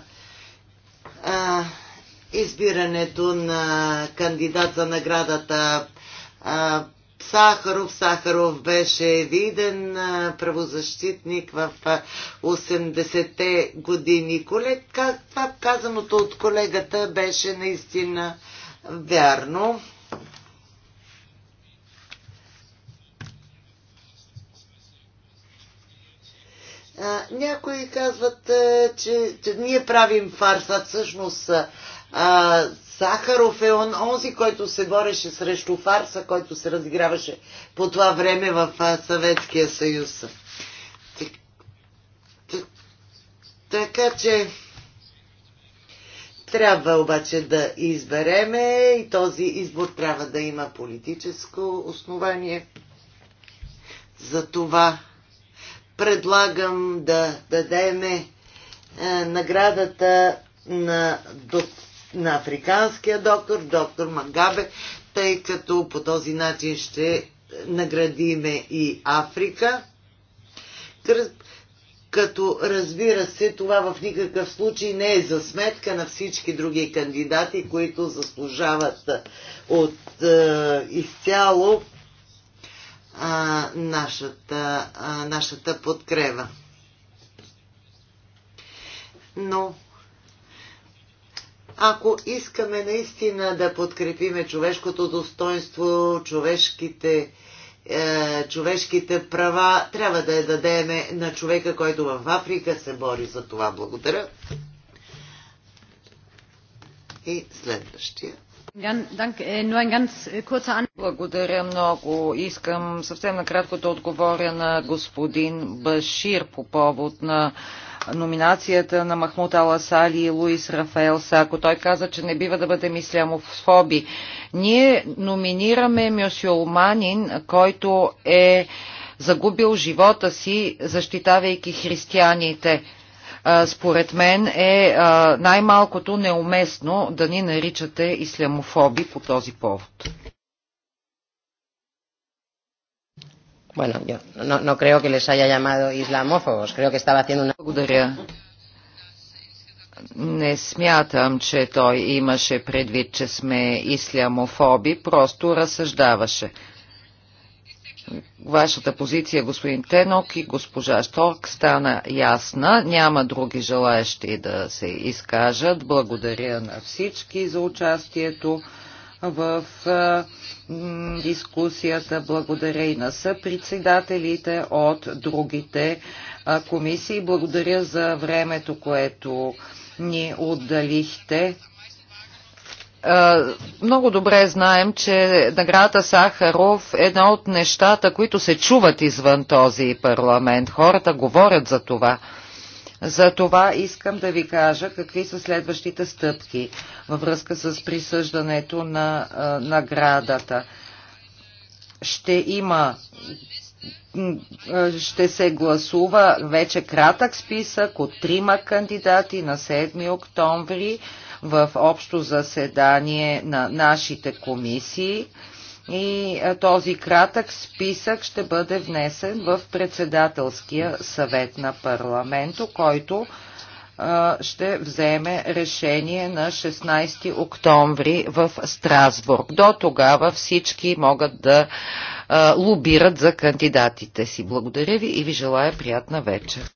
а, избирането на кандидат за наградата а, Сахаров. Сахаров беше виден правозащитник в 80-те години. Колег, това казаното от колегата беше наистина вярно. някои казват, че, че ние правим фарса, всъщност а, Сахаров е он, онзи, който се бореше срещу фарса, който се разиграваше по това време в Съветския съюз. така че трябва обаче да избереме и този избор трябва да има политическо основание. За това предлагам да дадеме наградата на доктор на африканския доктор, доктор Магабе, тъй като по този начин ще наградиме и Африка. Като разбира се, това в никакъв случай не е за сметка на всички други кандидати, които заслужават от е, изцяло а, нашата, а, нашата подкрева. Но ако искаме наистина да подкрепиме човешкото достоинство, човешките, е, човешките права, трябва да я дадеме на човека, който в Африка се бори за това. Благодаря. И следващия. Е, е е, Благодаря много. Искам съвсем накратко да отговоря на господин Башир по повод на номинацията на Махмут Аласали и Луис Рафаел Сако. Той каза, че не бива да бъдем ислямофоби. Ние номинираме мюсюлманин, който е загубил живота си, защитавайки християните. Според мен е най-малкото неуместно да ни наричате ислямофоби по този повод. Bueno, yo no, no creo que les haya llamado islamófobos. Creo que estaba haciendo una... Благодаря. Не смятам, че той имаше предвид, че сме ислямофоби, просто разсъждаваше. Вашата позиция, господин Тенок и госпожа Шторк, стана ясна. Няма други желаящи да се изкажат. Благодаря на всички за участието в дискусията. Благодаря и на съпредседателите от другите комисии. Благодаря за времето, което ни отдалихте много добре знаем, че наградата Сахаров е една от нещата, които се чуват извън този парламент. Хората говорят за това. За това искам да ви кажа какви са следващите стъпки във връзка с присъждането на наградата. Ще има ще се гласува вече кратък списък от трима кандидати на 7 октомври в общо заседание на нашите комисии и този кратък списък ще бъде внесен в председателския съвет на парламенто, който ще вземе решение на 16 октомври в Страсбург. До тогава всички могат да лобират за кандидатите си. Благодаря ви и ви желая приятна вечер.